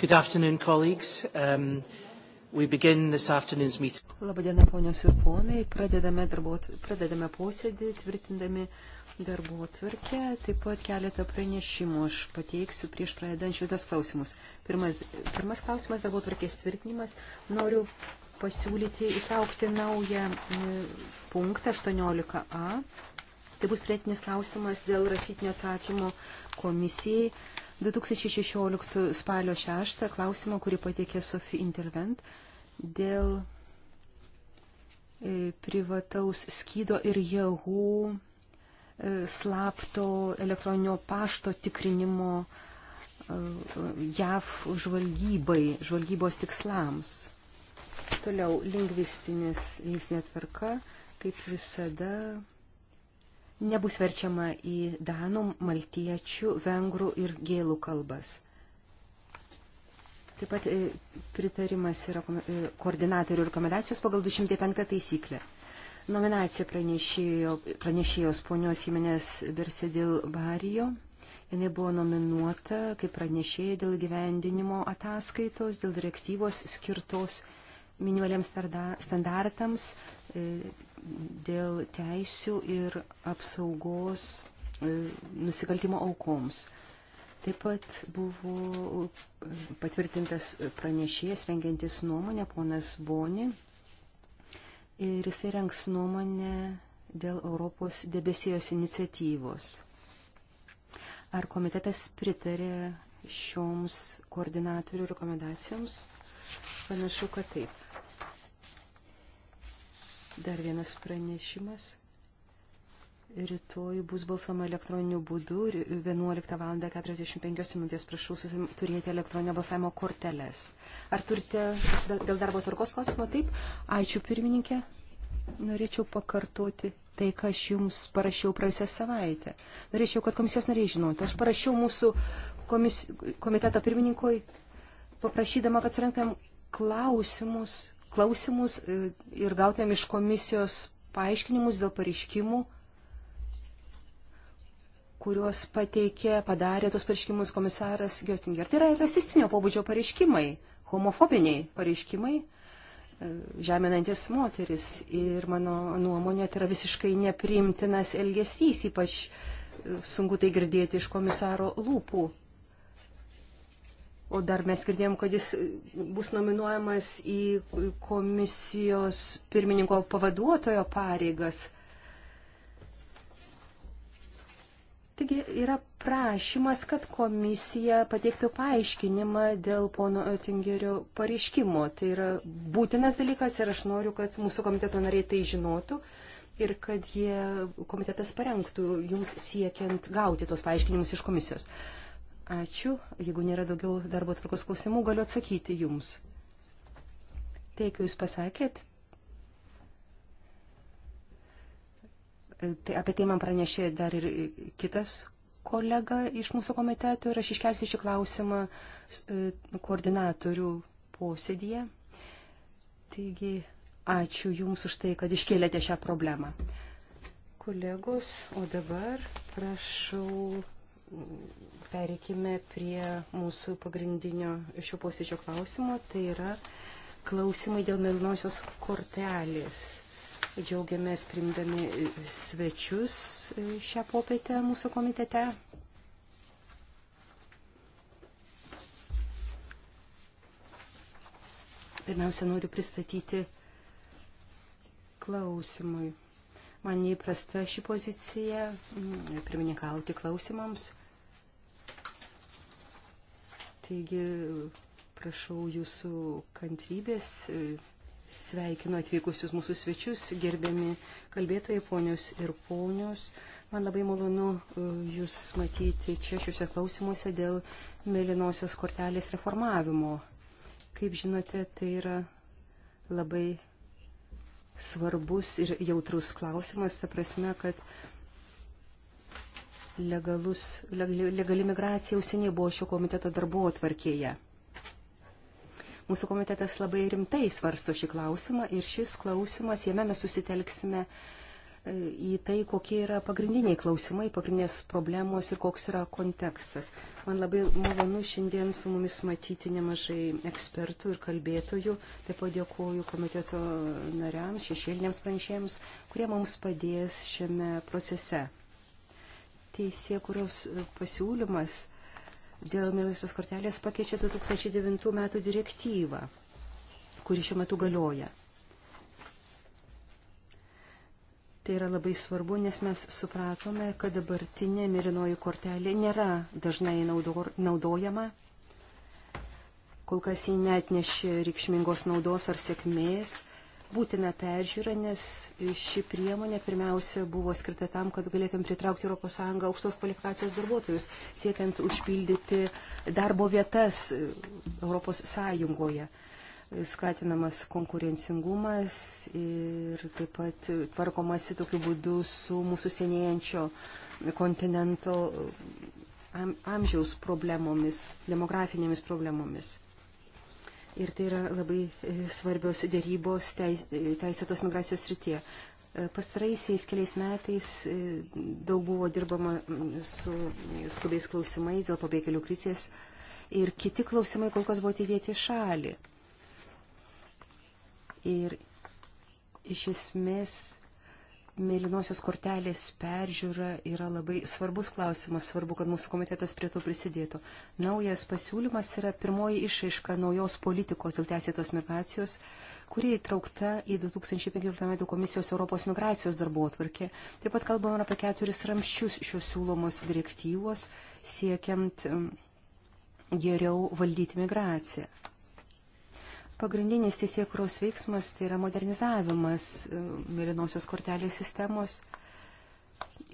Good afternoon, colleagues. Um, we begin this afternoon's meeting. Labadiena, ponios ir ponai. Pradedame, darbot, pradedame posėdį, tvirtindami darbo tvarkę. Taip pat keletą pranešimų aš pateiksiu prieš pradedant šitas klausimus. Pirmas, pirmas klausimas - darbo tvarkės tvirtinimas. Noriu pasiūlyti įtraukti naują e, punktą 18a. Tai bus prietinis klausimas dėl rašytinio atsakymo komisijai 2016 spalio 6 klausimą, kurį pateikė Sofie Intervent dėl e, privataus skydo ir jėgų e, slapto elektroninio pašto tikrinimo e, JAV žvalgybai, žvalgybos tikslams. Toliau lingvistinė tvarka, kaip visada, nebus verčiama į danų, maltiečių, vengrų ir gėlų kalbas. Taip pat e, pritarimas yra e, koordinatorių rekomendacijos pagal 205 taisyklę. Nominacija pranešėjo, pranešėjos ponios Jimenės Bersedil Barijo. Jis buvo nominuota kaip pranešėja dėl gyvendinimo ataskaitos, dėl direktyvos skirtos minimaliams standartams e, dėl teisių ir apsaugos e, nusikaltimo aukoms. Taip pat buvo e, patvirtintas pranešėjas rengiantis nuomonę, ponas Boni, ir jisai rengs nuomonę dėl Europos debesijos iniciatyvos. Ar komitetas pritarė šioms koordinatorių rekomendacijoms? Panašu, kad taip. Dar vienas pranešimas. Rytoj bus balsuoma elektroniniu būdu ir 11 val. 45 minutės prašau turėti elektroninio balsavimo korteles. Ar turite dėl darbo tvarkos klausimą? Taip. Ačiū pirmininkė. Norėčiau pakartoti tai, ką aš jums parašiau praėjusią savaitę. Norėčiau, kad komisijos nariai žinotų. Aš parašiau mūsų komis, komiteto pirmininkui, paprašydama, kad surinktam klausimus klausimus e, ir gautėm iš komisijos paaiškinimus dėl pareiškimų, kuriuos pateikė, padarė tos pareiškimus komisaras Götinger. Tai yra rasistinio pobūdžio pareiškimai, homofobiniai pareiškimai, e, žeminantis moteris. Ir mano nuomonė, tai yra visiškai nepriimtinas elgesys, ypač e, sunku tai girdėti iš komisaro lūpų. O dar mes girdėjom, kad jis bus nominuojamas į komisijos pirmininko pavaduotojo pareigas. Taigi yra prašymas, kad komisija pateiktų paaiškinimą dėl pono Oettingerio pareiškimo. Tai yra būtinas dalykas ir aš noriu, kad mūsų komiteto nariai tai žinotų ir kad jie komitetas parengtų jums siekiant gauti tos paaiškinimus iš komisijos. Uh, Ačiū. Jeigu nėra daugiau darbo tvarkos klausimų, galiu atsakyti jums. Tai, kai jūs pasakėt, tai apie tai man pranešė dar ir kitas kolega iš mūsų komiteto ir aš iškelsiu šį klausimą e, koordinatorių posėdėje. Taigi, ačiū Jums už tai, kad iškėlėte šią problemą. Kolegos, o dabar prašau Pereikime prie mūsų pagrindinio šio posėdžio klausimo. Tai yra klausimai dėl mėlynosios kortelės. Džiaugiamės primdami svečius šią popietę mūsų komitete. Pirmiausia, noriu pristatyti klausimui. Man neįprasta ši pozicija, mm, pirmininkauti klausimams. Taigi prašau jūsų kantrybės. Sveikinu atvykusius mūsų svečius, gerbiami kalbėtojai, ponios ir ponios. Man labai malonu e, Jūs matyti čia šiuose klausimuose dėl mėlynosios kortelės reformavimo. Kaip žinote, tai yra labai svarbus ir jautrus klausimas, ta prasme, kad legalus, legali migracija jau seniai buvo šio komiteto darbo atvarkėje. Mūsų komitetas labai rimtai svarsto šį klausimą ir šis klausimas, jame mes susitelksime e, į tai, kokie yra pagrindiniai klausimai, pagrindinės problemos ir koks yra kontekstas. Man labai malonu šiandien su mumis matyti nemažai ekspertų ir kalbėtojų. Taip pat dėkuoju komiteto nariams, šešėliniams pranešėjams, kurie mums padės šiame procese teisė, kurios pasiūlymas dėl mėlynosios kortelės pakeičia 2009 metų direktyvą, kuri šiuo metu galioja. Tai yra labai svarbu, nes mes supratome, kad dabartinė mėlynoji kortelė nėra dažnai naudojama. Kol kas ji net nešė reikšmingos naudos ar sėkmės būtina peržiūra, nes ši priemonė pirmiausia buvo skirta tam, kad galėtum pritraukti ES aukštos kvalifikacijos darbuotojus, siekiant užpildyti darbo vietas ES, skatinamas konkurencingumas ir taip pat tvarkomasi tokiu būdu su mūsų senėjančio kontinento amžiaus problemomis, demografinėmis problemomis. Ir tai yra labai e, svarbios dėrybos teisėtos migracijos srityje. E, pastaraisiais keliais metais e, daug buvo dirbama su skubiais klausimais dėl pabėgėlių krizės ir kiti klausimai kol kas buvo atidėti šalį. Ir iš esmės mėlynosios kortelės peržiūra yra labai svarbus klausimas, svarbu, kad mūsų komitetas prie to prisidėtų. Naujas pasiūlymas yra pirmoji išaiška naujos politikos dėl teisėtos migracijos, kuri įtraukta į 2015 m. komisijos Europos migracijos darbo atvarkė. Taip pat kalbame apie keturis ramščius šios siūlomos direktyvos siekiant um, geriau valdyti migraciją. Pagrindinis teisėkuros veiksmas tai yra modernizavimas e, mėlynosios kortelės sistemos.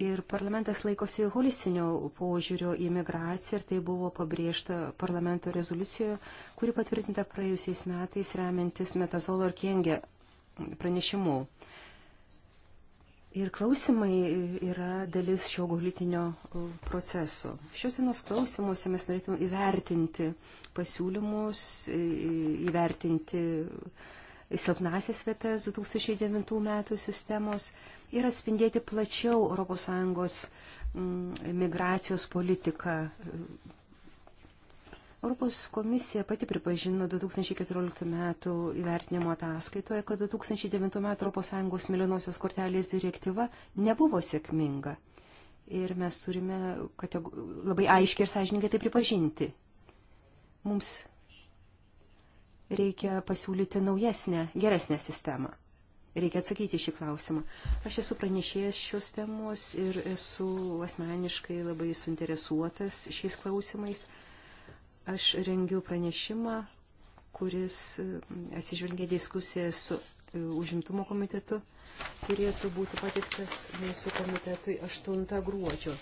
Ir parlamentas laikosi holistinio požiūrio į migraciją ir tai buvo pabrėžta parlamento rezoliucijoje, kuri patvirtinta praėjusiais metais remiantis Metazolo ir Kengė pranešimu. Ir klausimai yra dalis šio politinio e, proceso. Šios dienos klausimuose mes norėtume įvertinti pasiūlymus įvertinti silpnasias vietas 2009 metų sistemos ir atspindėti plačiau ES mm, migracijos politiką. Europos komisija pati pripažino 2014 metų įvertinimo ataskaitoje, kad 2009 metų ES milinosios kortelės direktyva nebuvo sėkminga. Ir mes turime labai aiškiai ir sąžininkai tai pripažinti mums reikia pasiūlyti naujesnę, geresnę sistemą. Reikia atsakyti šį klausimą. Aš esu pranešėjęs šios temos ir esu asmeniškai labai suinteresuotas šiais klausimais. Aš rengiu pranešimą, kuris mm, atsižvelgia diskusiją su e, užimtumo komitetu, turėtų būti patiktas mūsų komitetui 8 gruodžio.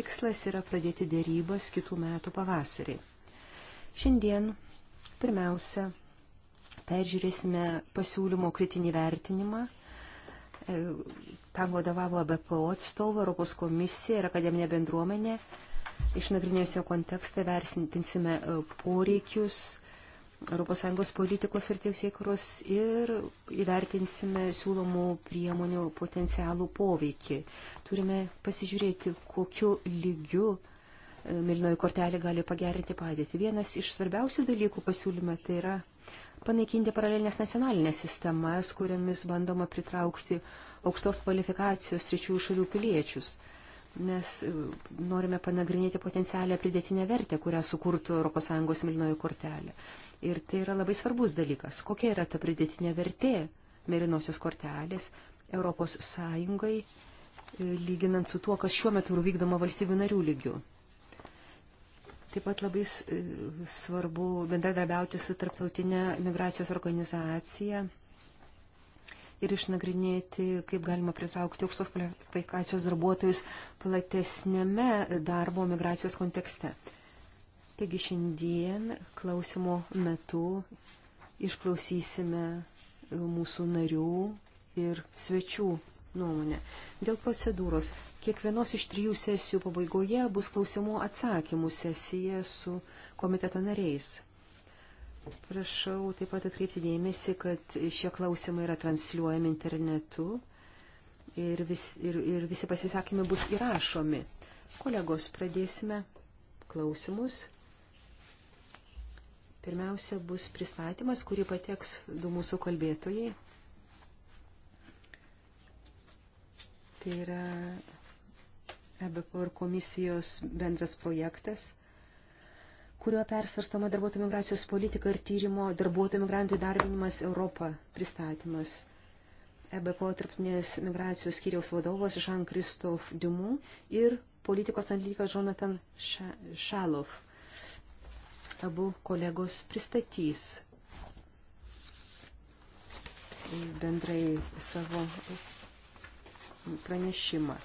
Tikslas yra pradėti dėrybas kitų metų pavasarį. Šiandien pirmiausia peržiūrėsime pasiūlymo kritinį vertinimą. E, tam vadovavo e BPO atstovų, Europos komisija ir akademinė bendruomenė. Išnagrinėjusio kontekstą versintinsime e, poreikius ES politikos ir teisėkuros ir įvertinsime siūlomų priemonių potencialų poveikį. Turime pasižiūrėti, kokiu lygiu uh, milnoji kortelė gali pagerinti padėtį. Vienas iš svarbiausių dalykų pasiūlyme tai yra panaikinti paralelinės nacionalinės sistemas, kuriamis bandoma pritraukti aukštos kvalifikacijos trečiųjų šalių piliečius. Mes e, norime panagrinėti potencialią pridėtinę vertę, kurią sukurtų ES milinoji kortelė. Ir tai yra labai svarbus dalykas. Kokia yra ta pridėtinė vertė mėlynosios kortelės ES e, lyginant su tuo, kas šiuo metu yra vykdoma valstybių narių lygių. Taip pat labai e, svarbu bendradarbiauti su tarptautinė migracijos organizacija ir išnagrinėti, kaip galima pritraukti aukštos kvalifikacijos darbuotojus platesnėme darbo migracijos kontekste. Taigi šiandien klausimo metu išklausysime mūsų narių ir svečių nuomonę. Dėl procedūros. Kiekvienos iš trijų sesijų pabaigoje bus klausimų atsakymų sesija su komiteto nariais. Prašau taip pat atkreipti dėmesį, kad šie klausimai yra transliuojami internetu ir, vis, ir, ir visi pasisakymai bus įrašomi. Kolegos, pradėsime klausimus. Pirmiausia bus pristatymas, kurį pateks du mūsų kalbėtojai. Tai yra EBPO ir komisijos bendras projektas kuriuo persvarstoma darbuotojų migracijos politika ir tyrimo darbuotojų migrantų įdarbinimas Europą pristatymas. EBPO tarptinės migracijos skyriaus vadovas Jean-Christophe Dumų ir politikos analitikas Jonathan Šalov. Abu kolegos pristatys bendrai savo pranešimą.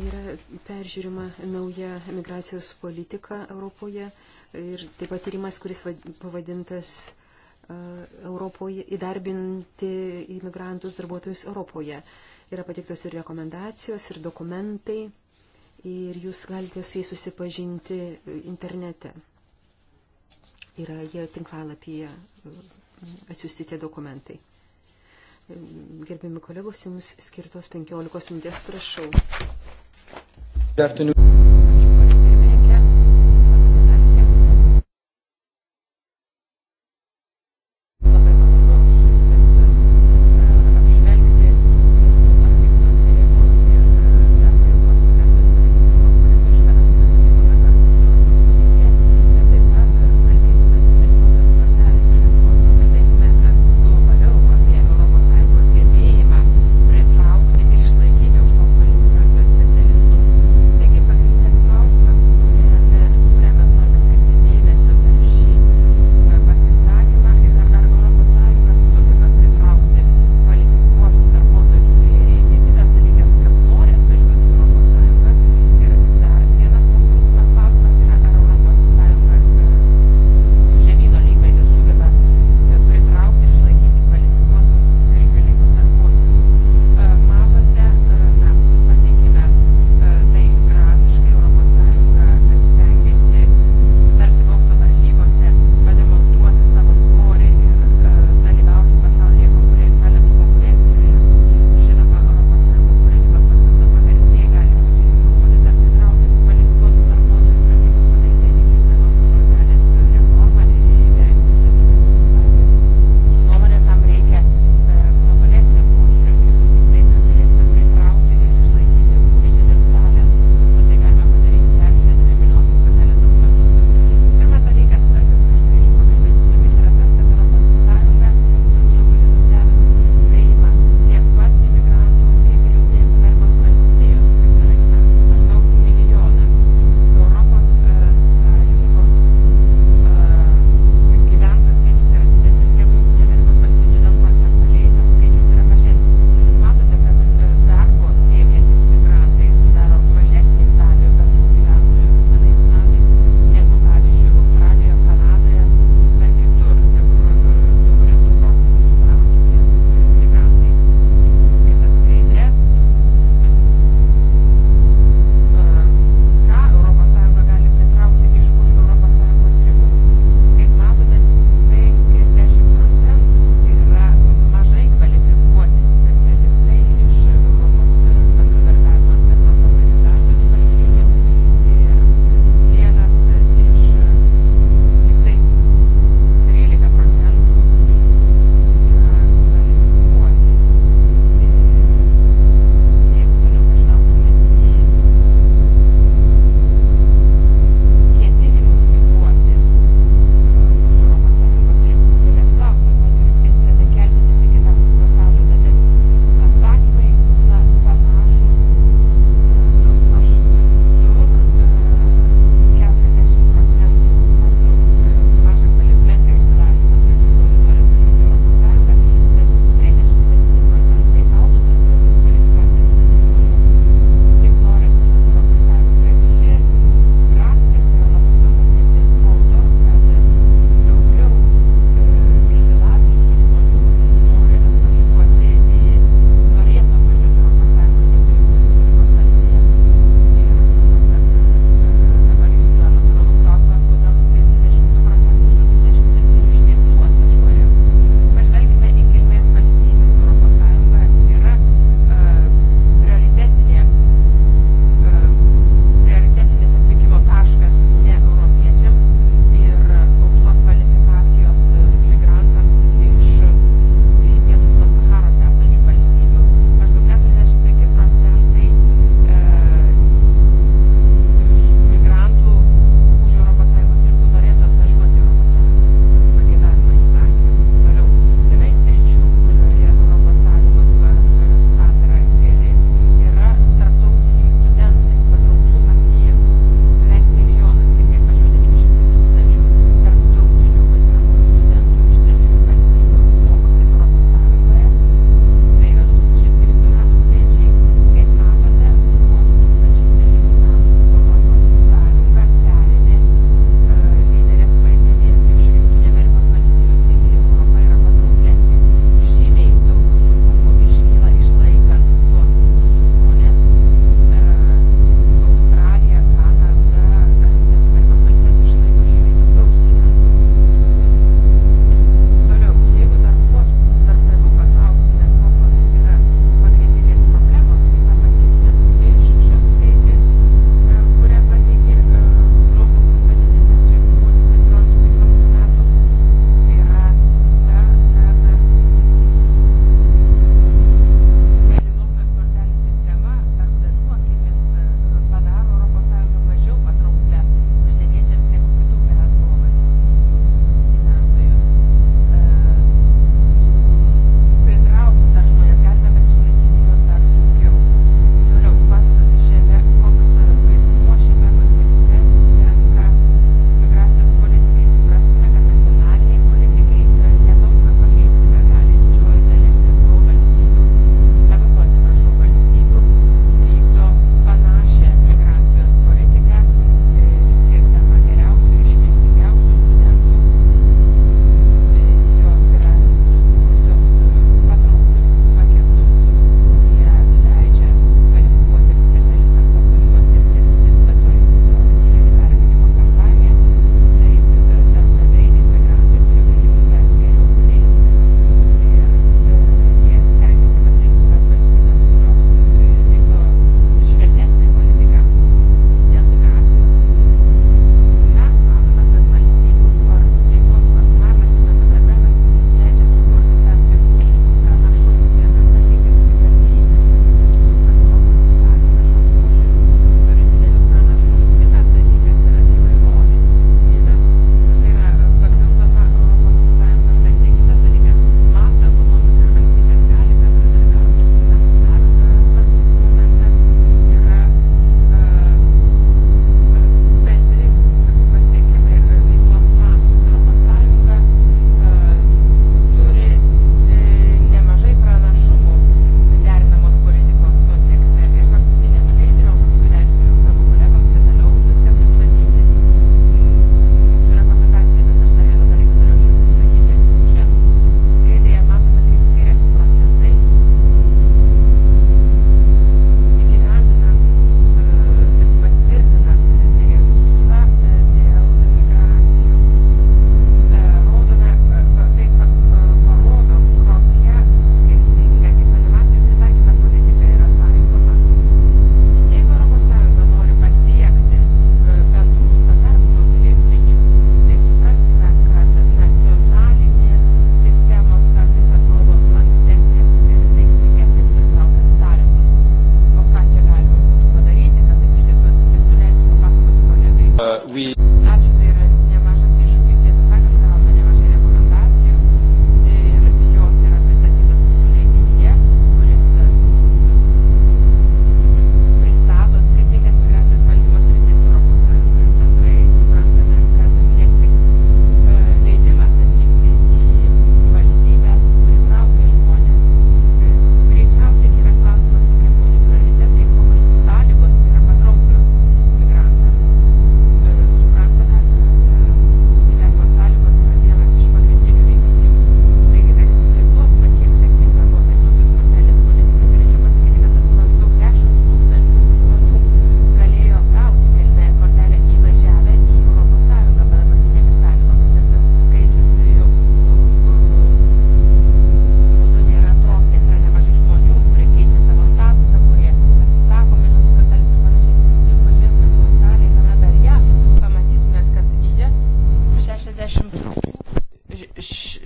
Yra peržiūrima nauja migracijos politika Europoje ir taip pat tyrimas, kuris pavadintas Europoje įdarbinti imigrantus darbuotojus Europoje. Yra patiktos ir rekomendacijos, ir dokumentai, ir jūs galite su jais susipažinti internete. Yra jie tinklalapyje atsiusti tie dokumentai. Gerbiami kolegos, jums skirtos 15 minutės, prašau. Vertiniu.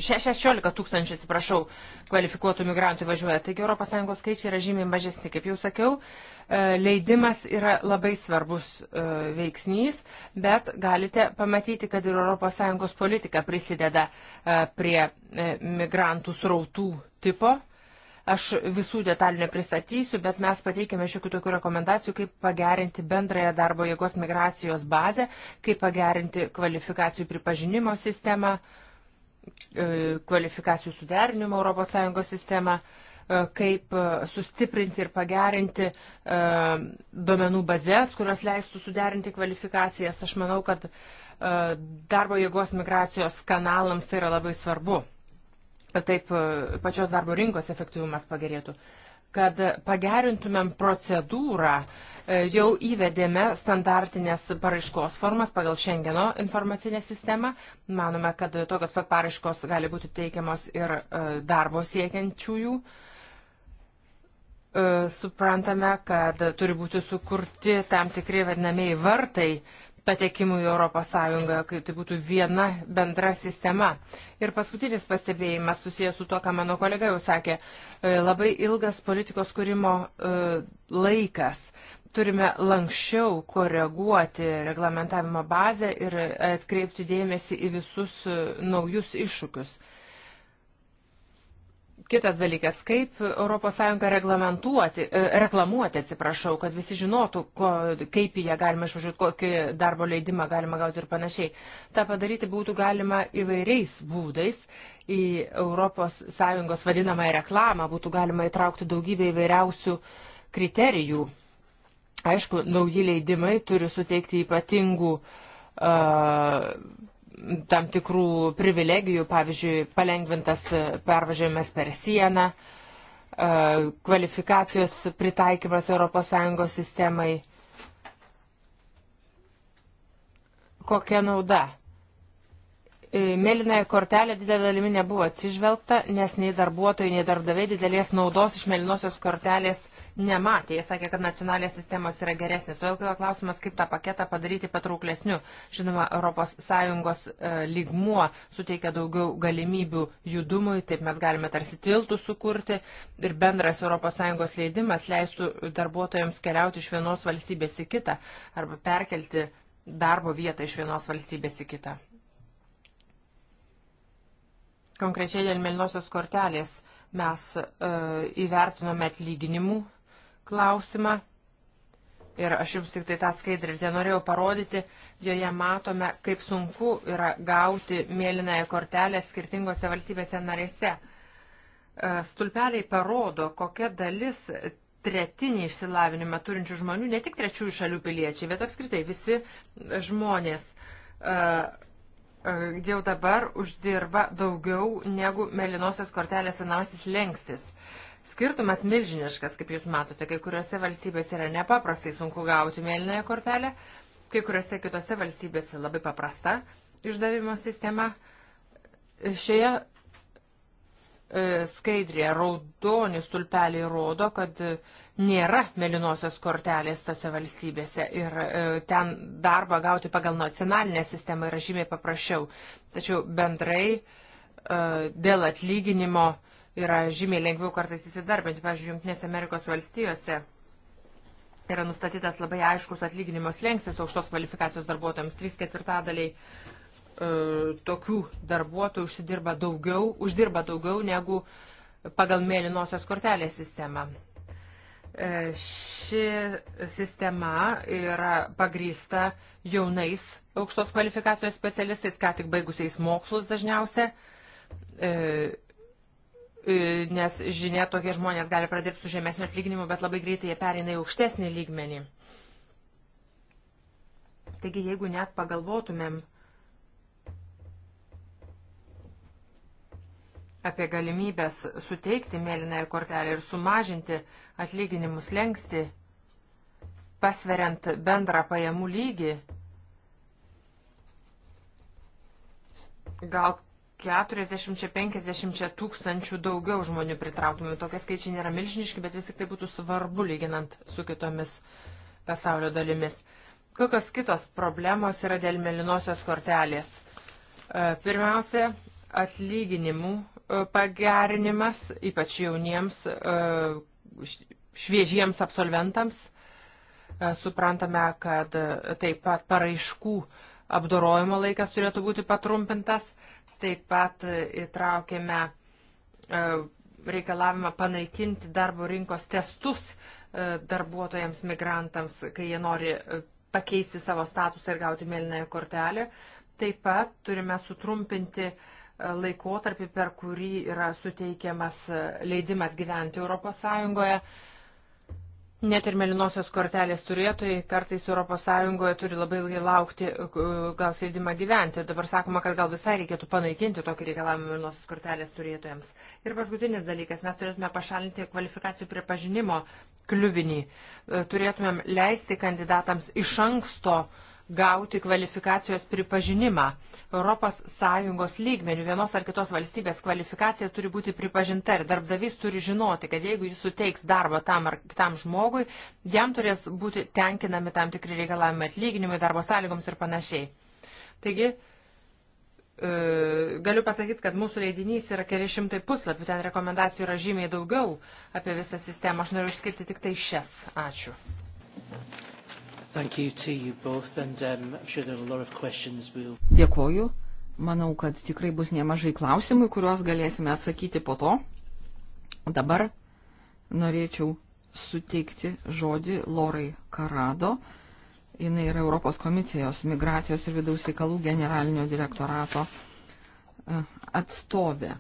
16 tūkstančių, atsiprašau, kvalifikuotų migrantų važiuoja. Taigi ES skaičiai yra žymiai mažesni. Kaip jau sakiau, e, leidimas yra labai svarbus e, veiksnys, bet galite pamatyti, kad ir ES politika prisideda e, prie migrantų srautų tipo Aš visų detalių nepristatysiu, bet mes pateikėme šiokių tokių rekomendacijų, kaip pagerinti bendrąją darbo jėgos migracijos bazę, kaip pagerinti kvalifikacijų pripažinimo sistemą, uh, E, kvalifikacijų suderinimo ES sistemą, e, kaip e, sustiprinti ir pagerinti duomenų bazės, kurios leistų suderinti kvalifikacijas. Aš manau, kad darbo jėgos migracijos kanalams tai yra labai svarbu. Taip pačios darbo rinkos efektyvumas pagerėtų. Kad pagerintumėm procedūrą, uh, E, jau įvedėme standartinės paraiškos formas pagal Šengeno informacinę sistemą. Manome, kad tokios pat paraiškos gali būti teikiamos ir e, darbo siekiančiųjų. E, suprantame, kad turi būti sukurti tam tikri vadinamieji vartai patekimų į ES, kai tai būtų viena bendra sistema. Ir paskutinis pastebėjimas susijęs su to, ką mano kolega jau sakė, labai ilgas politikos kūrimo laikas turime lankščiau koreguoti reglamentavimo bazę ir atkreipti dėmesį į visus e, naujus iššūkius. Kitas dalykas, kaip ES reglamentuoti, e, reklamuoti, atsiprašau, kad visi žinotų, ko, kaip jie galima išvažiuoti, kokį darbo leidimą galima gauti ir panašiai. Ta padaryti būtų galima įvairiais būdais. Į ES vadinamąją reklamą būtų galima įtraukti daugybę įvairiausių kriterijų Aišku, nauji leidimai turi suteikti ypatingų uh, tam tikrų privilegijų, pavyzdžiui, palengvintas pervažiavimas per sieną, uh, kvalifikacijos pritaikymas ES sistemai. Kokia nauda? E, mėlynąją kortelę didelė dalimi nebuvo atsižvelgta, nes nei darbuotojai, nei darbdaviai didelės naudos iš mėlynosios kortelės nematė. Jie sakė, kad nacionalinės sistemos yra geresnės. Todėl kilo klausimas, kaip tą paketą padaryti patrauklesniu. Žinoma, ES e, lygmuo suteikia daugiau galimybių judumui, taip mes galime tarsi tiltų sukurti ir bendras ES leidimas leistų darbuotojams keliauti iš vienos valstybės į kitą arba perkelti darbo vietą iš vienos valstybės į kitą. Konkrečiai dėl melnosios kortelės mes e, įvertinome atlyginimų klausimą. Ir aš jums tik tai tą skaidrį ir norėjau parodyti, joje matome, kaip sunku yra gauti mėlynąją kortelę skirtingose valstybėse narėse. E, stulpeliai parodo, kokia dalis tretinį išsilavinimą turinčių žmonių, ne tik trečiųjų šalių piliečiai, bet apskritai visi žmonės e, e, jau dabar uždirba daugiau negu mėlynosios kortelės senasis lengstis. Skirtumas milžiniškas, kaip jūs matote, kai kuriuose valstybėse yra nepaprastai sunku gauti mėlynąją kortelę, kai kuriuose kitose valstybėse labai paprasta išdavimo sistema. Šioje e, skaidrėje raudoni stulpeliai rodo, kad e, nėra mėlynosios kortelės tose valstybėse ir e, ten darbą gauti pagal nacionalinę sistemą yra žymiai paprasčiau. Tačiau bendrai e, dėl atlyginimo e, yra žymiai lengviau kartais įsidarbinti. Pavyzdžiui, Junktinės Amerikos valstijose yra nustatytas labai aiškus atlyginimo slengstis aukštos kvalifikacijos darbuotojams. 3 ketvirtadaliai e, tokių darbuotojų užsidirba daugiau, uždirba daugiau negu pagal mėlynosios kortelės sistemą. E, ši sistema yra pagrįsta jaunais aukštos kvalifikacijos specialistais, ką tik baigusiais mokslus dažniausia. E, E, nes žinia, tokie žmonės gali pradirbti su žemesniu atlyginimu, bet labai greitai jie perina į aukštesnį lygmenį. Taigi, jeigu net pagalvotumėm apie galimybės suteikti mėlynąją kortelę ir sumažinti atlyginimus lengsti, pasveriant bendrą pajamų lygį, gal 40-50 tūkstančių daugiau žmonių pritrauktumėm. Tokie skaičiai nėra milžiniški, bet vis tik tai būtų svarbu lyginant su kitomis pasaulio dalimis. Kokios kitos problemos yra dėl melinosios kortelės? E, pirmiausia, atlyginimų e, pagerinimas, ypač jauniems e, šviežiems absolventams. Suprantame, kad taip pat paraiškų apdorojimo laikas turėtų būti patrumpintas Taip pat įtraukėme e, reikalavimą panaikinti darbo rinkos testus e, darbuotojams migrantams, kai jie nori e, pakeisti savo statusą ir gauti mėlynąją kortelę. Taip pat turime sutrumpinti laikotarpį, per kurį yra suteikiamas leidimas gyventi ES Net ir melinosios kortelės turėtojai kartais ES turi labai ilgai laukti, gaus leidimą gyventi. Dabar sakoma, kad gal visai reikėtų panaikinti tokį reikalavimą melinosios kortelės turėtojams. Ir paskutinis dalykas, mes turėtume pašalinti kvalifikacijų pripažinimo kliuvinį. E, turėtumėm leisti kandidatams iš anksto uh, gauti kvalifikacijos pripažinimą. ES lygmenių vienos ar kitos valstybės kvalifikacija turi būti pripažinta ir darbdavys turi žinoti, kad jeigu jis suteiks darbą tam ar kitam žmogui, jam turės būti tenkinami tam tikri reikalavimai atlyginimui, darbo sąlygoms ir panašiai. Taigi, e, galiu pasakyti, kad mūsų leidinys yra keli šimtai puslapių, ten rekomendacijų yra žymiai daugiau apie visą sistemą. Aš noriu išskirti tik tai šias. Ačiū. Um, Dėkoju. Manau, kad tikrai bus nemažai klausimų, kuriuos galėsime atsakyti po to. Dabar norėčiau suteikti žodį Lorai Karado. Jis yra Europos komisijos migracijos ir vidaus reikalų generalinio direktorato e, atstovė.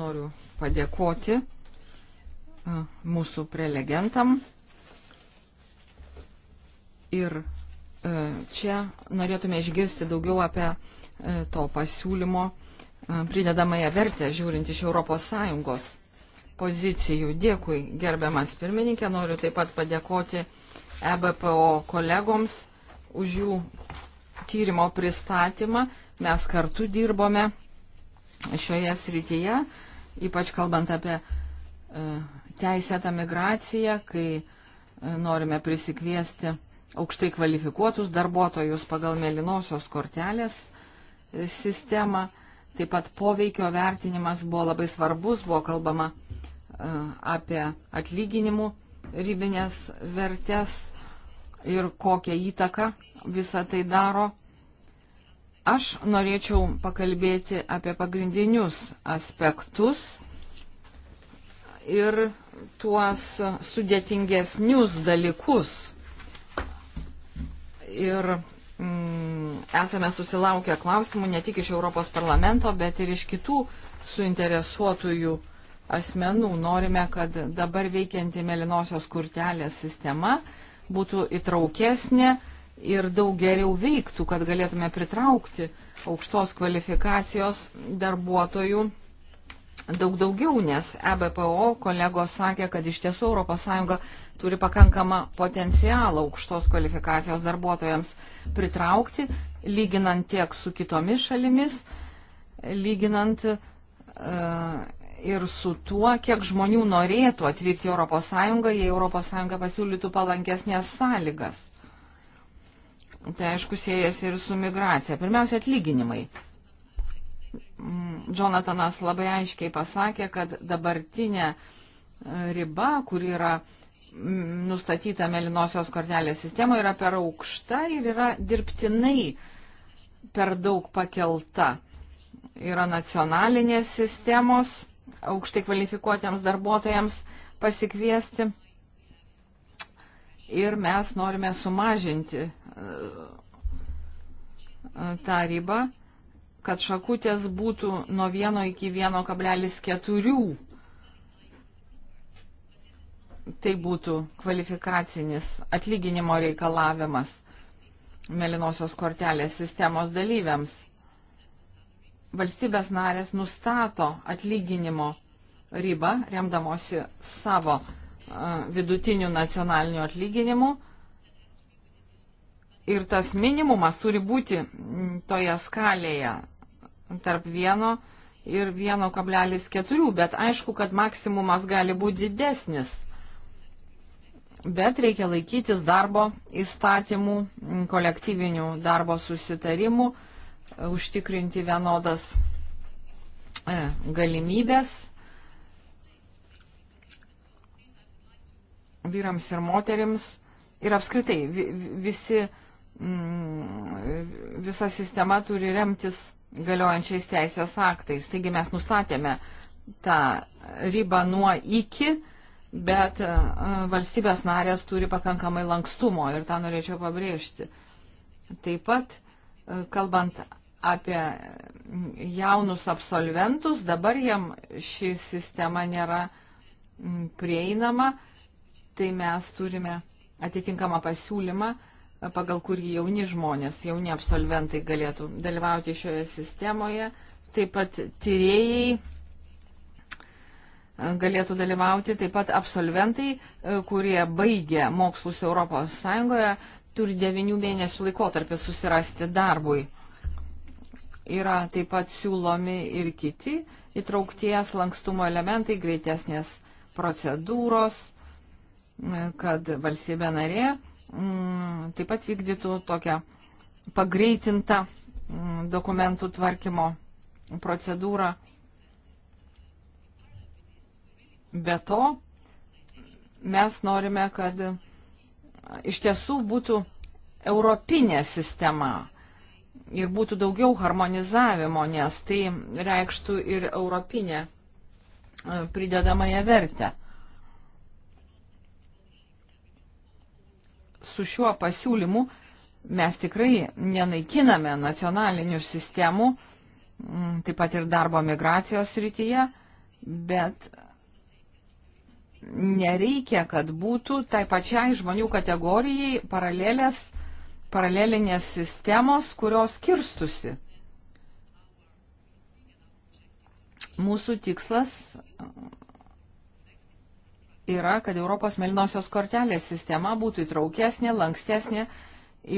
Noriu padėkoti e, mūsų prelegentam Ir e, čia norėtume išgirsti daugiau apie e, to pasiūlymo e, pridedamąją vertę, žiūrint iš ES pozicijų. Dėkui, gerbiamas pirmininkė, noriu taip pat padėkoti EBPO kolegoms už jų tyrimo pristatymą. Mes kartu dirbome šioje srityje, ypač kalbant apie teisėtą migraciją, kai norime prisikviesti aukštai kvalifikuotus darbuotojus pagal mėlynosios kortelės e, sistemą. Taip pat poveikio vertinimas buvo labai svarbus, buvo kalbama e, apie atlyginimų ribinės vertės ir kokią įtaką visą tai daro. Aš norėčiau pakalbėti apie pagrindinius aspektus ir tuos sudėtingesnius dalykus, ir mm, esame susilaukę klausimų ne tik iš Europos parlamento, bet ir iš kitų suinteresuotųjų asmenų. Norime, kad dabar veikianti melinosios kurtelės sistema būtų įtraukesnė ir daug geriau veiktų, kad galėtume pritraukti aukštos kvalifikacijos darbuotojų daug daugiau, nes EBPO kolegos sakė, kad iš tiesų ES turi pakankamą potencialą aukštos kvalifikacijos darbuotojams pritraukti, lyginant tiek su kitomis šalimis, lyginant e, ir su tuo, kiek žmonių norėtų atvykti į ES, jei ES pasiūlytų palankesnės sąlygas. Tai aišku, siejasi ir su migracija. Pirmiausia, atlyginimai. Jonathanas labai aiškiai pasakė, kad dabartinė e, riba, kuri yra mm, nustatyta melinosios kortelės sistemoje, yra per aukšta ir yra dirbtinai per daug pakelta. Yra nacionalinės sistemos aukštai kvalifikuotiems darbuotojams pasikviesti ir mes norime sumažinti e, e, tą ribą kad šakutės būtų nuo 1 iki 1,4. Tai būtų kvalifikacinis atlyginimo reikalavimas melinosios kortelės sistemos dalyviams. Valstybės narės nustato atlyginimo ribą, remdamosi savo vidutinių nacionalinių atlyginimų ir tas minimumas turi būti toje skalėje tarp vieno ir 1,4, bet aišku, kad maksimumas gali būti didesnis. Bet reikia laikytis darbo įstatymų, kolektyvinių darbo susitarimų, užtikrinti vienodas e, galimybės vyrams ir moterims ir apskritai visi Mm, visa sistema turi remtis galiojančiais teisės aktais. Taigi mes nustatėme tą ribą nuo iki, bet e, valstybės narės turi pakankamai lankstumo ir tą norėčiau pabrėžti. Taip pat, e, kalbant apie jaunus absolventus, dabar jam ši sistema nėra prieinama, tai mes turime atitinkamą pasiūlymą pagal kurį jauni žmonės, jauni absolventai galėtų dalyvauti šioje sistemoje. Taip pat tyrėjai e, galėtų dalyvauti, taip pat absolventai, e, kurie baigė mokslus ES, turi devinių mėnesių laikotarpį susirasti darbui. Yra taip pat siūlomi ir kiti įtraukties lankstumo elementai, greitesnės procedūros, e, kad valstybė narė Mm, taip pat vykdytų tokią pagreitintą mm, dokumentų tvarkymo procedūrą. Be to, mes norime, kad iš tiesų būtų europinė sistema ir būtų daugiau harmonizavimo, nes tai reikštų ir europinę e, pridedamąją vertę. su šiuo pasiūlymu mes tikrai nenaikiname nacionalinių sistemų, mm, taip pat ir darbo migracijos rytyje, bet nereikia, kad būtų tai pačiai žmonių kategorijai paralelės, paralelinės sistemos, kurios kirstusi. Mūsų tikslas yra, kad Europos melinosios kortelės sistema būtų įtraukesnė, lankstesnė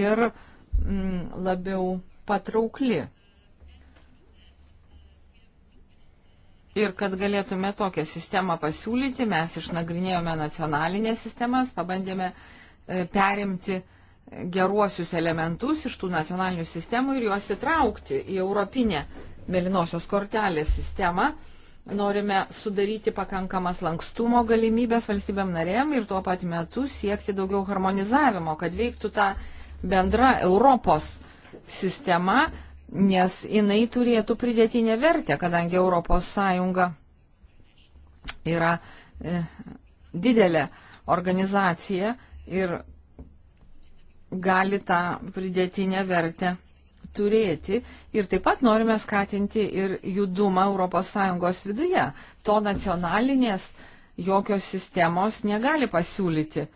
ir mm, labiau patraukli. Ir kad galėtume tokią sistemą pasiūlyti, mes išnagrinėjome nacionalinės sistemas, pabandėme e, perimti geruosius elementus iš tų nacionalinių sistemų ir juos įtraukti į europinę mėlynosios kortelės sistemą norime sudaryti pakankamas lankstumo galimybės valstybėm narėm ir tuo pat metu siekti daugiau harmonizavimo, kad veiktų ta bendra Europos sistema, nes jinai turėtų pridėtinę vertę, kadangi ES yra e, didelė organizacija ir gali tą pridėtinę vertę turėti ir taip pat norime skatinti ir judumą ES viduje. To nacionalinės jokios sistemos negali pasiūlyti.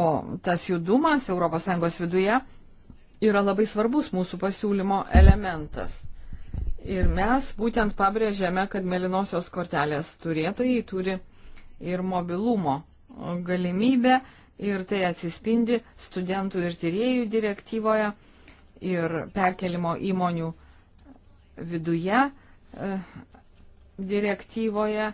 O tas judumas ES viduje yra labai svarbus mūsų pasiūlymo elementas. Ir mes būtent pabrėžėme, kad melinosios kortelės turėtojai turi ir mobilumo galimybę ir tai atsispindi studentų ir tyriejų direktyvoje ir perkelimo įmonių viduje e, direktyvoje.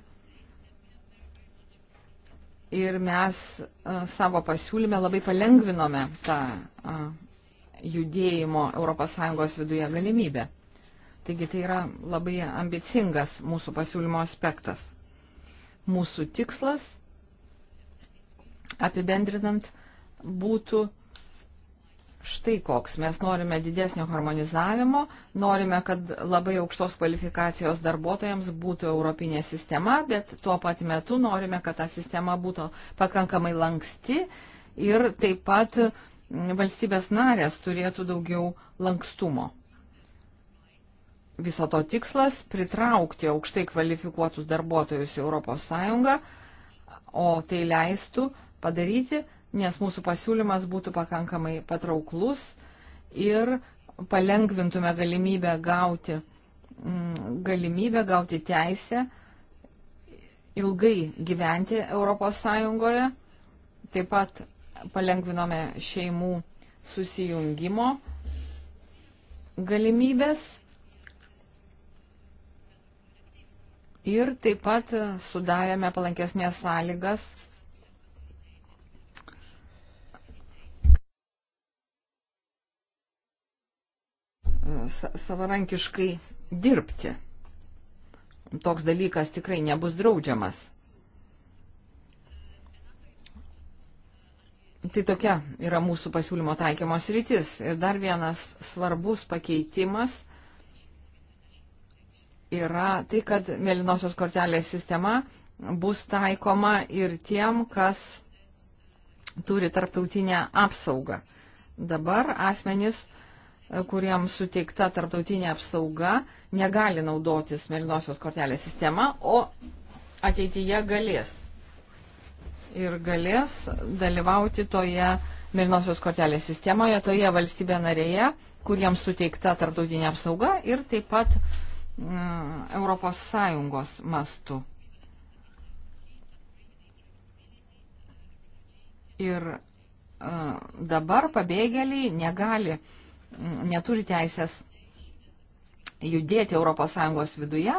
Ir mes e, savo pasiūlyme labai palengvinome tą e, judėjimo ES viduje galimybę. Taigi tai yra labai ambicingas mūsų pasiūlymo aspektas. Mūsų tikslas, apibendrinant, būtų štai koks. Mes norime didesnio harmonizavimo, norime, kad labai aukštos kvalifikacijos darbuotojams būtų europinė sistema, bet tuo pat metu norime, kad ta sistema būtų pakankamai lanksti ir taip pat valstybės narės turėtų daugiau lankstumo. Viso to tikslas - pritraukti aukštai kvalifikuotus darbuotojus į ES, o tai leistų padaryti, nes mūsų pasiūlymas būtų pakankamai patrauklus ir palengvintume galimybę gauti, mm, galimybę gauti teisę ilgai gyventi ES. Taip pat palengvinome šeimų susijungimo galimybės ir taip pat sudarėme palankesnės sąlygas savarankiškai dirbti. Toks dalykas tikrai nebus draudžiamas. Tai tokia yra mūsų pasiūlymo taikymos rytis. Ir dar vienas svarbus pakeitimas yra tai, kad mėlynosios kortelės sistema bus taikoma ir tiem, kas turi tarptautinę apsaugą. Dabar asmenys kuriems suteikta tarptautinė apsauga, negali naudotis mėlynosios kortelės sistema, o ateityje galės. Ir galės dalyvauti toje mėlynosios kortelės sistemoje, toje valstybė narėje, kuriems suteikta tarptautinė apsauga ir taip pat mm, ES mastu. Ir uh, dabar pabėgėliai negali uh, neturi teisės judėti ES viduje,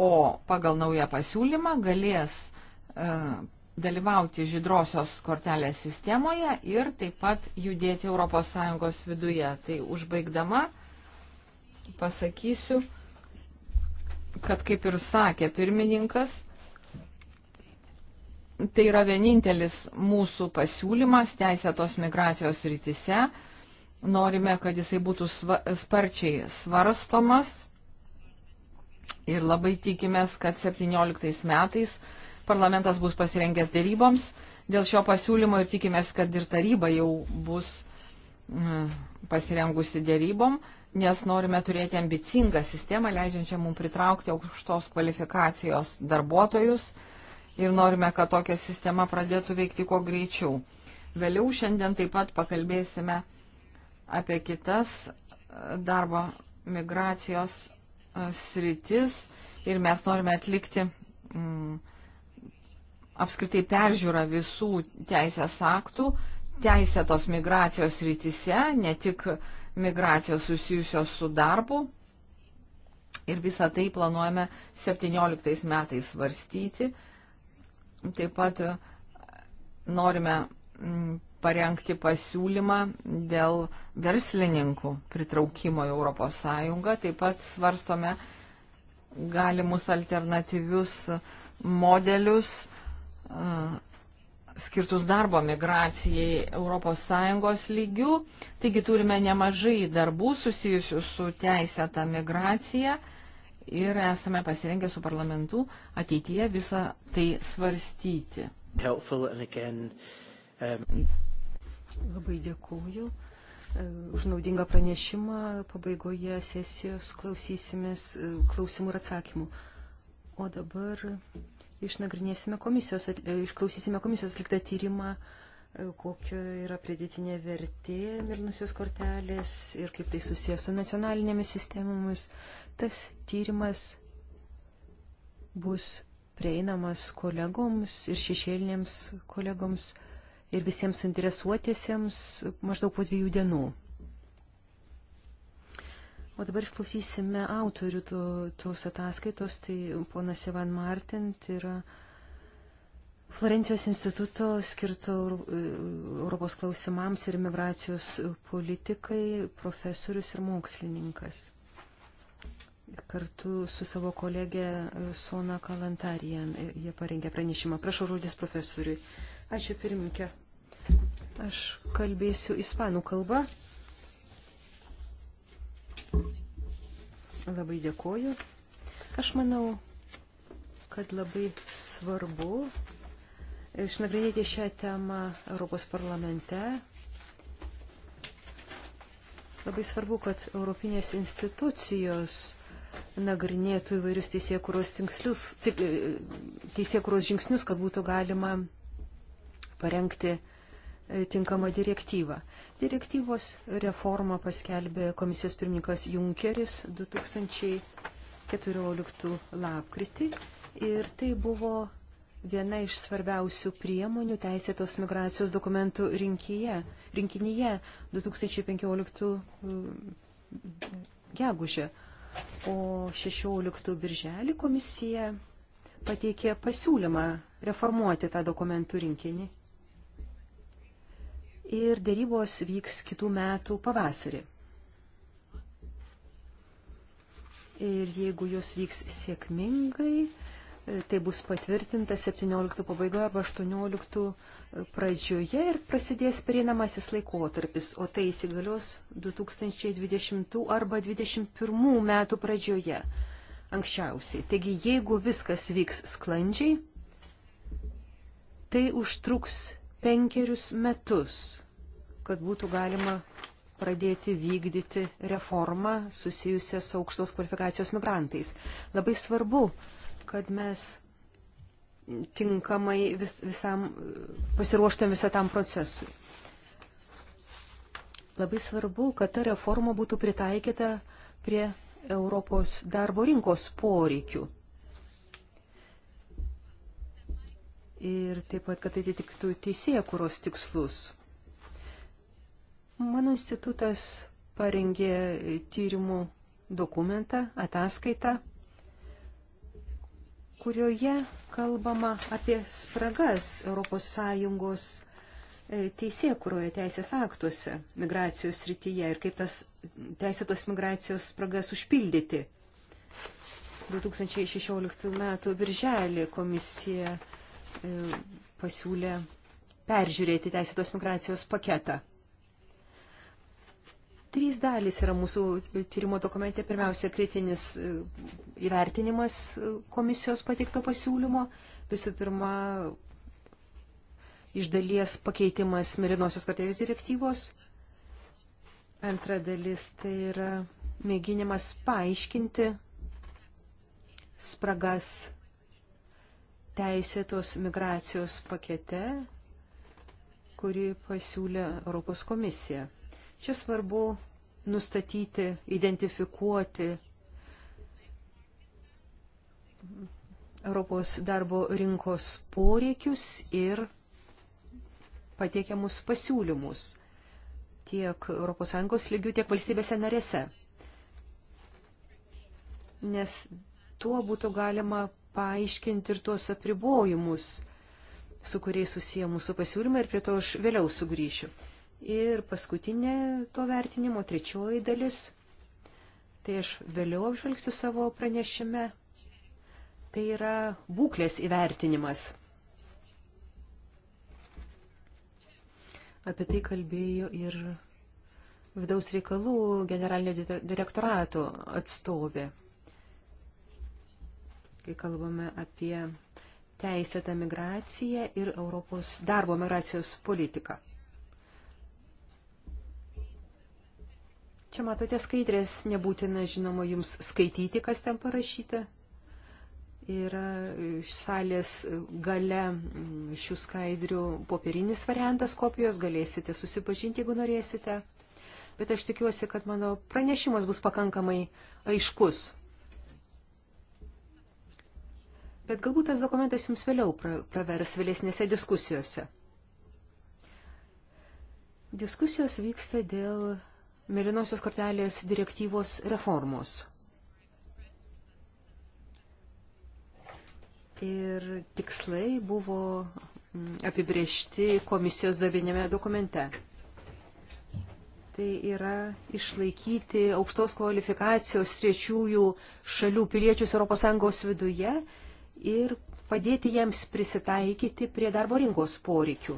o pagal naują pasiūlymą galės e, dalyvauti žydrosios kortelės sistemoje ir taip pat judėti ES viduje. Tai užbaigdama pasakysiu, kad kaip ir sakė pirmininkas, tai yra vienintelis mūsų pasiūlymas teisėtos migracijos rytise Norime, kad jisai būtų sva, sparčiai svarstomas ir labai tikimės, kad 17 metais parlamentas bus pasirengęs dėryboms dėl šio pasiūlymo ir tikimės, kad ir taryba jau bus mm, pasirengusi dėrybom, nes norime turėti ambicingą sistemą, leidžiančią mums pritraukti aukštos kvalifikacijos darbuotojus ir norime, kad tokia sistema pradėtų veikti kuo greičiau. Vėliau šiandien taip pat pakalbėsime apie kitas e, darbo migracijos e, sritis ir mes norime atlikti mm, apskritai peržiūrą visų teisės aktų, teisėtos migracijos rytise, ne tik migracijos susijusios su darbu. Ir visą tai planuojame 17 metais svarstyti. Taip pat e, norime mm, parengti pasiūlymą dėl verslininkų pritraukimo į ES. Taip pat svarstome galimus alternatyvius modelius skirtus darbo migracijai ES lygių. Taigi turime nemažai darbų susijusių su teisėta migracija ir esame pasirengę su parlamentu ateityje visą tai svarstyti. Helpful, and again, um... Labai dėkuoju e, už naudingą pranešimą. Pabaigoje sesijos klausysimės e, klausimų ir atsakymų. O dabar išnagrinėsime komisijos, e, išklausysime komisijos atliktą tyrimą, kokia yra pridėtinė vertė mirnusios kortelės ir kaip tai susijęs su nacionalinėmis sistemomis. Tas tyrimas bus prieinamas kolegoms ir šešėlinėms kolegoms ir visiems suinteresuotiesiems maždaug po dviejų dienų. O dabar išklausysime autorių tų, tos ataskaitos, tai ponas Ivan Martin tai yra Florencijos instituto skirto e, Europos klausimams ir migracijos politikai, profesorius ir mokslininkas. Kartu su savo kolegė Sona Kalantarijan e, jie parengė pranešimą. Prašau žodis profesoriui. Uh, Ačiū pirmininkė. Aš kalbėsiu ispanų kalbą. Labai dėkoju. Aš manau, kad labai svarbu išnagrinėti šią temą Europos parlamente. Labai svarbu, kad Europinės institucijos nagrinėtų įvairius teisėkuros tikslius, e, teisėkuros žingsnius, kad būtų galima parengti e, tinkamą direktyvą. Direktyvos reformą paskelbė komisijos pirmininkas Junkeris 2014 lapkritį ir tai buvo viena iš svarbiausių priemonių teisėtos migracijos dokumentų rinkyje, rinkinyje 2015 e, gegužė. O 16 birželį komisija pateikė pasiūlymą reformuoti tą dokumentų rinkinį ir dėrybos vyks kitų metų pavasarį. Ir jeigu jos vyks sėkmingai, tai bus patvirtinta 17 pabaigoje arba 18 pradžioje ir prasidės prieinamasis laikotarpis, o tai įsigalios 2020 arba 2021 metų pradžioje anksčiausiai. Taigi, jeigu viskas vyks sklandžiai, tai užtruks penkerius metus, kad būtų galima pradėti vykdyti reformą susijusią su aukštos kvalifikacijos migrantais. Labai svarbu, kad mes tinkamai vis, visam pasiruoštum visą tam procesui. Labai svarbu, kad ta reforma būtų pritaikyta prie Europos darbo rinkos poreikių. ir taip pat, kad atitiktų teisėje kuros tikslus. Mano institutas parengė tyrimų dokumentą, ataskaitą, kurioje kalbama apie spragas ES e, teisė, kurioje teisės aktuose migracijos rytyje ir kaip tas teisėtos migracijos spragas užpildyti. 2016 m. birželį komisija E, pasiūlė peržiūrėti teisėtos migracijos paketą. Trys dalys yra mūsų tyrimo dokumente. Pirmiausia, kritinis e, įvertinimas komisijos pateikto pasiūlymo. Visų pirma, iš dalies pakeitimas Mirinosios kartelės direktyvos. Antra dalis tai yra mėginimas paaiškinti spragas teisėtos migracijos pakete, kurį pasiūlė Europos komisija. Čia svarbu nustatyti, identifikuoti Europos darbo rinkos poreikius ir patiekiamus pasiūlymus tiek ES lygių, tiek valstybėse narėse. Nes tuo būtų galima paaiškinti ir tuos apribojimus, su kuriais susiję mūsų pasiūlymai ir prie to aš vėliau sugrįšiu. Ir paskutinė to vertinimo, trečioji dalis, tai aš vėliau apžvelgsiu savo pranešime, tai yra būklės įvertinimas. Apie tai kalbėjo ir vidaus reikalų generalinio direktorato atstovė kai kalbame apie teisėtą migraciją ir Europos darbo migracijos politiką. Čia matote skaidrės, nebūtina, žinoma, jums skaityti, kas ten parašyta. Yra salės gale mm, šių skaidrių popierinis variantas kopijos, galėsite susipažinti, jeigu norėsite. Bet aš tikiuosi, kad mano pranešimas bus pakankamai aiškus. Bet galbūt tas dokumentas jums vėliau pravers vėlesnėse diskusijose. Diskusijos vyksta dėl Mėlynosios kortelės direktyvos reformos. Ir tikslai buvo mm, apibriežti komisijos darbinėme dokumente. Tai yra išlaikyti aukštos kvalifikacijos trečiųjų šalių piliečius ES viduje ir padėti jiems prisitaikyti prie darbo rinkos poreikių.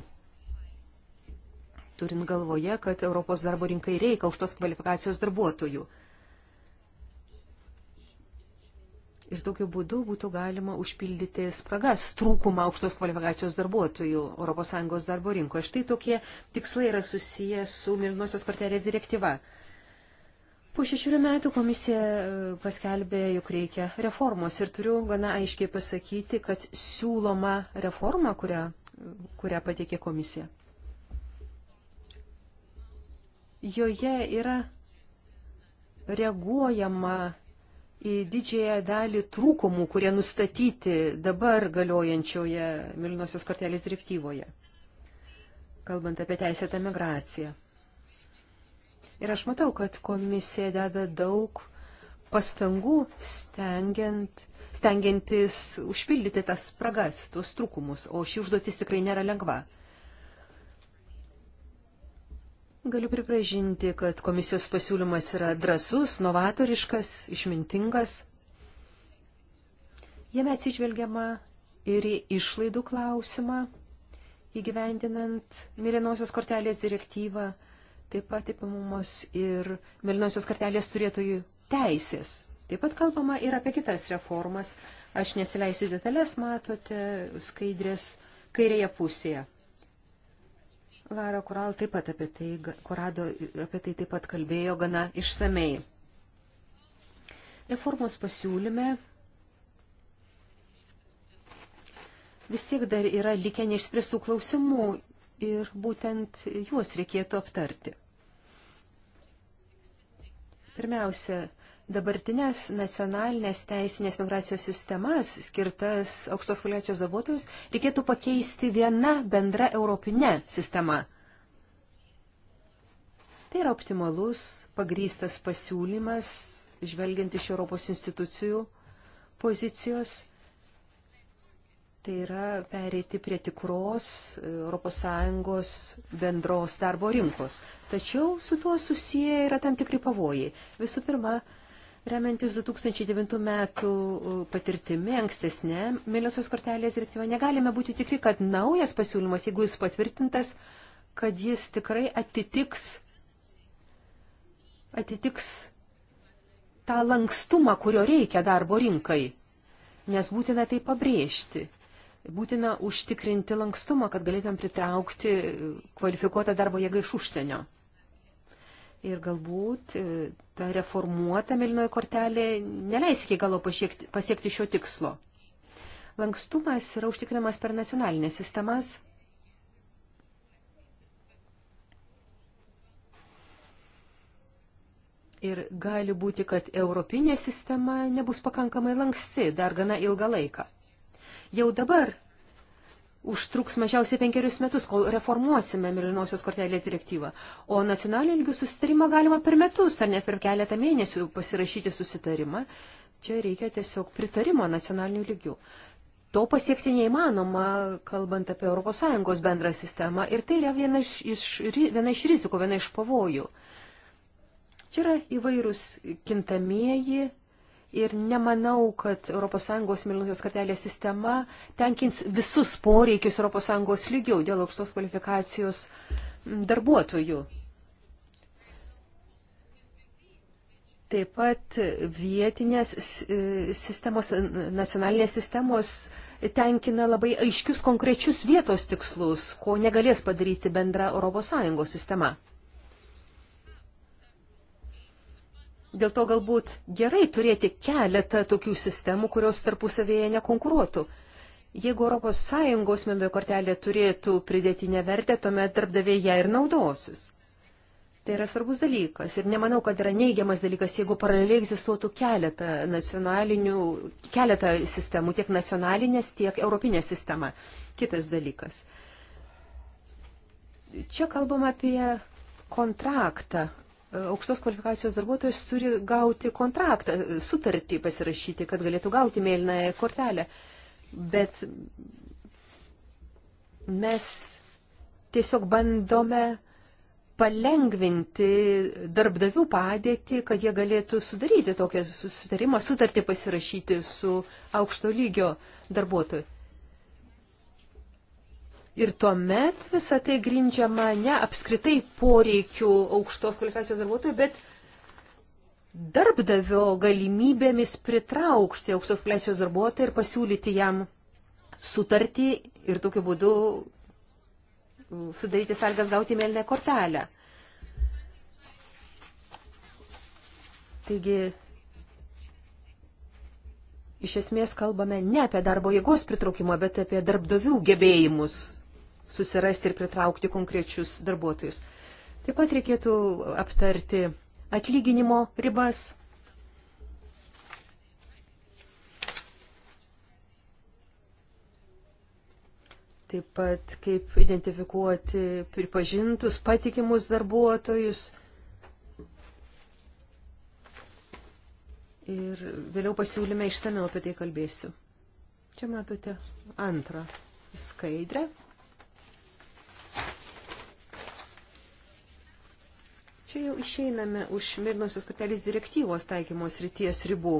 Turint galvoje, kad Europos darbo rinkai reikia aukštos kvalifikacijos darbuotojų. Ir tokiu būdu būtų galima užpildyti spragas, trūkumą aukštos kvalifikacijos darbuotojų ES darbo rinkoje. Štai tokie tikslai yra susiję su Mirnosios kortelės direktyva. Po šešių metų komisija e, paskelbė, jog reikia reformos ir turiu gana aiškiai pasakyti, kad siūloma reforma, kurią, kurią pateikė komisija, joje yra reaguojama į didžiąją dalį trūkumų, kurie nustatyti dabar galiojančioje Milinosios kartelės direktyvoje, kalbant apie teisėtą migraciją. Ir aš matau, kad komisija deda daug pastangų stengiant, stengiantis užpildyti tas spragas, tuos trūkumus, o ši užduotis tikrai nėra lengva. Galiu pripažinti, kad komisijos pasiūlymas yra drasus, novatoriškas, išmintingas. Jame atsižvelgiama ir į išlaidų klausimą, įgyvendinant Mirinosios kortelės direktyvą Taip pat apimamos ir Melinosios kartelės turėtojų teisės. Taip pat kalbama ir apie kitas reformas. Aš nesileisiu detalės, matote, skaidrės kairėje pusėje. Lara Kural taip pat apie tai, Korado apie tai taip pat kalbėjo gana išsamei. Reformos pasiūlyme vis tiek dar yra likę neišspręstų klausimų ir būtent juos reikėtų aptarti. Pirmiausia, dabartinės nacionalinės teisinės migracijos sistemas skirtas aukštos kvalifikacijos darbuotojus reikėtų pakeisti viena bendra europinė sistema. Tai yra optimalus, pagrystas pasiūlymas, žvelgiant iš Europos institucijų pozicijos Tai yra pereiti prie tikros ES bendros darbo rinkos. Tačiau su tuo susiję yra tam tikri pavojai. Visų pirma, remiantis 2009 metų uh, patirtimi ankstesnė mėlynosios kortelės direktyva, negalime būti tikri, kad naujas pasiūlymas, jeigu jis patvirtintas, kad jis tikrai atitiks, atitiks tą lankstumą, kurio reikia darbo rinkai. Nes būtina tai pabrėžti būtina užtikrinti lankstumą, kad galėtum pritraukti kvalifikuotą darbo jėgą iš užsienio. Ir galbūt e, ta reformuota mėlynoji kortelė neleis iki galo pasiekti, pasiekti šio tikslo. Lankstumas yra užtikrinamas per nacionalinės sistemas. Ir gali būti, kad europinė sistema nebus pakankamai lanksti dar gana ilgą laiką. Jau dabar užtruks mažiausiai penkerius metus, kol reformuosime Milinosios kortelės direktyvą. O nacionaliniu lygiu susitarimą galima per metus ar net per keletą mėnesių pasirašyti susitarimą. Čia reikia tiesiog pritarimo nacionaliniu lygiu. To pasiekti neįmanoma, kalbant apie ES bendrą sistemą. Ir tai yra viena iš, viena iš rizikų, viena iš pavojų. Čia yra įvairūs kintamieji ir nemanau, kad ES mėlynosios kartelės sistema tenkins visus poreikius ES lygių dėl aukštos kvalifikacijos darbuotojų. Taip pat vietinės sistemos, nacionalinės sistemos tenkina labai aiškius konkrečius vietos tikslus, ko negalės padaryti bendra ES sistema. Dėl to galbūt gerai turėti keletą tokių sistemų, kurios tarpusavėje nekonkuruotų. Jeigu ES mėlynoji kortelė turėtų pridėtinę vertę, tuomet darbdaviai ją ir naudosis. Tai yra svarbus dalykas ir nemanau, kad yra neigiamas dalykas, jeigu paraleliai egzistuotų keletą, nacionalinių, keletą sistemų, tiek nacionalinės, tiek europinė sistema. Kitas dalykas. Čia kalbam apie kontraktą, aukštos kvalifikacijos darbuotojas turi gauti kontraktą, sutartį pasirašyti, kad galėtų gauti mėlynąją kortelę. Bet mes tiesiog bandome palengvinti darbdavių padėtį, kad jie galėtų sudaryti tokią susitarimą, sutartį pasirašyti su aukšto lygio darbuotoju. Ir tuomet visą tai grindžiama ne apskritai poreikių aukštos kvalifikacijos darbuotojų, bet darbdavio galimybėmis pritraukti aukštos kvalifikacijos darbuotoją ir pasiūlyti jam sutartį ir tokiu būdu sudaryti sąlygas gauti mėlyną kortelę. Taigi, iš esmės kalbame ne apie darbo jėgos pritraukimą, bet apie darbdavių gebėjimus susirasti ir pritraukti konkrečius darbuotojus. Taip pat reikėtų aptarti atlyginimo ribas. Taip pat kaip identifikuoti pripažintus patikimus darbuotojus. Ir vėliau pasiūlyme išsameu apie tai kalbėsiu. Čia matote antrą skaidrę. Čia jau išeiname už mirnosios kortelės direktyvos taikymos ryties ribų.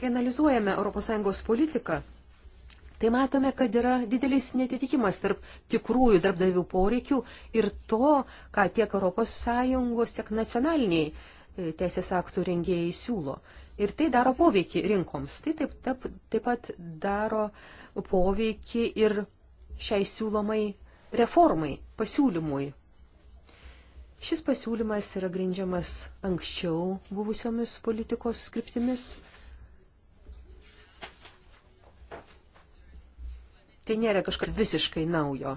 Kai analizuojame ES politiką, tai matome, kad yra didelis netitikimas tarp tikrųjų darbdavių poreikių ir to, ką tiek ES, tiek nacionaliniai e, teisės aktų rengėjai siūlo. Ir tai daro poveikį rinkoms. Tai taip, taip, taip pat daro poveikį ir šiai siūlomai reformai, pasiūlymui, Šis pasiūlymas yra grindžiamas anksčiau buvusiomis politikos skriptimis. Tai nėra kažkas visiškai naujo.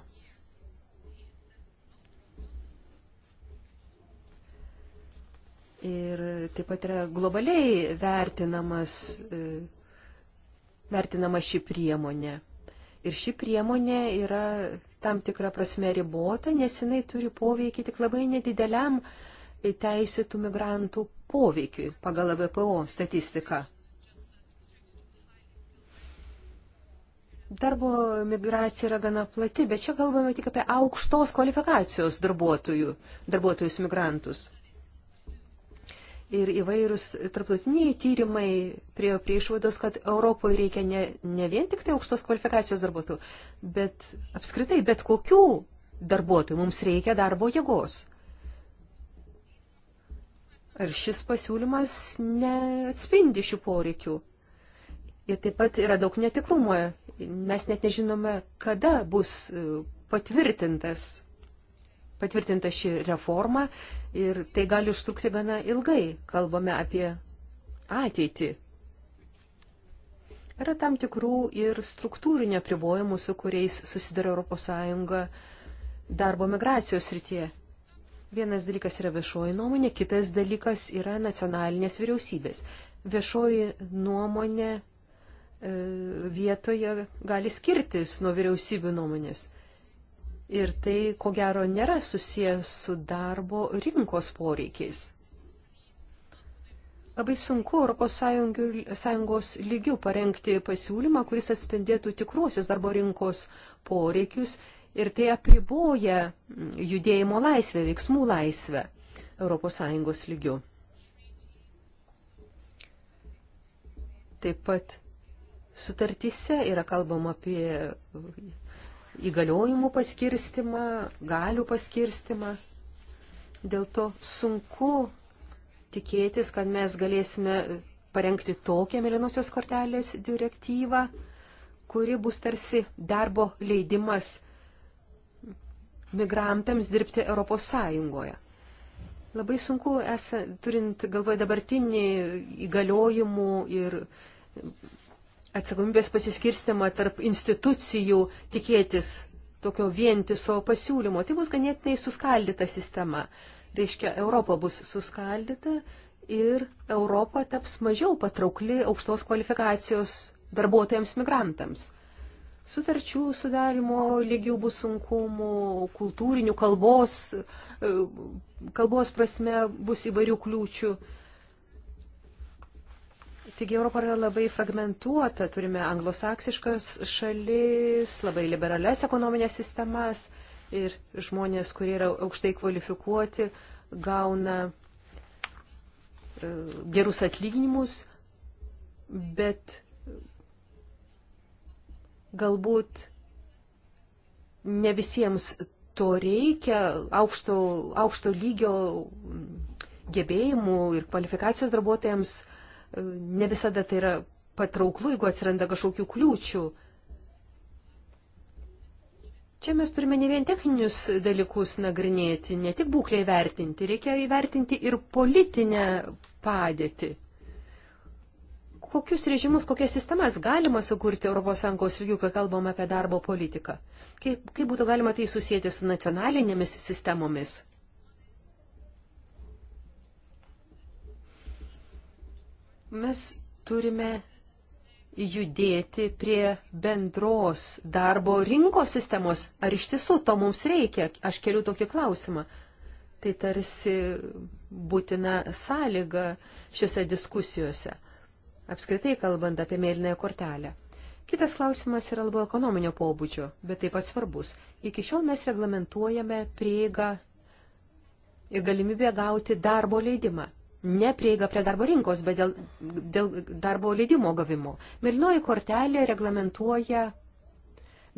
Ir taip pat yra globaliai vertinamas, e, vertinama ši priemonė. Ir ši priemonė yra tam tikrą prasme ribota, nes jinai turi poveikį tik labai nedideliam teisėtų migrantų poveikiui pagal VPO statistiką. Darbo migracija yra gana plati, bet čia kalbame tik apie aukštos kvalifikacijos darbuotojų, darbuotojus migrantus ir įvairūs tarptautiniai tyrimai priejo prie išvados, kad Europoje reikia ne, ne vien tik tai aukštos kvalifikacijos darbuotojų, bet apskritai bet kokių darbuotojų mums reikia darbo jėgos. Ar šis pasiūlymas neatspindi šių poreikių? Ir taip pat yra daug netikrumo. Mes net nežinome, kada bus patvirtintas, patvirtinta ši reforma ir tai gali užtrukti gana ilgai, kalbame apie ateitį. Yra tam tikrų ir struktūrinio privojimų, su kuriais susidara ES darbo migracijos rytie. Vienas dalykas yra viešoji nuomonė, kitas dalykas yra nacionalinės vyriausybės. Viešoji nuomonė e, vietoje gali skirtis nuo vyriausybių nuomonės. Ir tai, ko gero, nėra susijęs su darbo rinkos poreikiais. Labai sunku ES lygių parengti pasiūlymą, kuris atspindėtų tikruosius darbo rinkos poreikius ir tai apriboja judėjimo laisvę, veiksmų laisvę ES lygių. Taip pat sutartyse yra kalbama apie įgaliojimų paskirstimą, galių paskirstimą. Dėl to sunku tikėtis, kad mes galėsime parengti tokią mėlynosios kortelės direktyvą, kuri bus tarsi darbo leidimas migrantams dirbti Europos Sąjungoje. Labai sunku, esa, turint galvoje dabartinį įgaliojimų ir atsakomybės pasiskirstimą tarp institucijų tikėtis tokio vientiso pasiūlymo. Tai bus ganėtinai suskaldyta sistema. Reiškia, Europa bus suskaldyta ir Europa taps mažiau patraukli aukštos kvalifikacijos darbuotojams migrantams. Sutarčių sudarimo lygių bus sunkumų, kultūrinių kalbos, e, kalbos prasme bus įvairių kliūčių. Taigi Europa yra labai fragmentuota, turime anglosaksiškas šalis, labai liberales ekonominės sistemas ir žmonės, kurie yra aukštai kvalifikuoti, gauna e, gerus atlyginimus, bet galbūt ne visiems to reikia, aukšto, aukšto lygio gebėjimų ir kvalifikacijos darbuotojams ne visada tai yra patrauklu, jeigu atsiranda kažkokių kliūčių. Čia mes turime ne vien techninius dalykus nagrinėti, ne tik būklę įvertinti, reikia įvertinti ir politinę padėtį. Kokius režimus, kokias sistemas galima sukurti ES lygių, kai kalbam apie darbo politiką? Kaip, kaip būtų galima tai susijęti su nacionalinėmis sistemomis? Mes turime judėti prie bendros darbo rinkos sistemos. Ar iš tiesų to mums reikia? Aš keliu tokį klausimą. Tai tarsi būtina sąlyga šiuose diskusijose, apskritai kalbant apie mėlynąją kortelę. Kitas klausimas yra labiau ekonominio pobūdžio, bet taip pat svarbus. Iki šiol mes reglamentuojame prieigą ir galimybę gauti darbo leidimą ne prieiga prie darbo rinkos, bet dėl, dėl darbo leidimo gavimo. Milnoji kortelė reglamentuoja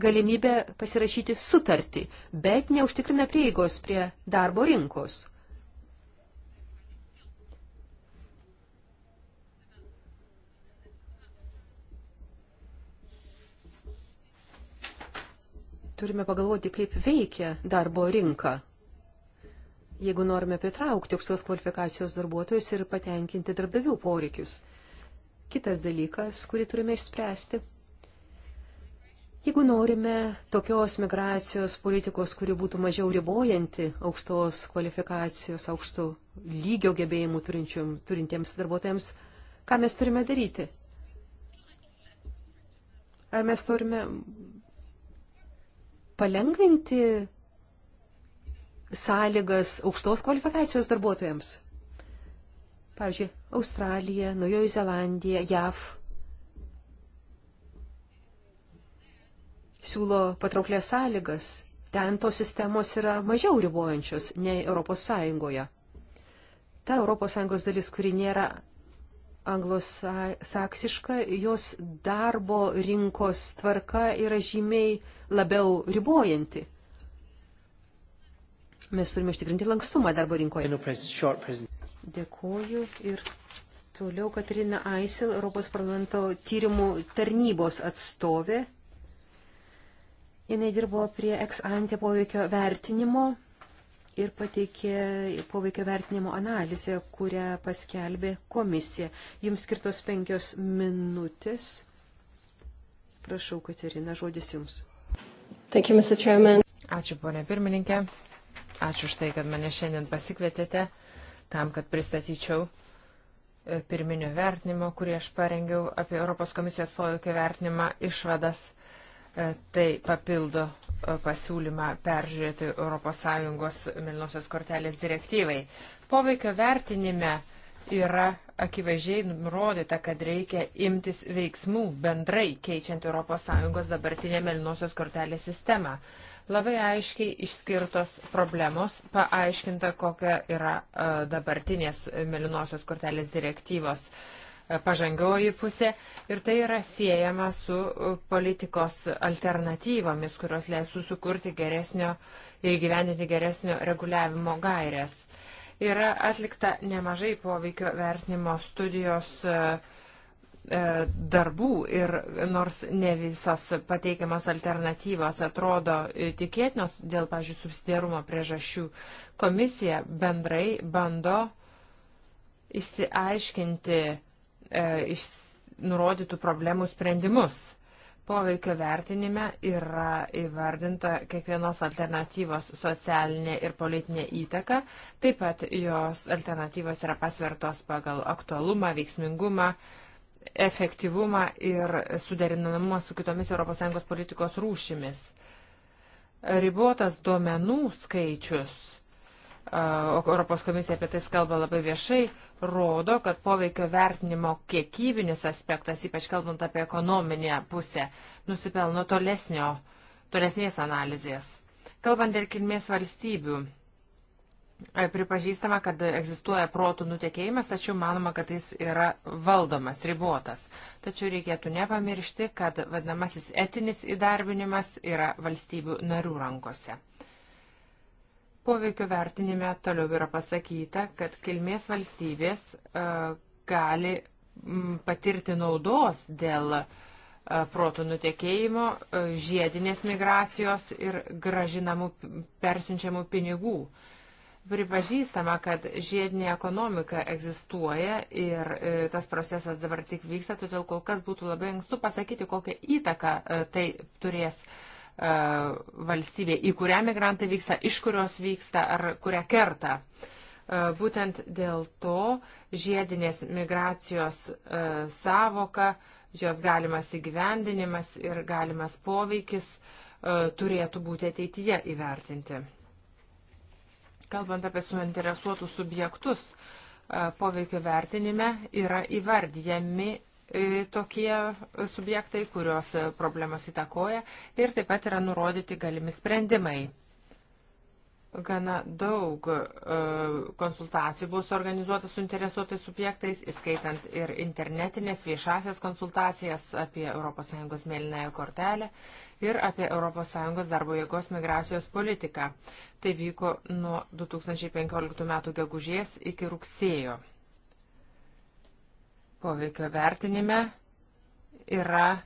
galimybę pasirašyti sutartį, bet neužtikrina prieigos prie darbo rinkos. Turime pagalvoti, kaip veikia darbo rinka jeigu norime pritraukti aukštos kvalifikacijos darbuotojus ir patenkinti darbdavių poreikius. Kitas dalykas, kurį turime išspręsti. Jeigu norime tokios migracijos politikos, kuri būtų mažiau ribojanti aukštos kvalifikacijos, aukšto lygio gebėjimų turintiems darbuotojams, ką mes turime daryti? Ar mes turime palengvinti sąlygas aukštos kvalifikacijos darbuotojams. Pavyzdžiui, Australija, Naujoji Zelandija, JAV siūlo patrauklės sąlygas. Ten tos sistemos yra mažiau ribojančios nei Europos Sąjungoje. Ta Europos Sąjungos dalis, kuri nėra anglosaksiška, jos darbo rinkos tvarka yra žymiai labiau ribojanti. Mes turime ištikrinti lankstumą darbo rinkoje. Dėkuoju ir toliau Katrina Aisil, Europos parlamento tyrimų tarnybos atstovė. Jis dirbo prie ex ante poveikio vertinimo ir pateikė poveikio vertinimo analizę, kurią paskelbė komisija. Jums skirtos penkios minutės. Prašau, Katerina, žodis Jums. Thank you, Mr. Chairman. Ačiū, ponė pirmininkė. Ačiū už tai, kad mane šiandien pasikvietėte tam, kad pristatyčiau e, pirminio vertinimo, kurį aš parengiau apie Europos komisijos poveikio vertinimą išvadas. E, tai papildo e, pasiūlymą peržiūrėti ES Milnosios kortelės direktyvai. Poveikio vertinime yra akivaizdžiai nurodyta, kad reikia imtis veiksmų bendrai keičiant ES dabartinę Milnosios kortelės sistemą. Labai aiškiai išskirtos problemos, paaiškinta, kokia yra e, dabartinės Melinosios kortelės direktyvos e, pažangioji pusė ir tai yra siejama su e, politikos alternatyvomis, kurios leisų sukurti geresnio ir gyvendinti geresnio reguliavimo gairės. Yra atlikta nemažai poveikio vertinimo studijos uh, E, darbų ir nors ne visos pateikiamos alternatyvos atrodo e, tikėtinos dėl, pažiūrėjau, subsidiarumo priežasčių, komisija bendrai bando išsiaiškinti e, iš, nurodytų problemų sprendimus. Poveikio vertinime yra įvardinta kiekvienos alternatyvos socialinė ir politinė įtaka, taip pat jos alternatyvos yra pasvertos pagal aktualumą, veiksmingumą, e, efektyvumą ir suderinamumą su kitomis ES politikos rūšimis. Ribotas duomenų skaičius, Europos komisija apie tai kalba labai viešai, rodo, kad poveikio vertinimo kiekybinis aspektas, ypač kalbant apie ekonominę pusę, nusipelno tolesnio, tolesnės analizės. Kalbant dėl kilmės valstybių, Pripažįstama, kad egzistuoja protų nutekėjimas, tačiau manoma, kad jis yra valdomas, ribotas. Tačiau reikėtų nepamiršti, kad vadinamasis etinis įdarbinimas yra valstybių narių rankose. Poveikio vertinime toliau yra pasakyta, kad kilmės valstybės e, gali patirti naudos dėl e, protų nutekėjimo, e, žiedinės migracijos ir gražinamų persiunčiamų pinigų pripažįstama, kad žiedinė ekonomika egzistuoja ir e, tas procesas dabar tik vyksta, todėl kol kas būtų labai ankstu pasakyti, kokią įtaką e, tai turės e, valstybė, į kurią migrantai vyksta, iš kurios vyksta ar kurią kerta. Būtent dėl to žiedinės migracijos savoka, jos galimas įgyvendinimas ir galimas poveikis turėtų būti ateityje įvertinti. Kalbant apie suinteresuotus subjektus, e, poveikio vertinime yra įvardyjami e, tokie subjektai, kurios e, problemas įtakoja ir taip pat yra nurodyti galimi sprendimai gana daug e, konsultacijų buvo suorganizuota su interesuotais subjektais, įskaitant ir internetinės viešasias konsultacijas apie ES mėlynąją kortelę ir apie ES darbo jėgos migracijos politiką. Tai vyko nuo 2015 m. gegužės iki rugsėjo. Poveikio vertinime yra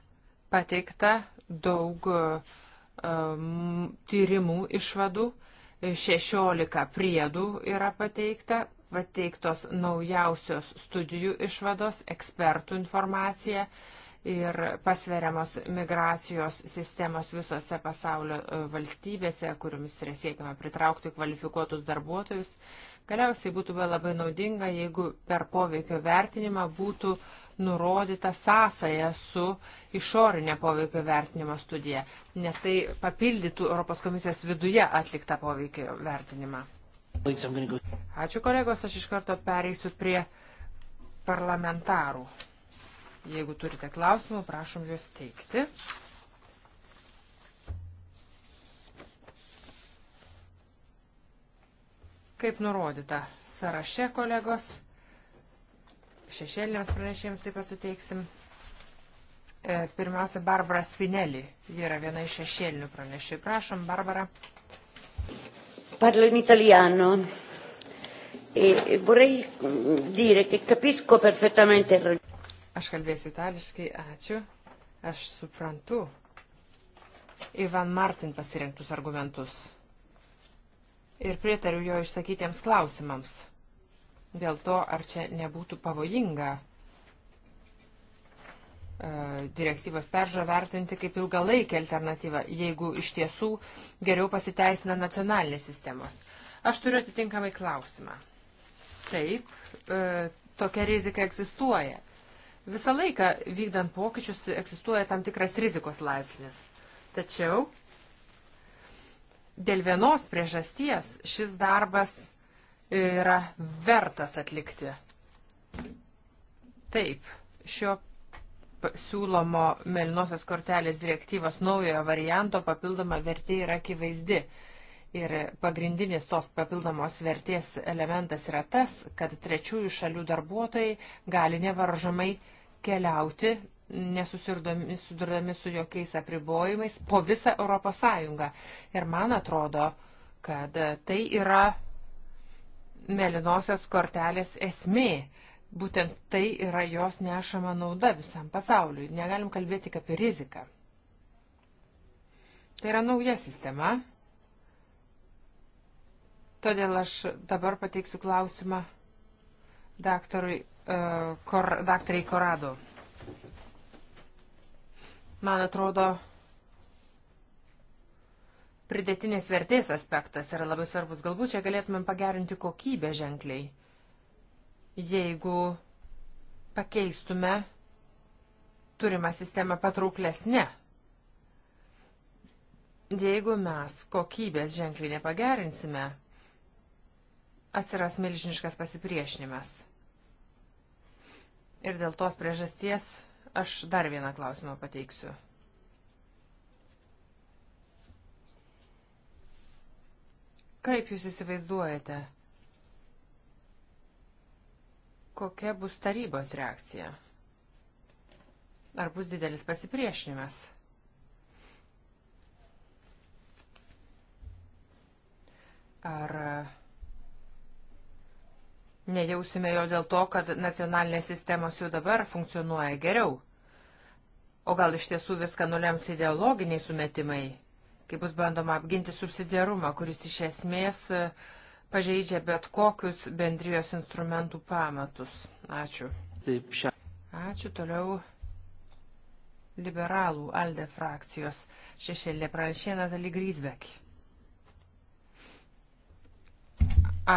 pateikta daug um, tyrimų išvadų, uh, 16 priedų yra pateikta, pateiktos naujausios studijų išvados, ekspertų informacija ir pasveriamos migracijos sistemos visose pasaulio e, valstybėse, kuriomis yra siekiama pritraukti kvalifikuotus darbuotojus. Galiausiai būtų labai naudinga, jeigu per poveikio vertinimą būtų uh, nurodyta sąsaja su išorinė poveikio vertinimo studija, nes tai papildytų Europos komisijos viduje atliktą poveikio vertinimą. Ačiū kolegos, aš iš karto pereisiu prie parlamentarų. Jeigu turite klausimų, prašom juos teikti. Kaip nurodyta sąraše, kolegos, Šešėliniams pranešėjams taip pat suteiksim. E, pirmiausia, Barbara Spinelli. Ji yra viena iš šešėlinių pranešėjų. Prašom, Barbara. Parlo in italiano e vorrei dire che capisco perfettamente il ragionamento. Aš kalbėsiu itališkai, ačiū. Aš suprantu Ivan Martin pasirinktus argumentus ir pritariu jo išsakytiems klausimams dėl to, ar čia nebūtų pavojinga e, direktyvos peržo vertinti kaip ilgalaikį alternatyvą, jeigu iš tiesų geriau pasiteisina nacionalinės sistemos. Aš turiu atitinkamai klausimą. Taip, e, tokia rizika egzistuoja. Visą laiką vykdant pokyčius egzistuoja tam tikras rizikos laipsnis. Tačiau dėl vienos priežasties šis darbas yra vertas atlikti. Taip, šio siūlomo Melinosios kortelės direktyvos naujojo varianto papildoma vertė yra akivaizdi. Ir pagrindinis tos papildomos vertės elementas yra tas, kad trečiųjų šalių darbuotojai gali nevaržomai keliauti, nesusidurdami su jokiais apribojimais po visą ES. Ir man atrodo, kad tai yra melinosios kortelės esmė. Būtent tai yra jos nešama nauda visam pasauliui. Negalim kalbėti tik apie riziką. Tai yra nauja sistema. Todėl aš dabar pateiksiu klausimą daktarui, uh, kor, daktarai Korado. Man atrodo, pridėtinės vertės aspektas yra labai svarbus. Galbūt čia galėtumėm pagerinti kokybę ženkliai, jeigu pakeistume turimą sistemą patrauklesnę. Jeigu mes kokybės ženkliai nepagerinsime, atsiras milžiniškas pasipriešinimas. Ir dėl tos priežasties aš dar vieną klausimą pateiksiu. Kaip jūs įsivaizduojate, kokia bus tarybos reakcija? Ar bus didelis pasipriešinimas? Ar uh, nejausime jo dėl to, kad nacionalinės sistemos jau dabar funkcionuoja geriau? O gal iš tiesų viską nulems ideologiniai sumetimai kai bus bandoma apginti subsidiarumą, kuris iš esmės e, pažeidžia bet kokius bendrijos instrumentų pamatus. Ačiū. Taip, šią. Ačiū toliau liberalų Alde frakcijos šešėlė pranešė Natalį Grisbekį.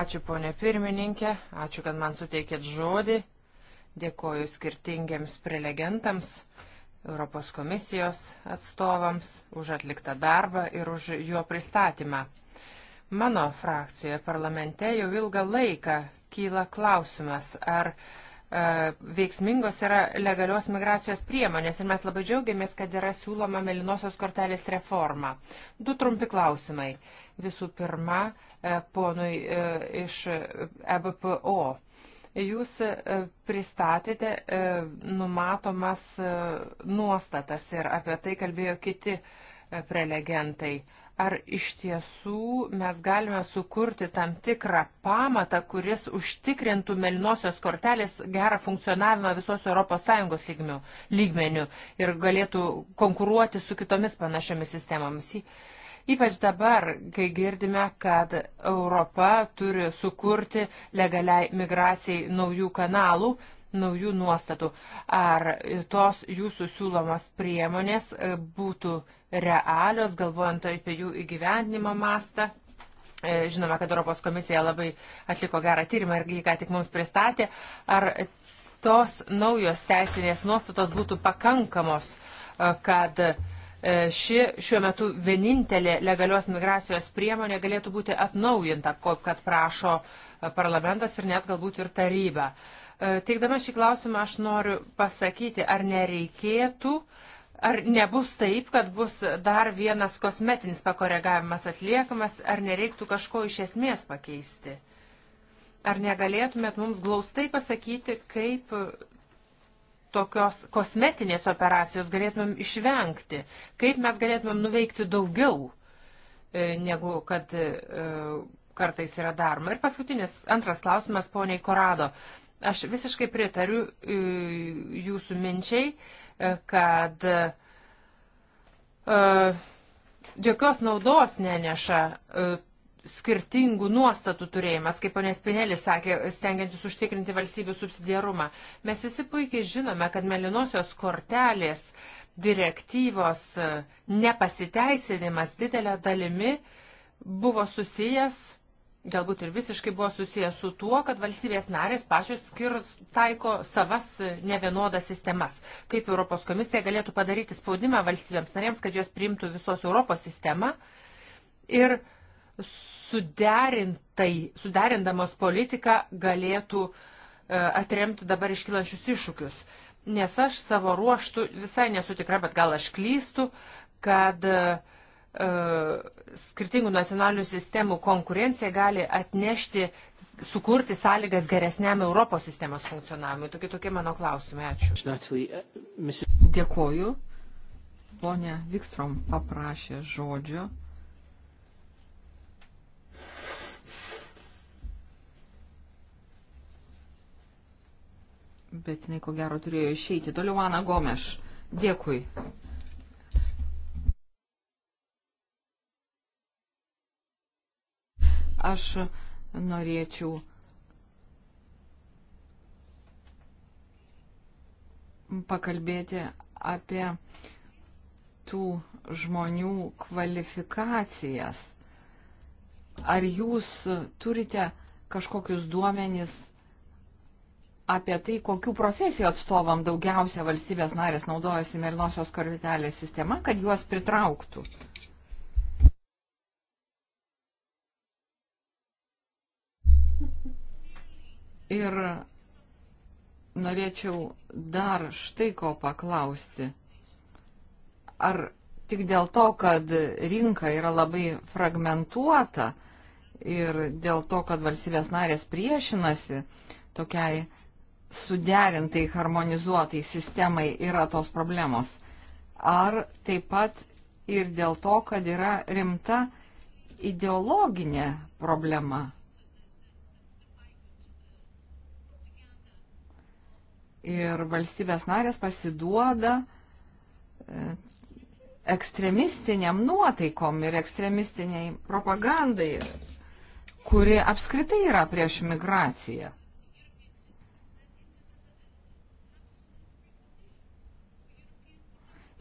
Ačiū ponė pirmininkė, ačiū, kad man suteikėt žodį. Dėkoju skirtingiams prelegentams. Europos komisijos atstovams už atliktą darbą ir už jo pristatymą. Mano frakcijoje parlamente jau ilgą laiką kyla klausimas, ar e, veiksmingos yra legalios migracijos priemonės ir mes labai džiaugiamės, kad yra siūloma melinosios kortelės reforma. Du trumpi klausimai. Visų pirma, e, ponui e, iš EBPO. E, Jūs e, pristatėte e, numatomas e, nuostatas ir apie tai kalbėjo kiti prelegentai. Ar iš tiesų mes galime sukurti tam tikrą pamatą, kuris užtikrintų melinosios kortelės gerą funkcionavimą visos ES lygmenių ir galėtų konkuruoti su kitomis panašiomis sistemomis? Jį Ypač dabar, kai girdime, kad Europa turi sukurti legaliai migracijai naujų kanalų, naujų nuostatų. Ar tos jūsų siūlomos priemonės e, būtų realios, galvojant apie jų įgyvendinimo mastą? E, Žinome, kad Europos komisija labai atliko gerą tyrimą ir jį ką tik mums pristatė. Ar tos naujos teisinės nuostatos būtų pakankamos, e, kad uh, E, ši šiuo metu vienintelė legalios migracijos priemonė galėtų būti atnaujinta, kad prašo e, parlamentas ir net galbūt ir taryba. E, teikdama šį klausimą aš noriu pasakyti, ar nereikėtų, ar nebus taip, kad bus dar vienas kosmetinis pakoregavimas atliekamas, ar nereiktų kažko iš esmės pakeisti. Ar negalėtumėt mums glaustai pasakyti, kaip tokios kosmetinės operacijos galėtumėm išvengti, kaip mes galėtumėm nuveikti daugiau, e, negu kad e, kartais yra daroma. Ir paskutinis, antras klausimas, poniai Korado. Aš visiškai pritariu e, jūsų minčiai, kad jokios naudos neneša skirtingų nuostatų turėjimas, kaip ponė Spinelis sakė, stengiantis užtikrinti valstybių subsidiarumą. Mes visi puikiai žinome, kad melinosios kortelės direktyvos e, nepasiteisinimas didelę dalimi buvo susijęs, galbūt ir visiškai buvo susijęs su tuo, kad valstybės narės pačios skirs taiko savas e, nevienodas sistemas. Kaip Europos komisija galėtų padaryti spaudimą valstybėms narėms, kad jos priimtų visos Europos sistemą ir uh, suderintai, suderindamos politiką galėtų e, atremti dabar iškilančius iššūkius. Nes aš savo ruoštų visai nesu tikra, bet gal aš klystu, kad e, e, skirtingų nacionalinių sistemų konkurencija gali atnešti, sukurti sąlygas geresniam Europos sistemos funkcionavimui. Tokie tokie mano klausimai. Ačiū. Dėkoju. Ponia Vikstrom paprašė žodžio. bet jinai ko gero turėjo išeiti. Toliau Ana Gomeš. Dėkui. Aš norėčiau pakalbėti apie tų žmonių kvalifikacijas. Ar jūs turite kažkokius duomenys apie tai, kokių profesijų atstovam daugiausia valstybės narės naudojasi mėlynosios korvitelės sistema, kad juos pritrauktų. Ir norėčiau dar štai ko paklausti. Ar tik dėl to, kad rinka yra labai fragmentuota ir dėl to, kad valstybės narės priešinasi tokiai suderintai, harmonizuotai sistemai yra tos problemos, ar taip pat ir dėl to, kad yra rimta ideologinė problema. Ir valstybės narės pasiduoda e, ekstremistiniam nuotaikom ir ekstremistiniai propagandai, kuri apskritai yra prieš migraciją.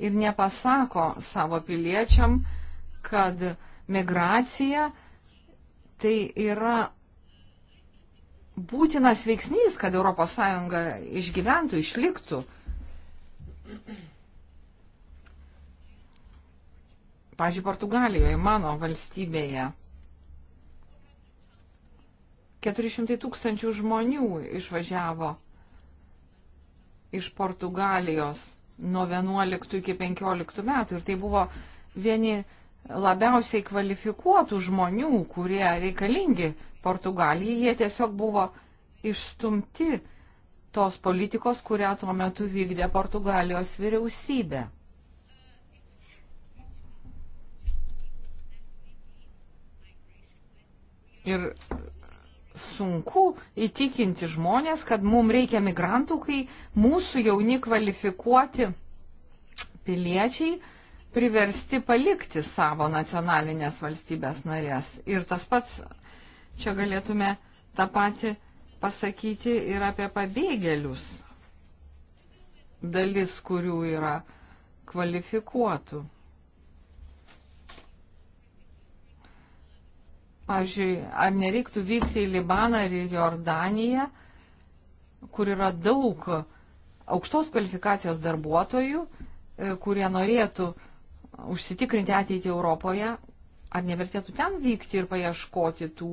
ir nepasako savo piliečiam, kad migracija tai yra būtinas veiksnys, kad ES išgyventų, išliktų. Pavyzdžiui, Portugalijoje, mano valstybėje, 400 tūkstančių žmonių išvažiavo iš Portugalijos nuo 11 iki 15 metų. Ir tai buvo vieni labiausiai kvalifikuotų žmonių, kurie reikalingi Portugalijai. Jie tiesiog buvo išstumti tos politikos, kurią tuo metu vykdė Portugalijos vyriausybė. Ir sunku įtikinti žmonės, kad mums reikia migrantų, kai mūsų jauni kvalifikuoti piliečiai priversti palikti savo nacionalinės valstybės narės. Ir tas pats, čia galėtume tą patį pasakyti ir apie pabėgėlius, dalis kurių yra kvalifikuotų. Pavyzdžiui, ar nereiktų vykti į Libaną ir į Jordaniją, kur yra daug aukštos kvalifikacijos darbuotojų, e, kurie norėtų užsitikrinti ateitį Europoje, ar nevertėtų ten vykti ir paieškoti tų,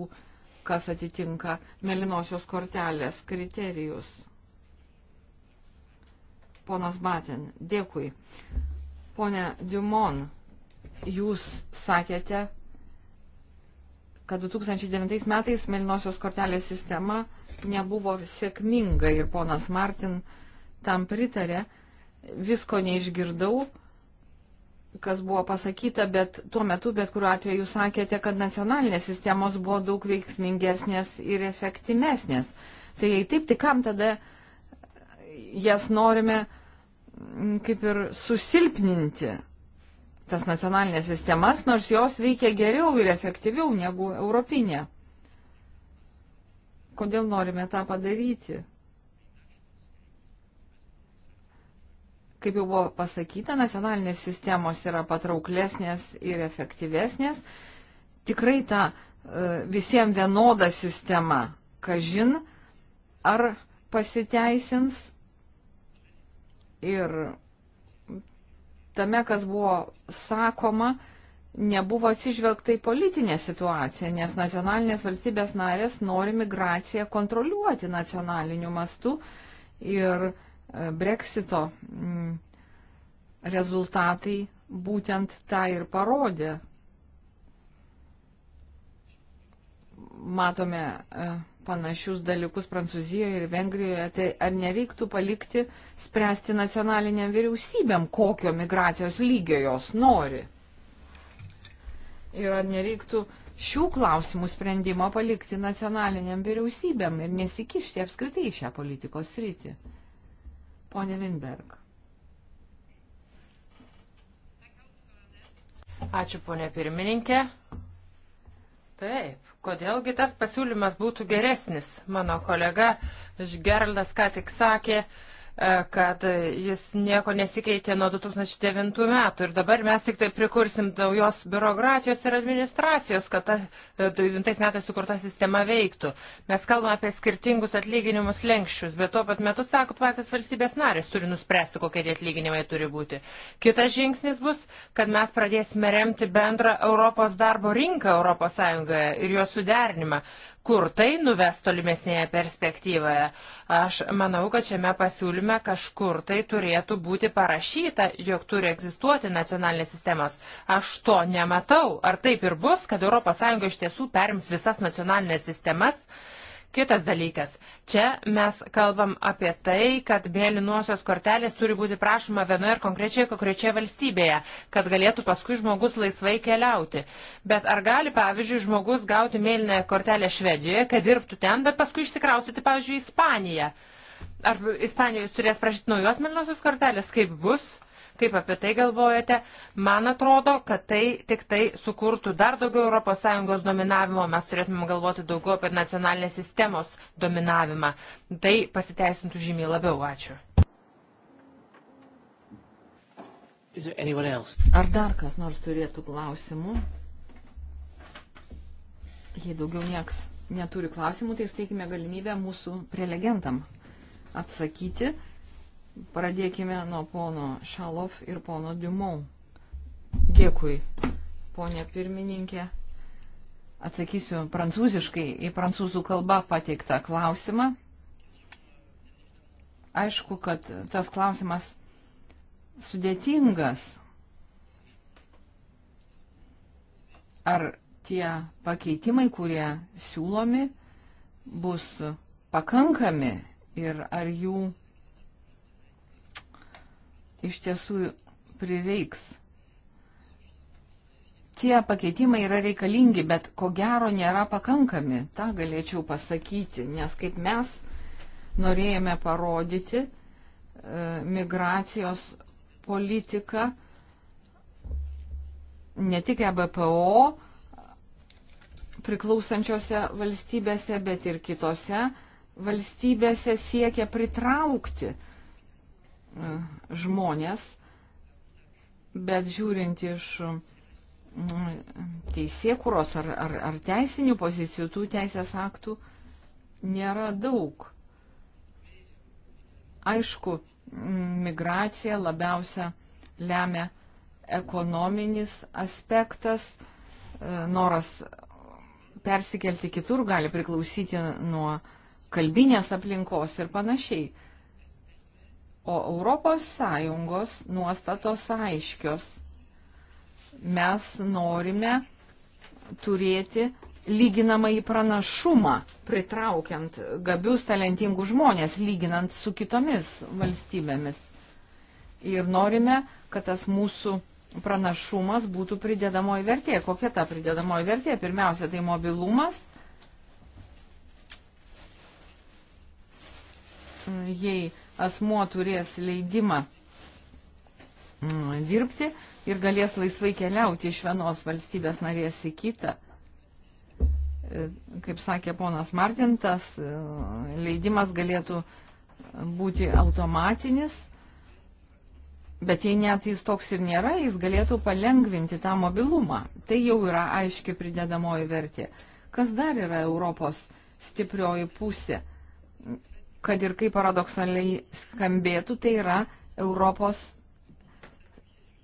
kas atitinka melinosios kortelės kriterijus. Ponas Batin, dėkui. Pone Dumon, jūs sakėte, kad 2009 metais Melinosios kortelės sistema nebuvo sėkminga ir ponas Martin tam pritarė. Visko neišgirdau, kas buvo pasakyta, bet tuo metu, bet kuriuo atveju sakėte, kad nacionalinės sistemos buvo daug veiksmingesnės ir efektyvesnės. Tai jei taip, tai kam tada jas norime mm, kaip ir susilpninti? tas nacionalinės sistemas, nors jos veikia geriau ir efektyviau negu europinė. Kodėl norime tą padaryti? Kaip jau buvo pasakyta, nacionalinės sistemos yra patrauklesnės ir efektyvesnės. Tikrai ta e, visiems vienoda sistema, kažin, ar pasiteisins ir tame, kas buvo sakoma, nebuvo atsižvelgta į politinę situaciją, nes nacionalinės valstybės narės nori migraciją kontroliuoti nacionaliniu mastu ir e, breksito mm, rezultatai būtent tą ir parodė. Matome e, panašius dalykus Prancūzijoje ir Vengrijoje, tai ar nereiktų palikti spręsti nacionaliniam vyriausybėm, kokio migracijos lygio jos nori? Ir ar nereiktų šių klausimų sprendimą palikti nacionaliniam vyriausybėm ir nesikišti apskritai į šią politikos rytį? Pone Vinberg. Ačiū, ponė pirmininkė. Taip, Kodėlgi tas pasiūlymas būtų geresnis? Mano kolega Žgerldas ką tik sakė, E, kad jis nieko nesikeitė nuo 2009 metų ir dabar mes tik tai prikursim naujos biurokratijos ir administracijos, kad ta 2009 e, metais sukurta sistema veiktų. Mes kalbame apie skirtingus atlyginimus lenkščius, bet tuo pat metu, sakot, patys valstybės narės turi nuspręsti, kokie tie atlyginimai turi būti. Kitas žingsnis bus, kad mes pradėsime remti bendrą Europos darbo rinką ES ir jos suderinimą kur tai nuves tolimesnėje perspektyvoje. Aš manau, kad šiame pasiūlyme kažkur tai turėtų būti parašyta, jog turi egzistuoti nacionalinės sistemos. Aš to nematau. Ar taip ir bus, kad ES iš tiesų perims visas nacionalinės sistemas? Kitas dalykas, čia mes kalbam apie tai, kad mėlynosios kortelės turi būti prašoma vienoje ir konkrečioje konkrečioje valstybėje, kad galėtų paskui žmogus laisvai keliauti. Bet ar gali, pavyzdžiui, žmogus gauti mėlynąją kortelę Švedijoje, kad dirbtų ten, bet paskui išsikraustyti, pavyzdžiui, į Ispaniją? Ar Ispanijoje turės prašyti naujos mėlynosios kortelės, kaip bus? Kaip apie tai galvojate? Man atrodo, kad tai tik tai sukurtų dar daugiau ES dominavimo, mes turėtume galvoti daugiau apie nacionalinės sistemos dominavimą. Tai pasiteisintų žymiai labiau. Ačiū. Ar dar kas nors turėtų klausimų? Jei daugiau nieks neturi klausimų, tai suteikime galimybę mūsų prelegentam atsakyti. Pradėkime nuo pono Šalov ir pono Dumont. Dėkui, ponė pirmininkė. Atsakysiu prancūziškai į prancūzų kalbą pateiktą klausimą. Aišku, kad tas klausimas sudėtingas. Ar tie pakeitimai, kurie siūlomi, bus pakankami ir ar jų iš tiesų prireiks. Tie pakeitimai yra reikalingi, bet ko gero nėra pakankami, tą galėčiau pasakyti, nes kaip mes norėjome parodyti, e, migracijos politika ne tik EBPO priklausančiose valstybėse, bet ir kitose valstybėse siekia pritraukti uh, E, žmonės, bet žiūrint iš e, teisėkuros ar, ar, ar teisinių pozicijų, tų teisės aktų nėra daug. Aišku, migracija labiausia lemia ekonominis aspektas, e, noras persikelti kitur gali priklausyti nuo kalbinės aplinkos ir panašiai. O ES nuostatos aiškios. Mes norime turėti lyginamą į pranašumą, pritraukiant gabius, talentingus žmonės, lyginant su kitomis valstybėmis. Ir norime, kad tas mūsų pranašumas būtų pridedamoji vertė. Kokia ta pridedamoji vertė? Pirmiausia, tai mobilumas. Jei asmuo turės leidimą mm, dirbti ir galės laisvai keliauti iš vienos valstybės narės į kitą. E, kaip sakė ponas Martintas, e, leidimas galėtų būti automatinis, bet jei net jis toks ir nėra, jis galėtų palengvinti tą mobilumą. Tai jau yra aiški pridedamoji vertė. Kas dar yra Europos stiprioji pusė? kad ir kaip paradoksaliai skambėtų, tai yra Europos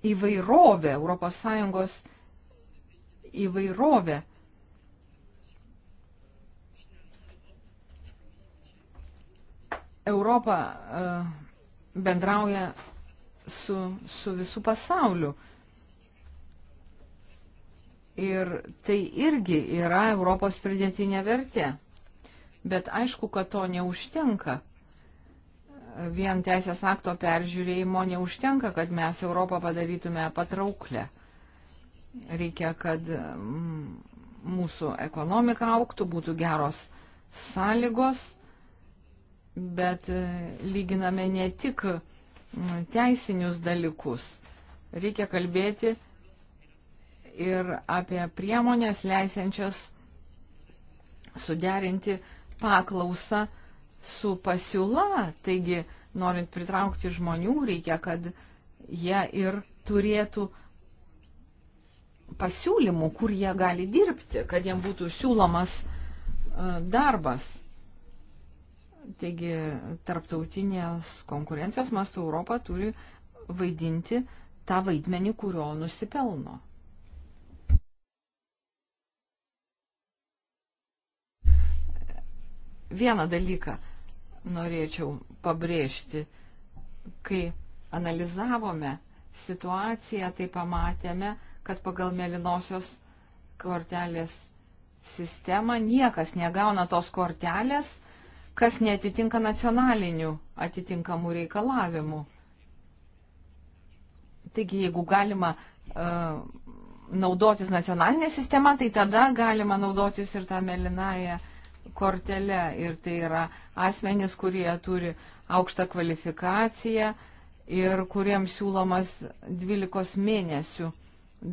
įvairovė, Europos Sąjungos įvairovė. Europa e, bendrauja su, su visų pasauliu. Ir tai irgi yra Europos pridėtinė vertė. Bet aišku, kad to neužtenka. Vien teisės akto peržiūrėjimo neužtenka, kad mes Europą padarytume patrauklę. Reikia, kad mm, mūsų ekonomika auktų, būtų geros sąlygos, bet e, lyginame ne tik mm, teisinius dalykus. Reikia kalbėti ir apie priemonės leisiančias suderinti uh, paklausą su pasiūla. Taigi, norint pritraukti žmonių, reikia, kad jie ir turėtų pasiūlymų, kur jie gali dirbti, kad jiem būtų siūlomas e, darbas. Taigi, tarptautinės konkurencijos mastu Europą turi vaidinti tą vaidmenį, kurio nusipelno. vieną dalyką norėčiau pabrėžti. Kai analizavome situaciją, tai pamatėme, kad pagal mėlynosios kortelės sistemą niekas negauna tos kortelės, kas netitinka nacionalinių atitinkamų reikalavimų. Taigi, jeigu galima uh, naudotis nacionalinė sistema, tai tada galima naudotis ir tą melinąją uh, kortelę ir tai yra asmenys, kurie turi aukštą kvalifikaciją ir kuriems siūlomas 12 mėnesių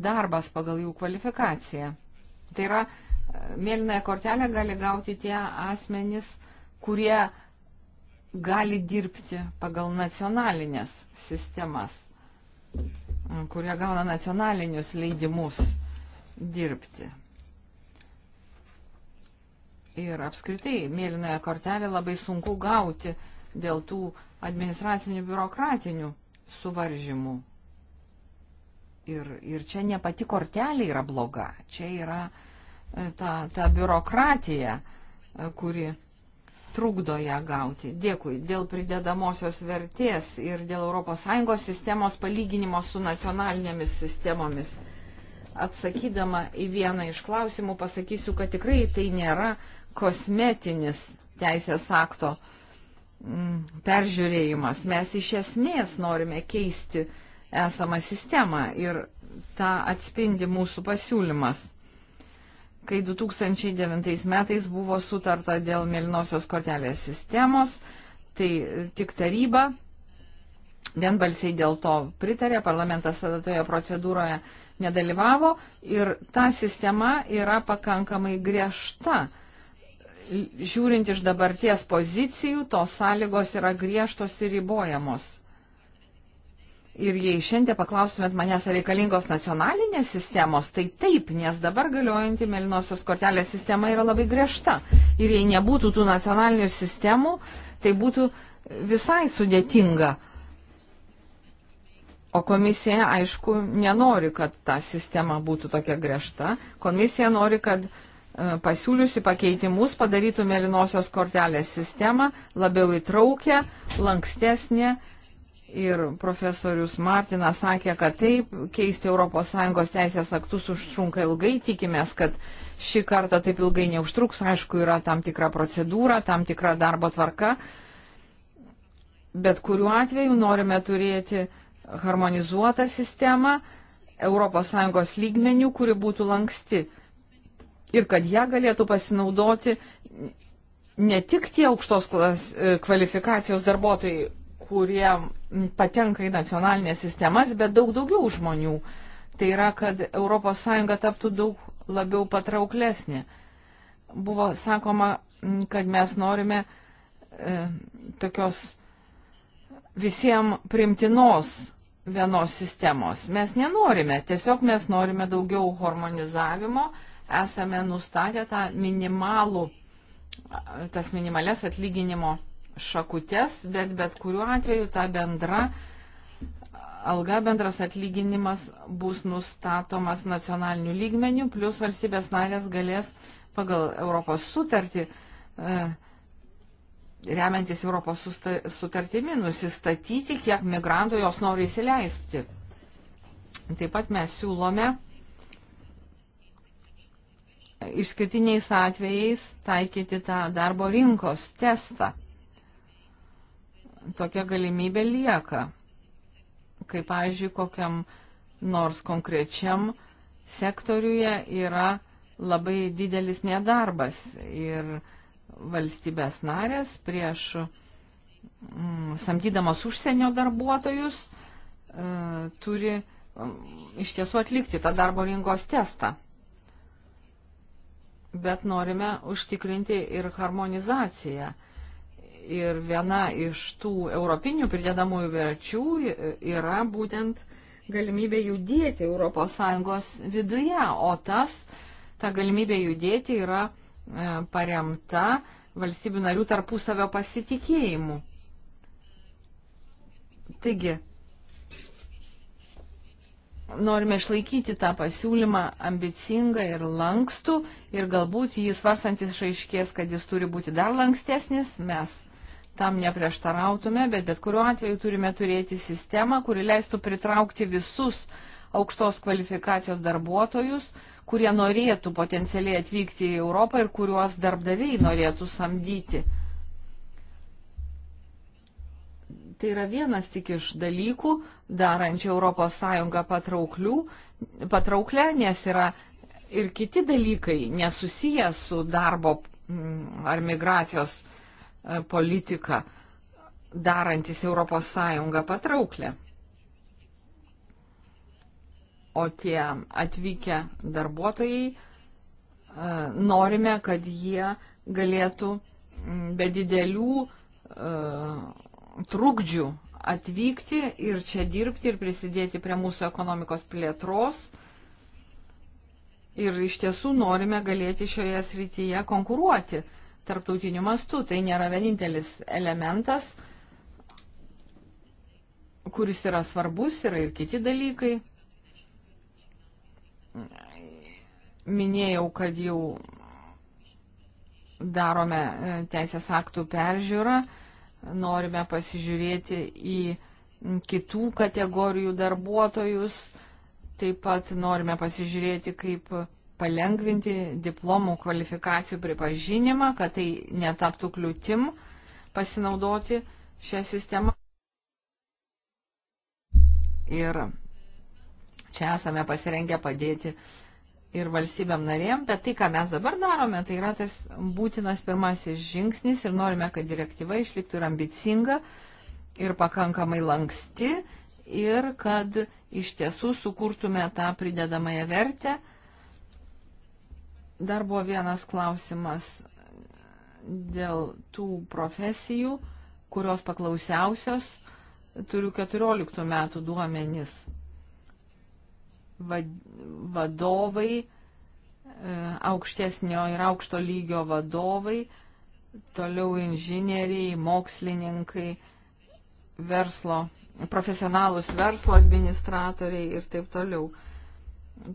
darbas pagal jų kvalifikaciją. Tai yra, mėlynąją kortelę gali gauti tie asmenys, kurie gali dirbti pagal nacionalinės sistemas, kurie gauna nacionalinius leidimus dirbti ir apskritai mėlynąją kortelę labai sunku gauti dėl tų administracinių biurokratinių suvaržymų. Ir, ir čia ne pati kortelė yra bloga, čia yra e, ta, ta biurokratija, e, kuri trukdo ją gauti. Dėkui. Dėl pridedamosios vertės ir dėl ES sistemos palyginimo su nacionalinėmis sistemomis. Atsakydama į vieną iš klausimų pasakysiu, kad tikrai tai nėra kosmetinis teisės akto mm, peržiūrėjimas. Mes iš esmės norime keisti esamą sistemą ir tą atspindi mūsų pasiūlymas. Kai 2009 metais buvo sutarta dėl mėlynosios kortelės sistemos, tai tik taryba vienbalsiai dėl to pritarė, parlamentas tada toje procedūroje nedalyvavo ir ta sistema yra pakankamai griežta žiūrint iš dabarties pozicijų, tos sąlygos yra griežtos ir ribojamos. Ir jei šiandien paklaustumėt manęs, ar reikalingos nacionalinės sistemos, tai taip, nes dabar galiojanti melinosios kortelės sistema yra labai griežta. Ir jei nebūtų tų nacionalinių sistemų, tai būtų visai sudėtinga. O komisija, aišku, nenori, kad ta sistema būtų tokia griežta. Komisija nori, kad uh, E, pasiūliusi pakeitimus padarytų mėlynosios kortelės sistemą labiau įtraukę, lankstesnė. Ir profesorius Martinas sakė, kad taip, keisti ES teisės aktus užtrunka ilgai, tikimės, kad šį kartą taip ilgai neužtruks, aišku, yra tam tikra procedūra, tam tikra darbo tvarka, bet kuriuo atveju norime turėti harmonizuotą sistemą ES lygmenių, kuri būtų lanksti ir kad ją galėtų pasinaudoti ne tik tie aukštos e, kvalifikacijos darbuotojai, kurie patenka į nacionalinės sistemas, bet daug daugiau žmonių. Tai yra, kad ES taptų daug labiau patrauklesnė. Buvo sakoma, kad mes norime e, tokios visiems primtinos vienos sistemos. Mes nenorime, tiesiog mes norime daugiau harmonizavimo, e, esame nustatę tą minimalų, tas minimales atlyginimo šakutės, bet bet kuriuo atveju ta bendra alga, bendras atlyginimas bus nustatomas nacionaliniu lygmeniu, plus valstybės narės galės pagal Europos sutartį, e, remiantis Europos sutartimi, nusistatyti, kiek migrantų jos nori įsileisti. Taip pat mes siūlome išskirtiniais atvejais taikyti tą darbo rinkos testą. Tokia galimybė lieka, kaip, pavyzdžiui, kokiam nors konkrečiam sektoriuje yra labai didelis nedarbas ir valstybės narės prieš mm, samdydamas užsienio darbuotojus e, turi mm, iš tiesų atlikti tą darbo rinkos testą bet norime užtikrinti ir harmonizaciją. Ir viena iš tų europinių pridedamųjų verčių yra būtent galimybė judėti ES viduje, o tas, ta galimybė judėti yra e, paremta valstybių narių tarpusavio pasitikėjimu. Taigi, norime išlaikyti tą pasiūlymą ambicingą ir lankstų ir galbūt jį svarsantis išaiškės, kad jis turi būti dar lankstesnis, mes tam neprieštarautume, bet bet kuriuo atveju turime turėti sistemą, kuri leistų pritraukti visus aukštos kvalifikacijos darbuotojus, kurie norėtų potencialiai atvykti į Europą ir kuriuos darbdaviai norėtų samdyti. Tai yra vienas tik iš dalykų, darančių ES patrauklių, patrauklę, nes yra ir kiti dalykai nesusiję su darbo mm, ar migracijos e, politika, darantis ES patrauklę. O tie atvykę darbuotojai e, norime, kad jie galėtų mm, be didelių e, trukdžių atvykti ir čia dirbti ir prisidėti prie mūsų ekonomikos plėtros. Ir iš tiesų norime galėti šioje srityje konkuruoti tarptautiniu mastu. Tai nėra vienintelis elementas, kuris yra svarbus, yra ir kiti dalykai. Minėjau, kad jau darome e, teisės aktų peržiūrą norime pasižiūrėti į kitų kategorijų darbuotojus, taip pat norime pasižiūrėti, kaip palengvinti diplomų kvalifikacijų pripažinimą, kad tai netaptų kliūtim pasinaudoti šią sistemą. Ir čia esame pasirengę padėti ir valstybėm narėm, bet tai, ką mes dabar darome, tai yra tas būtinas pirmasis žingsnis ir norime, kad direktyva išliktų ir ambicinga, ir pakankamai lanksti, ir kad iš tiesų sukurtume tą pridedamąją vertę. Dar buvo vienas klausimas dėl tų profesijų, kurios paklausiausios. Turiu 14 metų duomenis vadovai, e, aukštesnio ir aukšto lygio vadovai, toliau inžinieriai, mokslininkai, verslo, profesionalus verslo administratoriai ir taip toliau.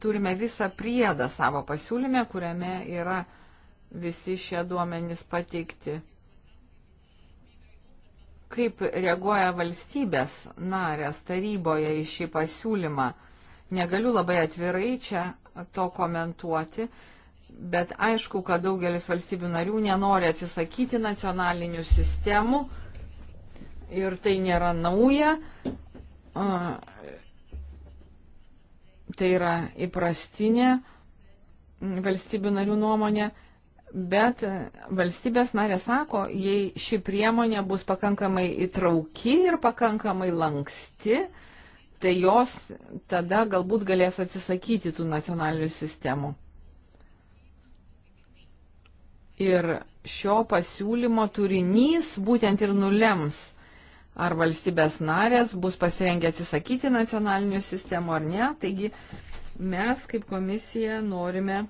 Turime visą priedą savo pasiūlyme, kuriame yra visi šie duomenys pateikti. Kaip reaguoja valstybės narės taryboje į šį pasiūlymą? negaliu labai atvirai čia to komentuoti, bet aišku, kad daugelis valstybių narių nenori atsisakyti nacionalinių sistemų ir tai nėra nauja. Tai yra įprastinė valstybių narių nuomonė. Bet valstybės narė sako, jei ši priemonė bus pakankamai įtrauki ir pakankamai lanksti, uh, tai jos tada galbūt galės atsisakyti tų nacionalinių sistemų. Ir šio pasiūlymo turinys būtent ir nulems, ar valstybės narės bus pasirengę atsisakyti nacionalinių sistemų ar ne. Taigi mes kaip komisija norime,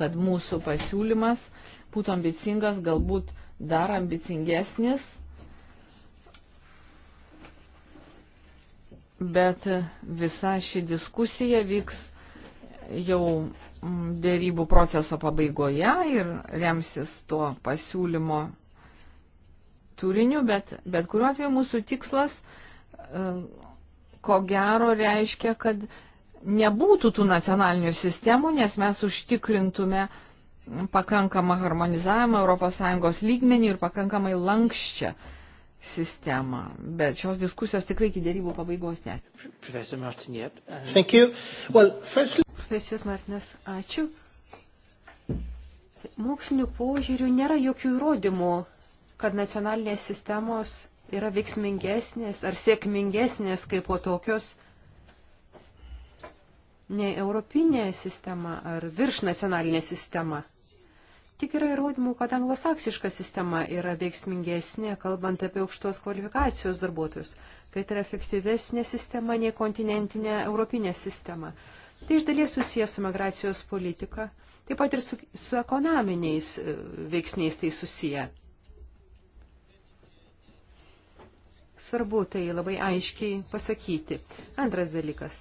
kad mūsų pasiūlymas būtų ambicingas, galbūt dar ambicingesnis bet visa ši diskusija vyks jau dėrybų proceso pabaigoje ir remsis tuo pasiūlymo turiniu, bet, bet kuriuo atveju mūsų tikslas, e, ko gero, reiškia, kad nebūtų tų nacionalinių sistemų, nes mes užtikrintume pakankamą harmonizavimą ES lygmenį ir pakankamai lankščią sistemą. Bet šios diskusijos tikrai iki dėrybų pabaigos net. Profesor Martinės, uh, well, first... Martinas, ačiū. Mokslinių požiūrių nėra jokių įrodymų, kad nacionalinės sistemos yra veiksmingesnės ar sėkmingesnės kaip po tokios nei europinė sistema ar virš nacionalinė sistema. Tik yra įrodymų, kad anglosaksiška sistema yra veiksmingesnė, kalbant apie aukštos kvalifikacijos darbuotojus, kad tai yra efektyvesnė sistema nei kontinentinė europinė sistema. Tai iš dalies susijęs su migracijos politika, taip pat ir su, su ekonominiais e, veiksniais tai susiję. Svarbu tai labai aiškiai pasakyti. Antras dalykas.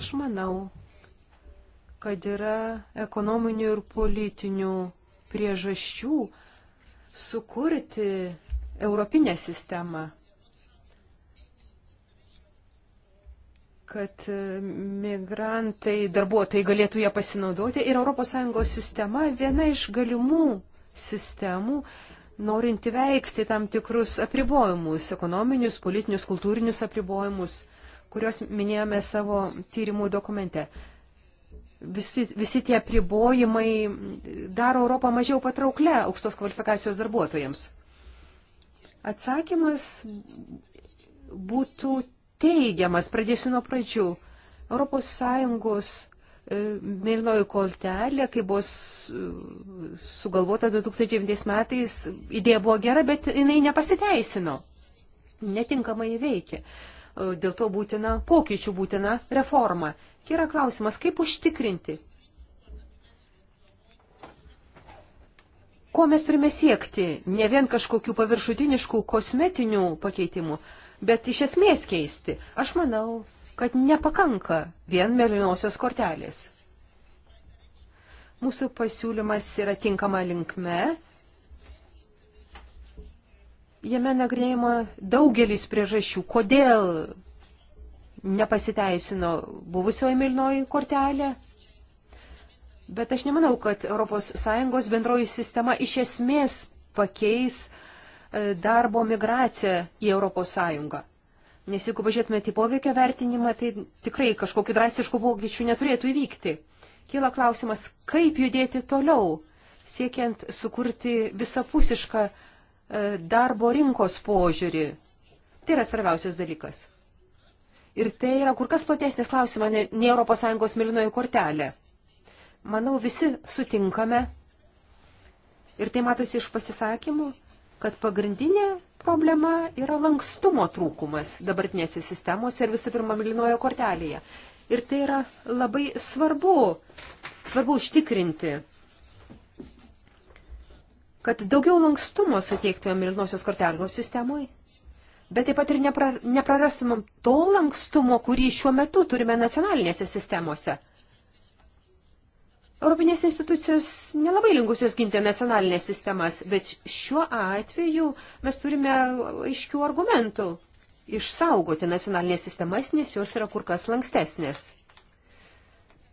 Aš manau, kad yra ekonominių ir politinių priežasčių sukurti europinę sistemą, kad migrantai, darbuotojai galėtų ją pasinaudoti ir ES sistema viena iš galimų sistemų, norint įveikti tam tikrus apribojimus, ekonominius, politinius, kultūrinius apribojimus kuriuos minėjome savo tyrimų dokumente visi, visi tie pribojimai daro Europą mažiau patrauklę aukštos kvalifikacijos darbuotojams? Atsakymas būtų teigiamas, pradėsiu nuo pradžių. Europos Sąjungos e, Mėlynoji koltelė, kai buvo sugalvota 2009 metais, idėja buvo gera, bet jinai nepasiteisino, netinkamai veikė. E, dėl to būtina pokyčių, būtina reforma. Yra klausimas, kaip užtikrinti, ko mes turime siekti, ne vien kažkokių paviršutiniškų kosmetinių pakeitimų, bet iš esmės keisti. Aš manau, kad nepakanka vien mėlynosios kortelės. Mūsų pasiūlymas yra tinkama linkme. Jame nagrinėjama daugelis priežasčių, kodėl nepasiteisino buvusioji milnoji kortelė, bet aš nemanau, kad ES bendroji sistema iš esmės pakeis e, darbo migraciją į ES. Nes jeigu pažiūrėtumėte į poveikio vertinimą, tai tikrai kažkokiu drastišku pokyčiu neturėtų įvykti. Kyla klausimas, kaip judėti toliau, siekiant sukurti visapusišką e, darbo rinkos požiūrį. Tai yra svarbiausias dalykas. Ir tai yra kur kas platesnis klausimas nei ES milinoji kortelė. Manau, visi sutinkame. Ir tai matosi iš pasisakymų, kad pagrindinė problema yra lankstumo trūkumas dabartinėse sistemose ir visų pirma milinojo kortelėje. Ir tai yra labai svarbu, svarbu užtikrinti, kad daugiau lankstumo suteiktume milinosios kortelės sistemoje bet taip pat ir nepra, neprarastumėm to lankstumo, kurį šiuo metu turime nacionalinėse sistemose. Europinės institucijos nelabai linkusios ginti nacionalinės sistemas, bet šiuo atveju mes turime aiškių argumentų išsaugoti nacionalinės sistemas, nes jos yra kur kas lankstesnės.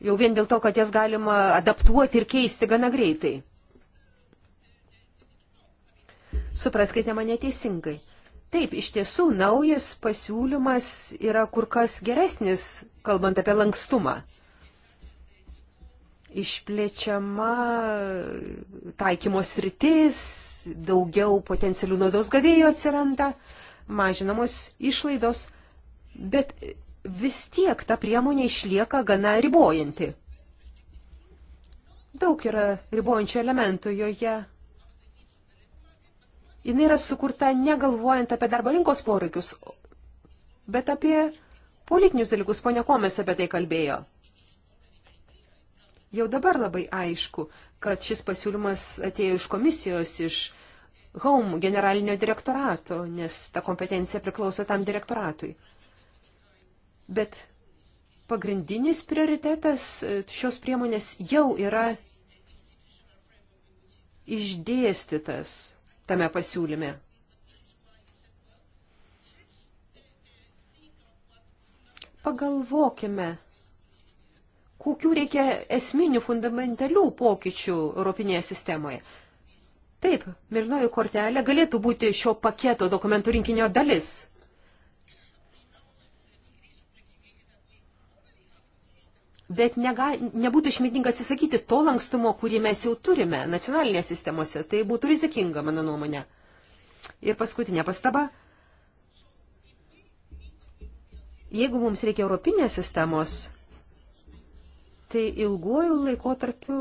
Jau vien dėl to, kad jas galima adaptuoti ir keisti gana greitai. Supraskite mane teisingai Taip, iš tiesų naujas pasiūlymas yra kur kas geresnis, kalbant apie lankstumą. Išplečiama taikymos rytis, daugiau potencialių naudos gavėjų atsiranda, mažinamos išlaidos, bet vis tiek ta priemonė išlieka gana ribojanti. Daug yra ribojančių elementų joje, Jis yra sukurta negalvojant apie darbo rinkos poreikius, bet apie politinius dalykus, ponia Komės apie tai kalbėjo. Jau dabar labai aišku, kad šis pasiūlymas atėjo iš komisijos, iš Home generalinio direktorato, nes ta kompetencija priklauso tam direktoratui. Bet pagrindinis prioritetas e, šios priemonės jau yra išdėstytas tame pasiūlyme. Pagalvokime, kokių reikia esminių fundamentalių pokyčių Europinėje sistemoje. Taip, mirnoji kortelė galėtų būti šio paketo dokumentų rinkinio dalis. Bet nega, nebūtų išmintinga atsisakyti to lankstumo, kurį mes jau turime nacionalinėje sistemose. Tai būtų rizikinga, mano nuomonė. Ir paskutinė pastaba. Jeigu mums reikia europinės sistemos, tai ilguoju laikotarpiu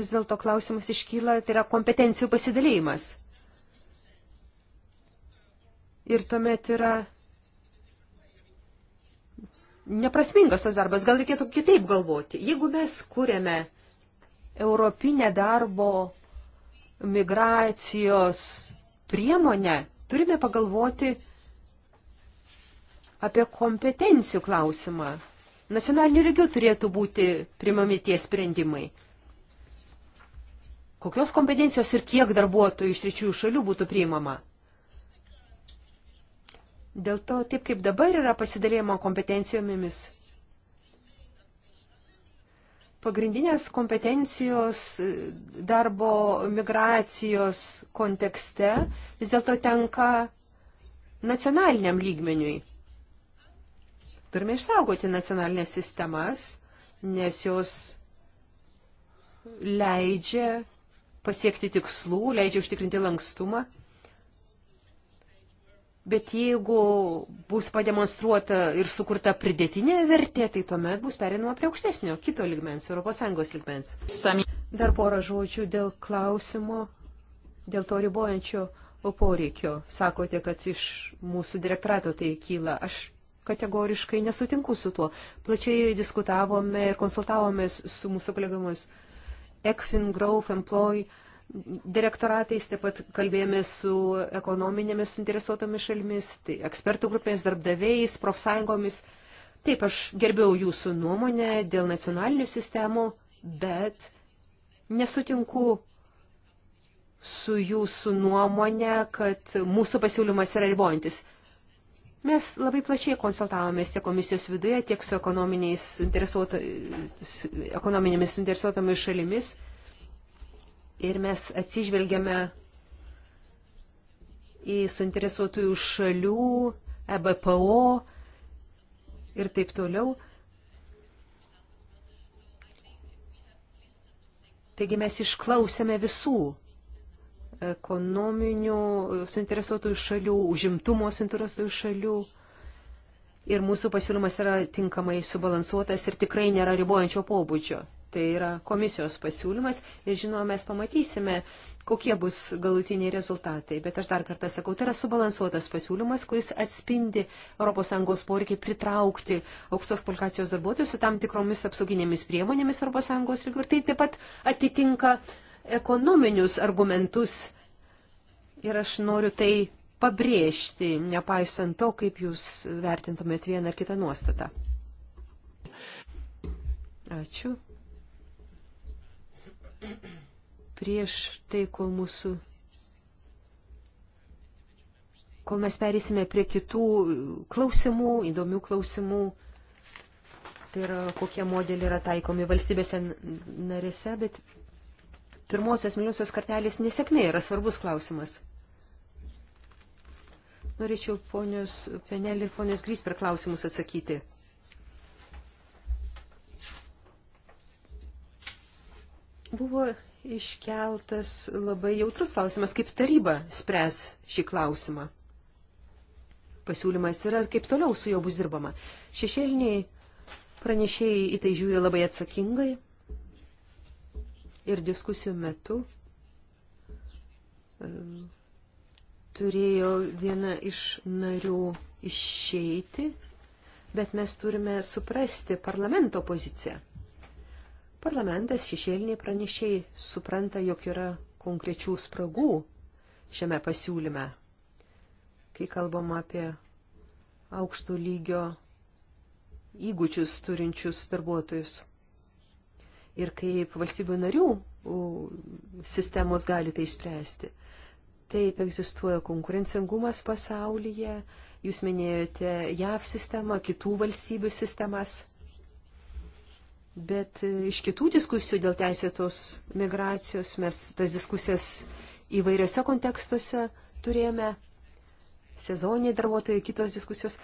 vis dėlto klausimas iškyla, tai yra kompetencijų pasidalymas. Ir tuomet yra neprasmingas tas darbas, gal reikėtų kitaip galvoti. Jeigu mes kūrėme europinę darbo migracijos priemonę, turime pagalvoti apie kompetencijų klausimą. Nacionaliniu lygiu turėtų būti primami tie sprendimai. Kokios kompetencijos ir kiek darbuotojų iš trečiųjų šalių būtų priimama? Dėl to, taip kaip dabar yra pasidalėjimo kompetencijomis, pagrindinės kompetencijos e, darbo migracijos kontekste vis dėlto tenka nacionaliniam lygmeniui. Turime išsaugoti nacionalinės sistemas, nes jos leidžia pasiekti tikslų, leidžia užtikrinti lankstumą bet jeigu bus pademonstruota ir sukurta pridėtinė vertė, tai tuomet bus perinama prie aukštesnio kito ligmens, ES ligmens. Dar porą žodžių dėl klausimo, dėl to ribojančio poreikio. Sakote, kad iš mūsų direktorato tai kyla. Aš kategoriškai nesutinku su tuo. Plačiai diskutavome ir konsultavomės su mūsų kolegomis ECFIN, GROW, EMPLOY direktoratais, taip pat kalbėjome su ekonominėmis suinteresuotomis šalimis, tai ekspertų grupės, darbdaviais, profsąjungomis. Taip, aš gerbiau jūsų nuomonę dėl nacionalinių sistemų, bet nesutinku su jūsų nuomonė, kad mūsų pasiūlymas yra ribojantis. Mes labai plačiai konsultavomės tiek komisijos viduje, tiek su ekonominėmis suinteresuotomis šalimis ir mes atsižvelgiame į suinteresuotųjų šalių, EBPO ir taip toliau. Taigi mes išklausėme visų ekonominių suinteresuotųjų šalių, užimtumo suinteresuotųjų šalių. Ir mūsų pasiūlymas yra tinkamai subalansuotas ir tikrai nėra ribojančio pobūdžio. Tai yra komisijos pasiūlymas ir žinoma, mes pamatysime, kokie bus galutiniai rezultatai. Bet aš dar kartą sakau, tai yra subalansuotas pasiūlymas, kuris atspindi ES poreikį pritraukti aukštos kvalifikacijos darbuotojus su tam tikromis apsauginėmis priemonėmis ES lygių. Ir tai taip pat atitinka ekonominius argumentus. Ir aš noriu tai pabrėžti, nepaisant to, kaip jūs vertintumėt vieną ar kitą nuostatą. Ačiū prieš tai, kol mūsų. Kol mes perėsime prie kitų klausimų, įdomių klausimų, tai yra kokie modeliai yra taikomi valstybėse narėse, bet pirmosios miliusios kartelės nesėkmė yra svarbus klausimas. Norėčiau ponios Penelį ir ponios Grys per klausimus atsakyti. Buvo iškeltas labai jautrus klausimas, kaip taryba spręs šį klausimą. Pasiūlymas yra, kaip toliau su juo bus dirbama. Šešėliniai pranešėjai į tai žiūri labai atsakingai ir diskusijų metu e, turėjo viena iš narių išeiti, bet mes turime suprasti parlamento poziciją. Parlamentas šešėliniai pranešiai supranta, jog yra konkrečių spragų šiame pasiūlyme, kai kalbam apie aukštų lygio įgūdžius turinčius darbuotojus ir kaip valstybių narių sistemos gali tai spręsti. Taip egzistuoja konkurencingumas pasaulyje, jūs minėjote JAV sistemą, kitų valstybių sistemas. Bet e, iš kitų diskusijų dėl teisėtos migracijos mes tas diskusijas įvairiose kontekstuose turėjome, sezoniniai darbuotojai, kitos diskusijos.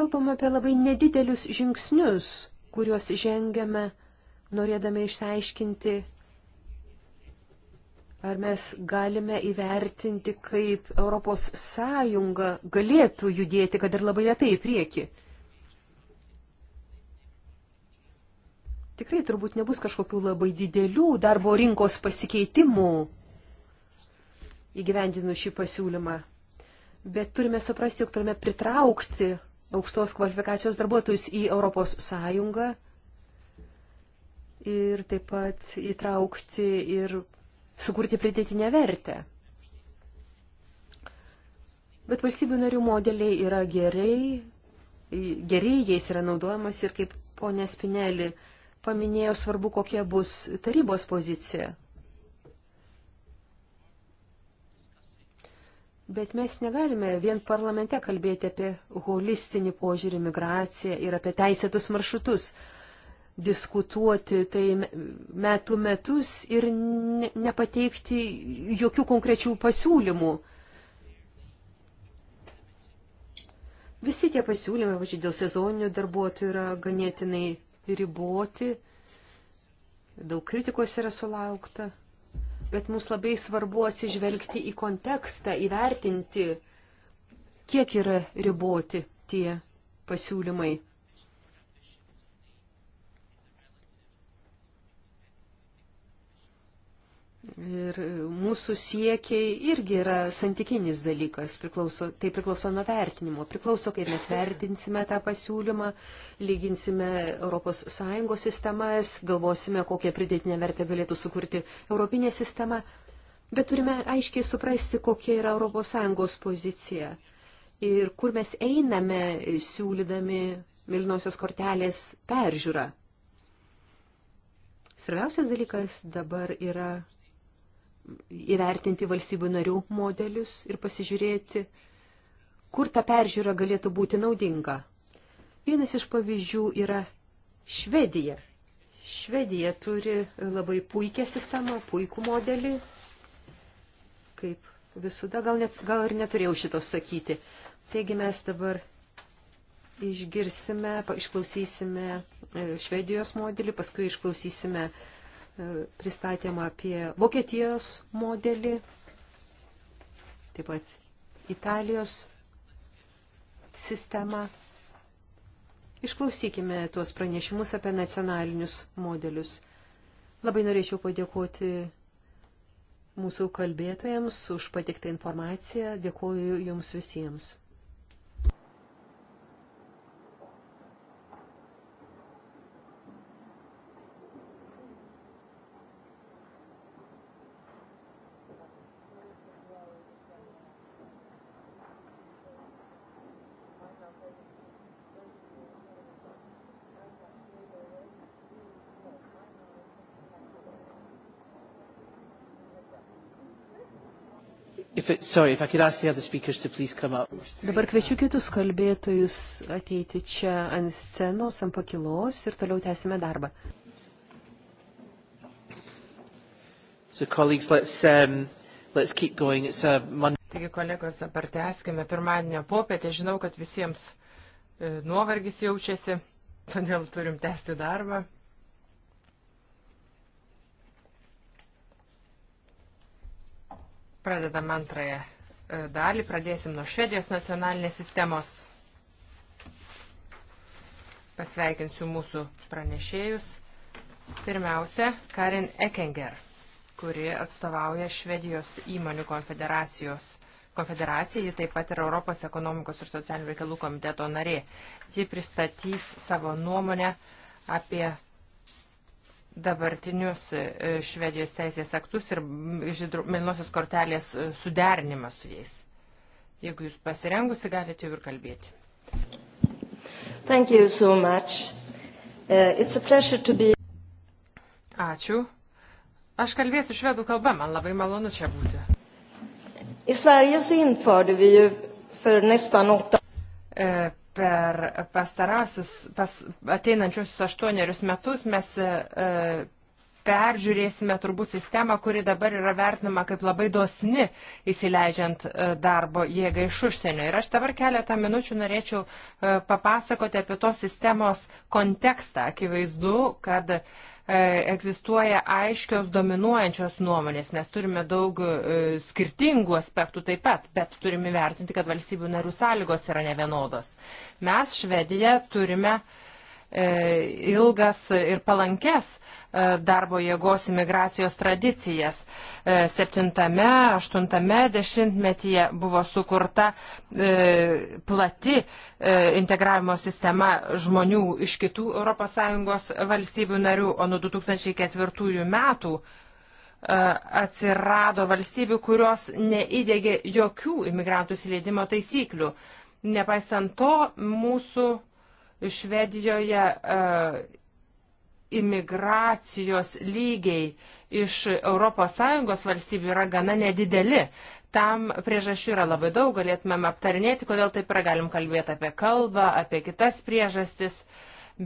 Kalbame apie labai nedidelius žingsnius, kuriuos žengiame, norėdami išsiaiškinti, ar mes galime įvertinti, kaip ES galėtų judėti, kad ir labai lietai į priekį. Tikrai turbūt nebus kažkokių labai didelių darbo rinkos pasikeitimų įgyvendinu šį pasiūlymą. Bet turime suprasti, jog turime pritraukti aukštos kvalifikacijos darbuotojus į Europos Sąjungą ir taip pat įtraukti ir sukurti pridėtinę vertę. Bet valstybių narių modeliai yra gerai, gerai jais yra naudojamas ir kaip ponė Spinelį paminėjo, svarbu, kokia bus tarybos pozicija. Bet mes negalime vien parlamente kalbėti apie holistinį požiūrį migraciją ir apie teisėtus maršrutus, diskutuoti tai metų metus ir ne, nepateikti jokių konkrečių pasiūlymų. Visi tie pasiūlymai, važiuoju, dėl sezoninių darbuotojų yra ganėtinai riboti. Daug kritikos yra sulaukta. Bet mums labai svarbu atsižvelgti į kontekstą, įvertinti, kiek yra riboti tie pasiūlymai. Ir mūsų siekiai irgi yra santykinis dalykas, priklauso, tai priklauso nuo vertinimo, priklauso, kaip mes vertinsime tą pasiūlymą, lyginsime ES sistemas, galvosime, kokią pridėtinę vertę galėtų sukurti Europinė sistema, bet turime aiškiai suprasti, kokia yra ES pozicija ir kur mes einame siūlydami Milinosios kortelės peržiūrą. Svarbiausias dalykas dabar yra įvertinti valstybių narių modelius ir pasižiūrėti, kur ta peržiūra galėtų būti naudinga. Vienas iš pavyzdžių yra Švedija. Švedija turi labai puikią sistemą, puikų modelį, kaip visada, gal, net, gal ir neturėjau šitos sakyti. Taigi mes dabar išgirsime, išklausysime e, Švedijos modelį, paskui išklausysime uh, E, pristatėm apie Vokietijos modelį, taip pat Italijos sistemą. Išklausykime tuos pranešimus apie nacionalinius modelius. Labai norėčiau padėkoti mūsų kalbėtojams už patiktą informaciją. Dėkuoju jums visiems. If, sorry, if Dabar kviečiu kitus kalbėtojus ateiti čia ant scenos, ant pakilos ir toliau tęsime darbą. So, let's, um, let's Taigi, kolegos, dabar tęskime pirmadienio popietę. Žinau, kad visiems e, nuovargis jaučiasi, todėl turim tęsti darbą. Pradedam antrąją e, dalį. Pradėsim nuo Švedijos nacionalinės sistemos. Pasveikinsiu mūsų pranešėjus. Pirmiausia, Karin Ekenger, kuri atstovauja Švedijos įmonių konfederacijos konfederacija, ji taip pat yra Europos ekonomikos ir socialinių reikalų komiteto narė. Ji pristatys savo nuomonę apie dabartinius e, Švedijos teisės aktus ir mėlynosios kortelės e, suderinimą su jais. Jeigu jūs pasirengusi, galite jau ir kalbėti. Thank you so much. Uh, it's a pleasure to be. Ačiū. Aš kalbėsiu švedų kalba, man labai malonu čia būti. I Sverige så införde vi ju för nästan åtta per pastarausius, pas, ateinančius aštuonerius metus mes e, peržiūrėsime turbūt sistemą, kuri dabar yra vertinama kaip labai dosni įsileidžiant e, darbo jėgą iš užsienio. Ir aš dabar keletą minučių norėčiau e, papasakoti apie tos sistemos kontekstą. Akivaizdu, kad E, egzistuoja aiškios dominuojančios nuomonės. Mes turime daug e, skirtingų aspektų taip pat, bet turime vertinti, kad valstybių narių sąlygos yra nevienodos. Mes Švediją turime uh, E, ilgas ir palankes e, darbo jėgos imigracijos tradicijas. E, septintame, aštuntame dešimtmetyje buvo sukurta plati integravimo sistema žmonių iš kitų ES valstybių narių, o nuo 2004 metų atsirado valstybių, kurios neįdėgė jokių imigrantų įsileidimo taisyklių. Nepaisant to, mūsų Švedijoje e, imigracijos lygiai iš ES valstybių yra gana nedideli. Tam priežasčių yra labai daug, galėtumėm aptarinėti, kodėl taip yra, galim kalbėti apie kalbą, apie kitas priežastis,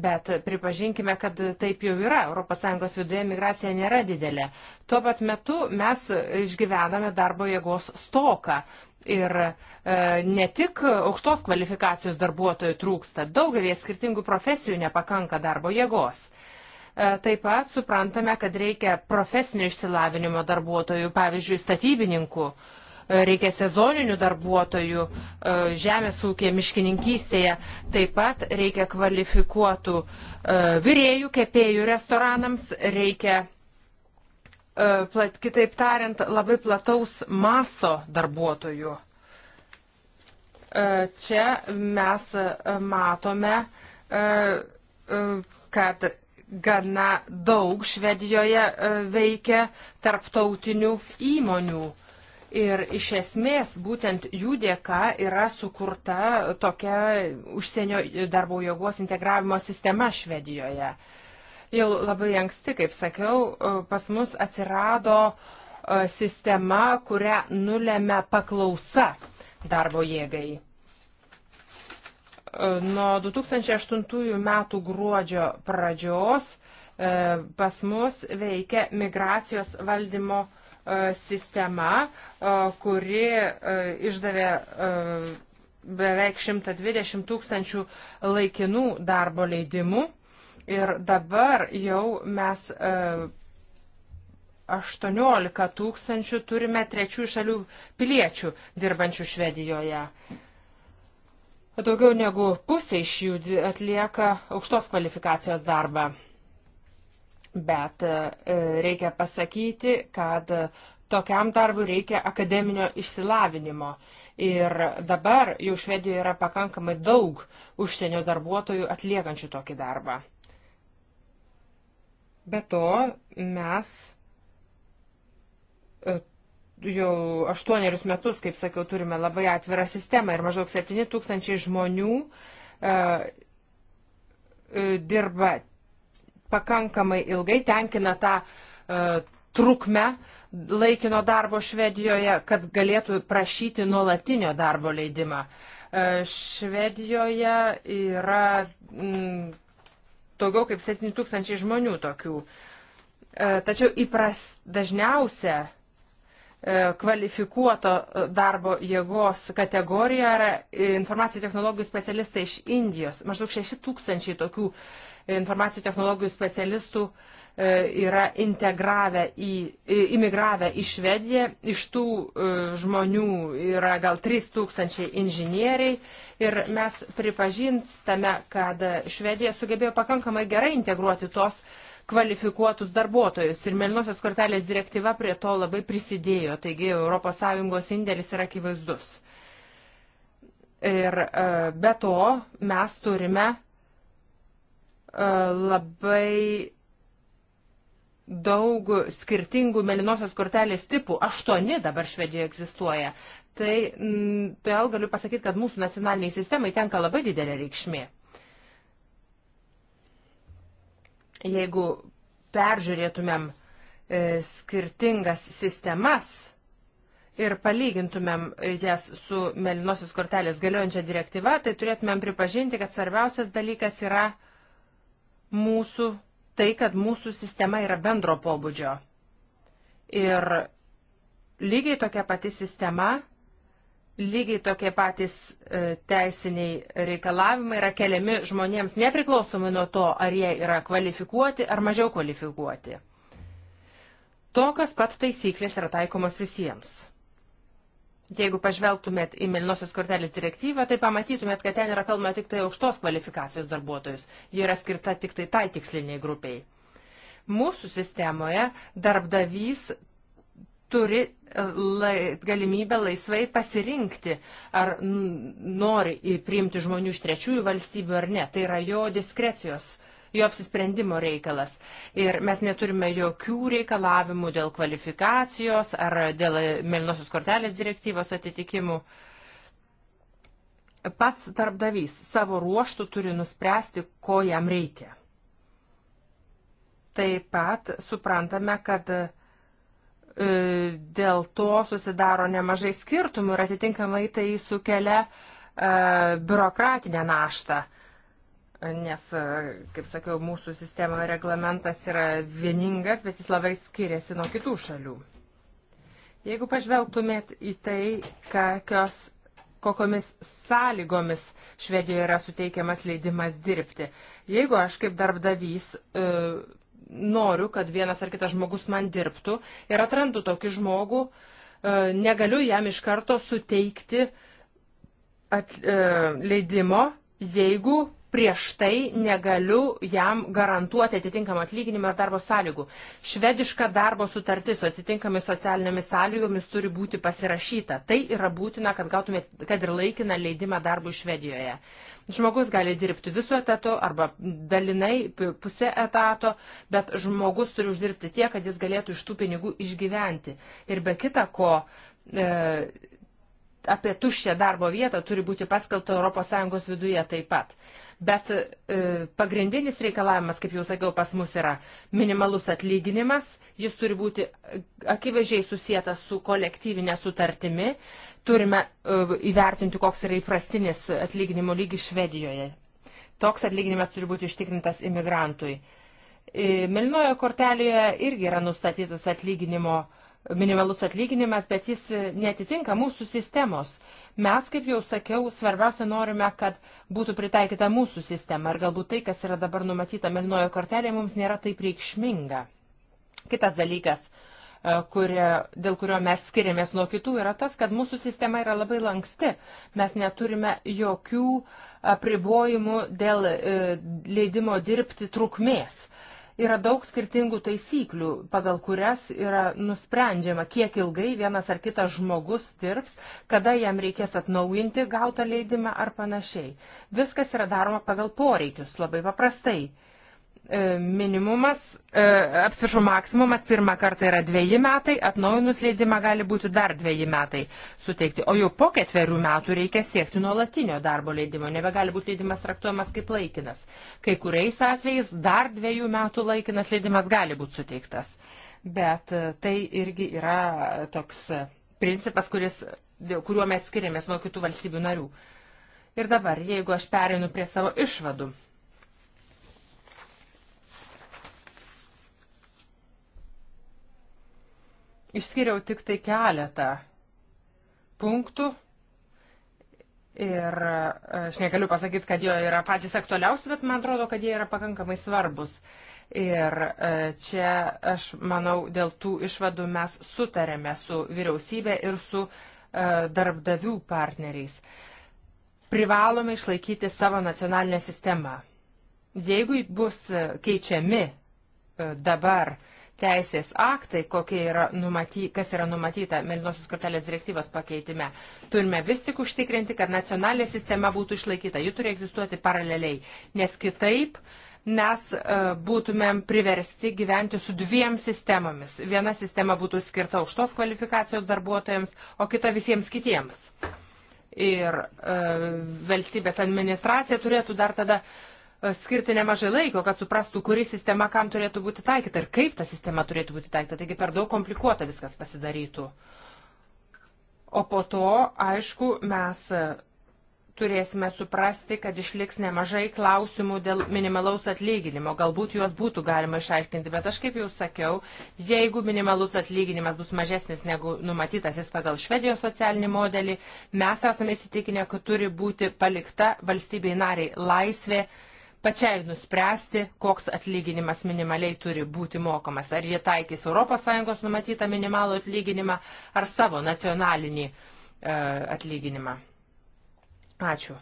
bet pripažinkime, kad taip jau yra. ES viduje migracija nėra didelė. Tuo pat metu mes išgyvename darbo jėgos stoką. Ir e, ne tik aukštos kvalifikacijos darbuotojų trūksta, daugelį skirtingų profesijų nepakanka darbo jėgos. E, taip pat suprantame, kad reikia profesinio išsilavinimo darbuotojų, pavyzdžiui, statybininkų, e, reikia sezoninių darbuotojų e, žemės ūkė, miškininkystėje, taip pat reikia kvalifikuotų e, vyrėjų, kepėjų restoranams, reikia E, plat, kitaip tariant, labai plataus maso darbuotojų. E, čia mes matome, e, kad gana daug Švedijoje veikia tarptautinių įmonių. Ir iš esmės būtent jų dėka yra sukurta tokia užsienio darbo jėgos integravimo sistema Švedijoje. Uh, Jau labai anksti, kaip sakiau, e, pas mus atsirado e, sistema, kurią nulėmė paklausa darbo jėgai. E, nuo 2008 metų gruodžio pradžios pas mus veikia migracijos valdymo sistema, kuri išdavė beveik 120 tūkstančių laikinų darbo leidimų Ir dabar jau mes 18 e, tūkstančių turime trečių šalių piliečių dirbančių Švedijoje. Daugiau negu pusė iš jų atlieka aukštos kvalifikacijos darbą. Bet e, e, reikia pasakyti, kad tokiam darbui reikia akademinio išsilavinimo. Ir dabar jau Švedijoje yra pakankamai daug užsienio darbuotojų atliekančių tokį darbą. Be to, mes e, jau aštuonerius metus, kaip sakiau, turime labai atvirą sistemą ir maždaug 7 tūkstančiai žmonių uh, dirba pakankamai ilgai, tenkina tą uh, trukmę laikino darbo Švedijoje, kad galėtų prašyti nuolatinio darbo leidimą. Uh, Švedijoje yra mm, daugiau kaip 7000 žmonių tokių. E, tačiau įpras dažniausia e, kvalifikuoto darbo jėgos kategorija yra informacijų technologijų specialistai iš Indijos. Maždaug 6000 tokių informacijų technologijų specialistų uh, E, yra integravę į, imigravę į Švediją. Iš tų e, žmonių yra gal 3000 inžinieriai ir mes pripažinstame, kad Švedija sugebėjo pakankamai gerai integruoti tos kvalifikuotus darbuotojus ir Melinosios kortelės direktyva prie to labai prisidėjo, taigi ES indėlis yra akivaizdus. Ir e, be to mes turime labai daug skirtingų melinosios kortelės tipų, aštuoni dabar Švedijoje egzistuoja. Tai mm, todėl tai galiu pasakyti, kad mūsų nacionaliniai sistemai tenka labai didelė reikšmė. Jeigu peržiūrėtumėm e, skirtingas sistemas ir palygintumėm jas su melinosios kortelės galiojančia direktyva, tai turėtumėm pripažinti, kad svarbiausias dalykas yra mūsų tai, kad mūsų sistema yra bendro pobūdžio. Ir lygiai tokia pati sistema, lygiai tokie patys e, teisiniai reikalavimai yra keliami žmonėms nepriklausomai nuo to, ar jie yra kvalifikuoti ar mažiau kvalifikuoti. Tokios pat taisyklės yra taikomos visiems. Jeigu pažvelgtumėt į Melinosios kortelės direktyvą, tai pamatytumėt, kad ten yra kalbama tik tai aukštos kvalifikacijos darbuotojus. Ji yra skirta tik tai tai tiksliniai grupiai. Mūsų sistemoje darbdavys turi e, lai, galimybę laisvai pasirinkti, ar nori priimti žmonių iš trečiųjų valstybių ar ne. Tai yra jo diskrecijos jo apsisprendimo reikalas. Ir mes neturime jokių reikalavimų dėl kvalifikacijos ar dėl Melinosios kortelės direktyvos atitikimų. Pats darbdavys savo ruoštų turi nuspręsti, ko jam reikia. Taip pat suprantame, kad e, dėl to susidaro nemažai skirtumų ir atitinkamai tai sukelia e, biurokratinę naštą. Uh, nes, e, kaip sakiau, mūsų sistema reglamentas yra vieningas, bet jis labai skiriasi nuo kitų šalių. Jeigu pažvelgtumėt į tai, kokios, kokiomis sąlygomis Švedijoje yra suteikiamas leidimas dirbti. Jeigu aš kaip darbdavys e, noriu, kad vienas ar kitas žmogus man dirbtų ir atrandu tokį žmogų, e, negaliu jam iš karto suteikti at, e, leidimo, jeigu prieš tai negaliu jam garantuoti atitinkamą atlyginimą ir darbo sąlygų. Švediška darbo sutartis su atitinkamai socialinėmis sąlygomis turi būti pasirašyta. Tai yra būtina, kad gautumėt, kad ir laikiną leidimą darbų Švedijoje. Žmogus gali dirbti visų etatų arba dalinai pusę etato, bet žmogus turi uždirbti tiek, kad jis galėtų iš tų pinigų išgyventi. Ir be kita ko, e, apie tuščią darbo vietą turi būti paskelbta ES viduje taip pat. Bet e, pagrindinis reikalavimas, kaip jau sakiau, pas mus yra minimalus atlyginimas, jis turi būti akivaizdžiai susijęs su kolektyvinė sutartimi, turime e, įvertinti, koks yra įprastinis atlyginimo lygis Švedijoje. Toks atlyginimas turi būti ištikrintas imigrantui. E, Melinojo kortelėje irgi yra nustatytas atlyginimo lygis minimalus atlyginimas, bet jis netitinka mūsų sistemos. Mes, kaip jau sakiau, svarbiausia norime, kad būtų pritaikyta mūsų sistema ir galbūt tai, kas yra dabar numatyta melinojo kortelėje, mums nėra taip reikšminga. Kitas dalykas, e, kurio, dėl kurio mes skiriamės nuo kitų, yra tas, kad mūsų sistema yra labai lanksti. Mes neturime jokių apribojimų dėl e, leidimo dirbti trukmės yra daug skirtingų taisyklių, pagal kurias yra nusprendžiama, kiek ilgai vienas ar kitas žmogus dirbs, kada jam reikės atnaujinti gautą leidimą ar panašiai. Viskas yra daroma pagal poreikius, labai paprastai. E, minimumas, e, apsviršau maksimumas pirmą kartą yra dviejį metai, atnaujinus leidimą gali būti dar dviejį metai suteikti, o jau po ketverių metų reikia siekti nuolatinio darbo leidimo, nebegali būti leidimas traktuojamas kaip laikinas. Kai kuriais atvejais dar dviejų metų laikinas leidimas gali būti suteiktas, bet e, tai irgi yra toks principas, kuris, kuriuo mes skiriamės nuo kitų valstybių narių. Ir dabar, jeigu aš pereinu prie savo išvadų Išskiriau tik tai keletą punktų ir e, aš negaliu pasakyti, kad jo yra patys aktualiausi, bet man atrodo, kad jie yra pakankamai svarbus. Ir e, čia aš manau, dėl tų išvadų mes sutarėme su vyriausybė ir su e, darbdavių partneriais. Privalome išlaikyti savo nacionalinę sistemą. Jeigu bus keičiami dabar uh, teisės aktai, yra numaty, kas yra numatyta Melinosios kortelės direktyvos pakeitime. Turime vis tik užtikrinti, kad nacionalinė sistema būtų išlaikyta. Ji turi egzistuoti paraleliai, nes kitaip mes e, būtumėm priversti gyventi su dviem sistemomis. Viena sistema būtų skirta aukštos kvalifikacijos darbuotojams, o kita visiems kitiems. Ir e, valstybės administracija turėtų dar tada e, skirti nemažai laiko, kad suprastų, kuri sistema kam turėtų būti taikyta ir kaip ta sistema turėtų būti taikyta. Taigi per daug komplikuota viskas pasidarytų. O po to, aišku, mes turėsime suprasti, kad išliks nemažai klausimų dėl minimalaus atlyginimo. Galbūt juos būtų galima išaiškinti, bet aš kaip jau sakiau, jeigu minimalus atlyginimas bus mažesnis negu numatytas jis pagal Švedijos socialinį modelį, mes esame įsitikinę, kad turi būti palikta valstybei nariai laisvė pačiai nuspręsti, koks atlyginimas minimaliai turi būti mokamas. Ar jie taikys ES numatytą minimalų atlyginimą ar savo nacionalinį uh, atlyginimą. Ačiū.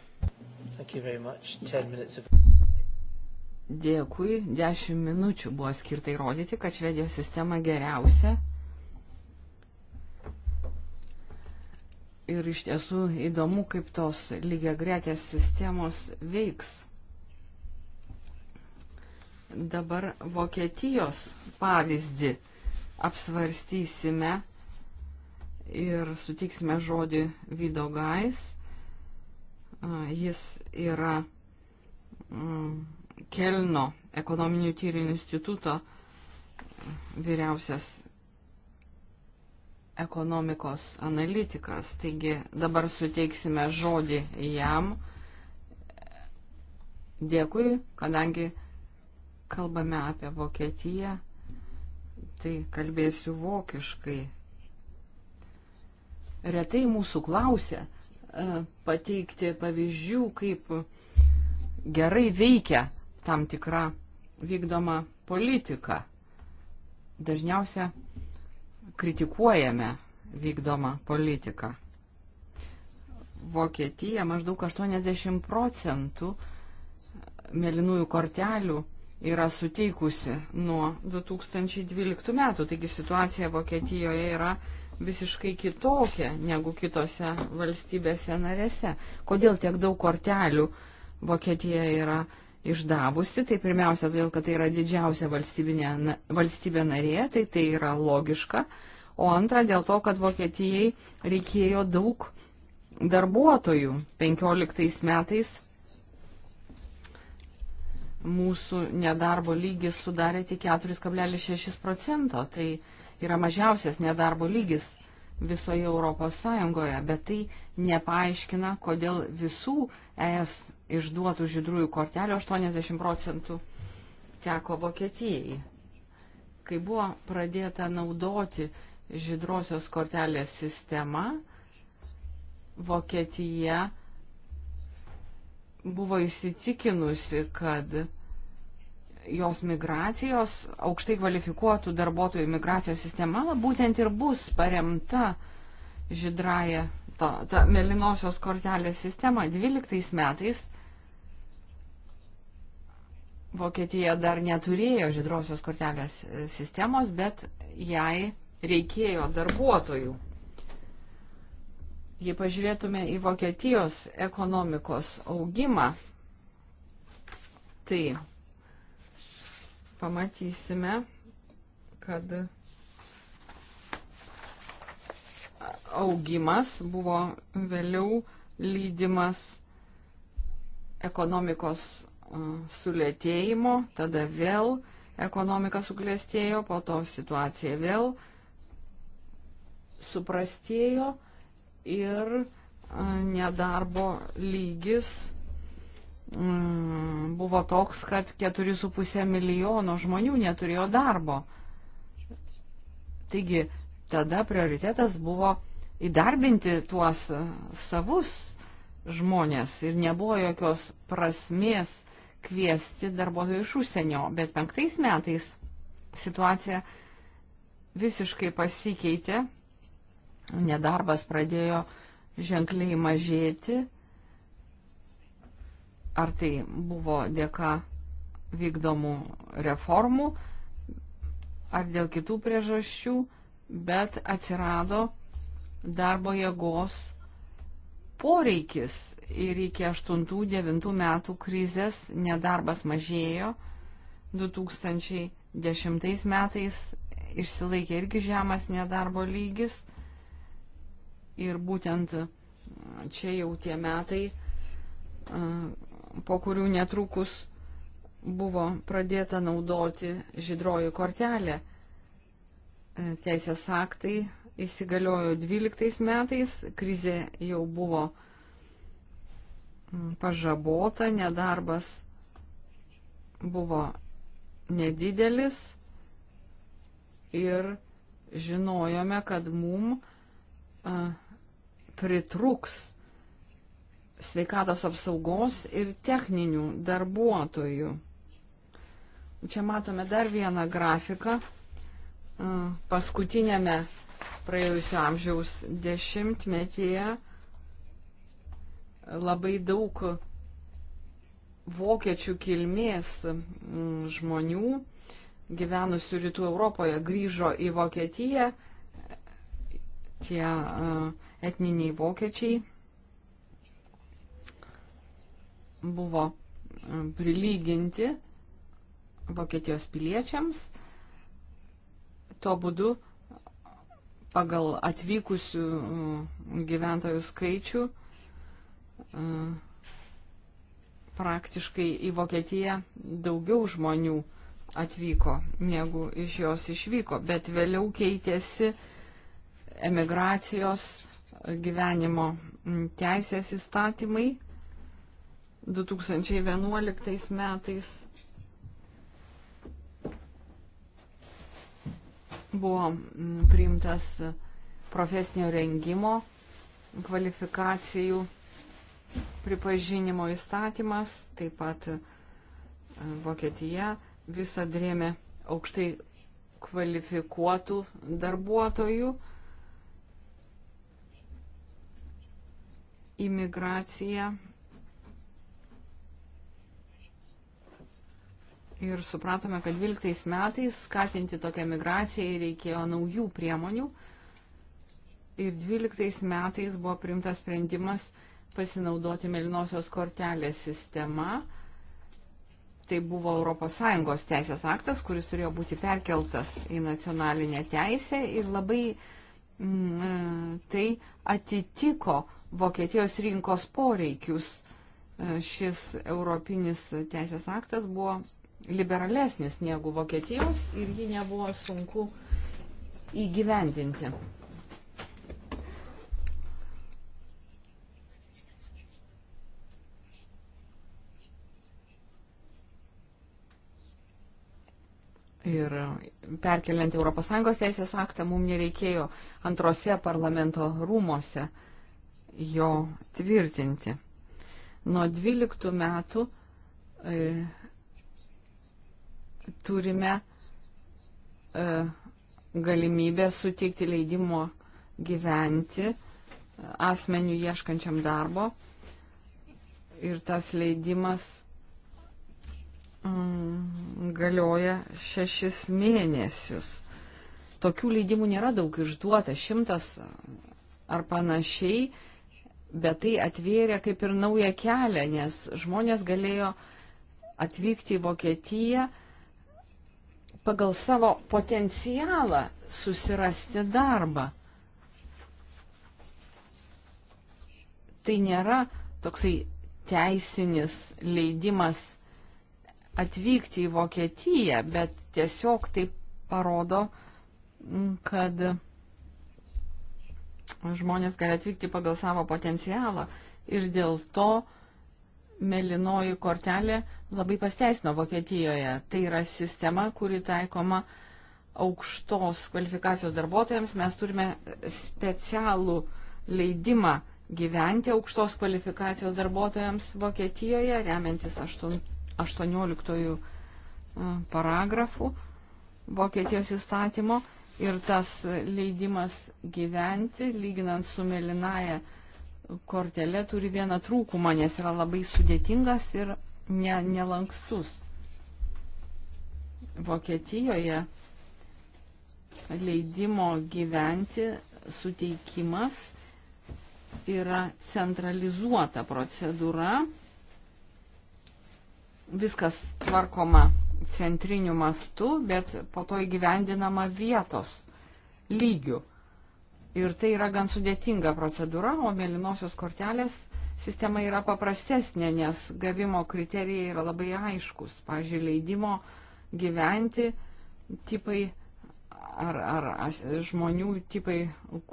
Dėkui, 10 minučių buvo skirta įrodyti, kad Švedijos sistema geriausia. Ir iš tiesų įdomu, kaip tos lygiagretės sistemos veiks dabar Vokietijos pavyzdį apsvarstysime ir sutiksime žodį Vido Gais. Jis yra mm, Kelno ekonominių tyrimų instituto vyriausias ekonomikos analitikas. Taigi dabar suteiksime žodį jam. Dėkui, kadangi kalbame apie Vokietiją, tai kalbėsiu vokiškai. Retai mūsų klausia e, pateikti pavyzdžių, kaip gerai veikia tam tikra vykdoma politika. Dažniausia kritikuojame vykdomą politiką. Vokietija maždaug 80 procentų mėlynųjų kortelių yra suteikusi nuo 2012 metų. Taigi situacija Vokietijoje yra visiškai kitokia negu kitose valstybėse narėse. Kodėl tiek daug kortelių Vokietija yra išdavusi? Tai pirmiausia, todėl, kad tai yra didžiausia valstybė narė, tai tai yra logiška. O antra, dėl to, kad Vokietijai reikėjo daug darbuotojų. 15 metais mūsų nedarbo lygis sudarė tik 4,6 procento. Tai yra mažiausias nedarbo lygis visoje Europos Sąjungoje, bet tai nepaaiškina, kodėl visų ES išduotų žydrųjų kortelių 80 procentų teko Vokietijai. Kai buvo pradėta naudoti žydrosios kortelės sistema, Vokietija buvo įsitikinusi, kad jos migracijos, aukštai kvalifikuotų darbuotojų migracijos sistema būtent ir bus paremta žydraja, ta, ta melinosios kortelės sistema 12 metais. Vokietija dar neturėjo žydrosios kortelės sistemos, bet jai reikėjo darbuotojų Jei pažiūrėtume į Vokietijos ekonomikos augimą, tai pamatysime, kad augimas buvo vėliau lydimas ekonomikos sulėtėjimo, tada vėl ekonomika suklėstėjo, po to situacija vėl suprastėjo ir nedarbo lygis buvo toks, kad 4,5 milijono žmonių neturėjo darbo. Taigi tada prioritetas buvo įdarbinti tuos savus žmonės ir nebuvo jokios prasmės kviesti darbuotojų iš užsienio. Bet penktais metais situacija visiškai pasikeitė nedarbas pradėjo ženkliai mažėti. Ar tai buvo dėka vykdomų reformų, ar dėl kitų priežasčių, bet atsirado darbo jėgos poreikis ir iki 8-9 metų krizės nedarbas mažėjo, 2010 metais išsilaikė irgi žemas nedarbo lygis, ir būtent čia jau tie metai, po kurių netrukus buvo pradėta naudoti žydroji kortelė. E, teisės aktai įsigaliojo 12 metais, krizė jau buvo pažabota, nedarbas buvo nedidelis ir žinojome, kad mums pritruks sveikatos apsaugos ir techninių darbuotojų. Čia matome dar vieną grafiką. Paskutinėme praėjusio amžiaus dešimtmetyje labai daug vokiečių kilmės žmonių gyvenusių rytų Europoje grįžo į Vokietiją tie etniniai vokiečiai buvo prilyginti Vokietijos piliečiams, tuo būdu pagal atvykusių gyventojų skaičių praktiškai į Vokietiją daugiau žmonių atvyko, negu iš jos išvyko, bet vėliau keitėsi uh, emigracijos gyvenimo teisės įstatymai 2011 metais buvo priimtas profesinio rengimo kvalifikacijų pripažinimo įstatymas, taip pat e, Vokietija visą drėmė aukštai kvalifikuotų darbuotojų imigraciją ir supratome, kad 12 metais skatinti tokią migraciją reikėjo naujų priemonių ir 12 metais buvo primtas sprendimas pasinaudoti Melinosios kortelės sistema. Tai buvo ES teisės aktas, kuris turėjo būti perkeltas į nacionalinę teisę ir labai mm, e, tai atitiko Vokietijos rinkos poreikius e, šis europinis teisės aktas buvo liberalesnis negu Vokietijos ir jį nebuvo sunku įgyvendinti. Ir perkeliant ES teisės aktą, mums nereikėjo antrose parlamento rūmose uh, jo tvirtinti. Nuo 12 metų e, turime e, galimybę suteikti leidimo gyventi e, asmeniu ieškančiam darbo. Ir tas leidimas mm, galioja šešis mėnesius. Tokių leidimų nėra daug išduota, šimtas ar panašiai bet tai atvėrė kaip ir naują kelią, nes žmonės galėjo atvykti į Vokietiją pagal savo potencialą susirasti darbą. Tai nėra toksai teisinis leidimas atvykti į Vokietiją, bet tiesiog tai parodo, kad žmonės gali atvykti pagal savo potencialą ir dėl to melinoji kortelė labai pasteisino Vokietijoje. Tai yra sistema, kuri taikoma aukštos kvalifikacijos darbuotojams. Mes turime specialų leidimą gyventi aukštos kvalifikacijos darbuotojams Vokietijoje, remiantis 18 e, paragrafų Vokietijos įstatymo ir tas leidimas gyventi, lyginant su melinaja kortelė, turi vieną trūkumą, nes yra labai sudėtingas ir ne, nelankstus. Vokietijoje leidimo gyventi suteikimas yra centralizuota procedūra. Viskas tvarkoma centriniu mastu, bet po to įgyvendinama vietos lygių. Ir tai yra gan sudėtinga procedūra, o mėlynosios kortelės sistema yra paprastesnė, nes gavimo kriterijai yra labai aiškus. Pavyzdžiui, leidimo gyventi tipai ar, ar žmonių tipai,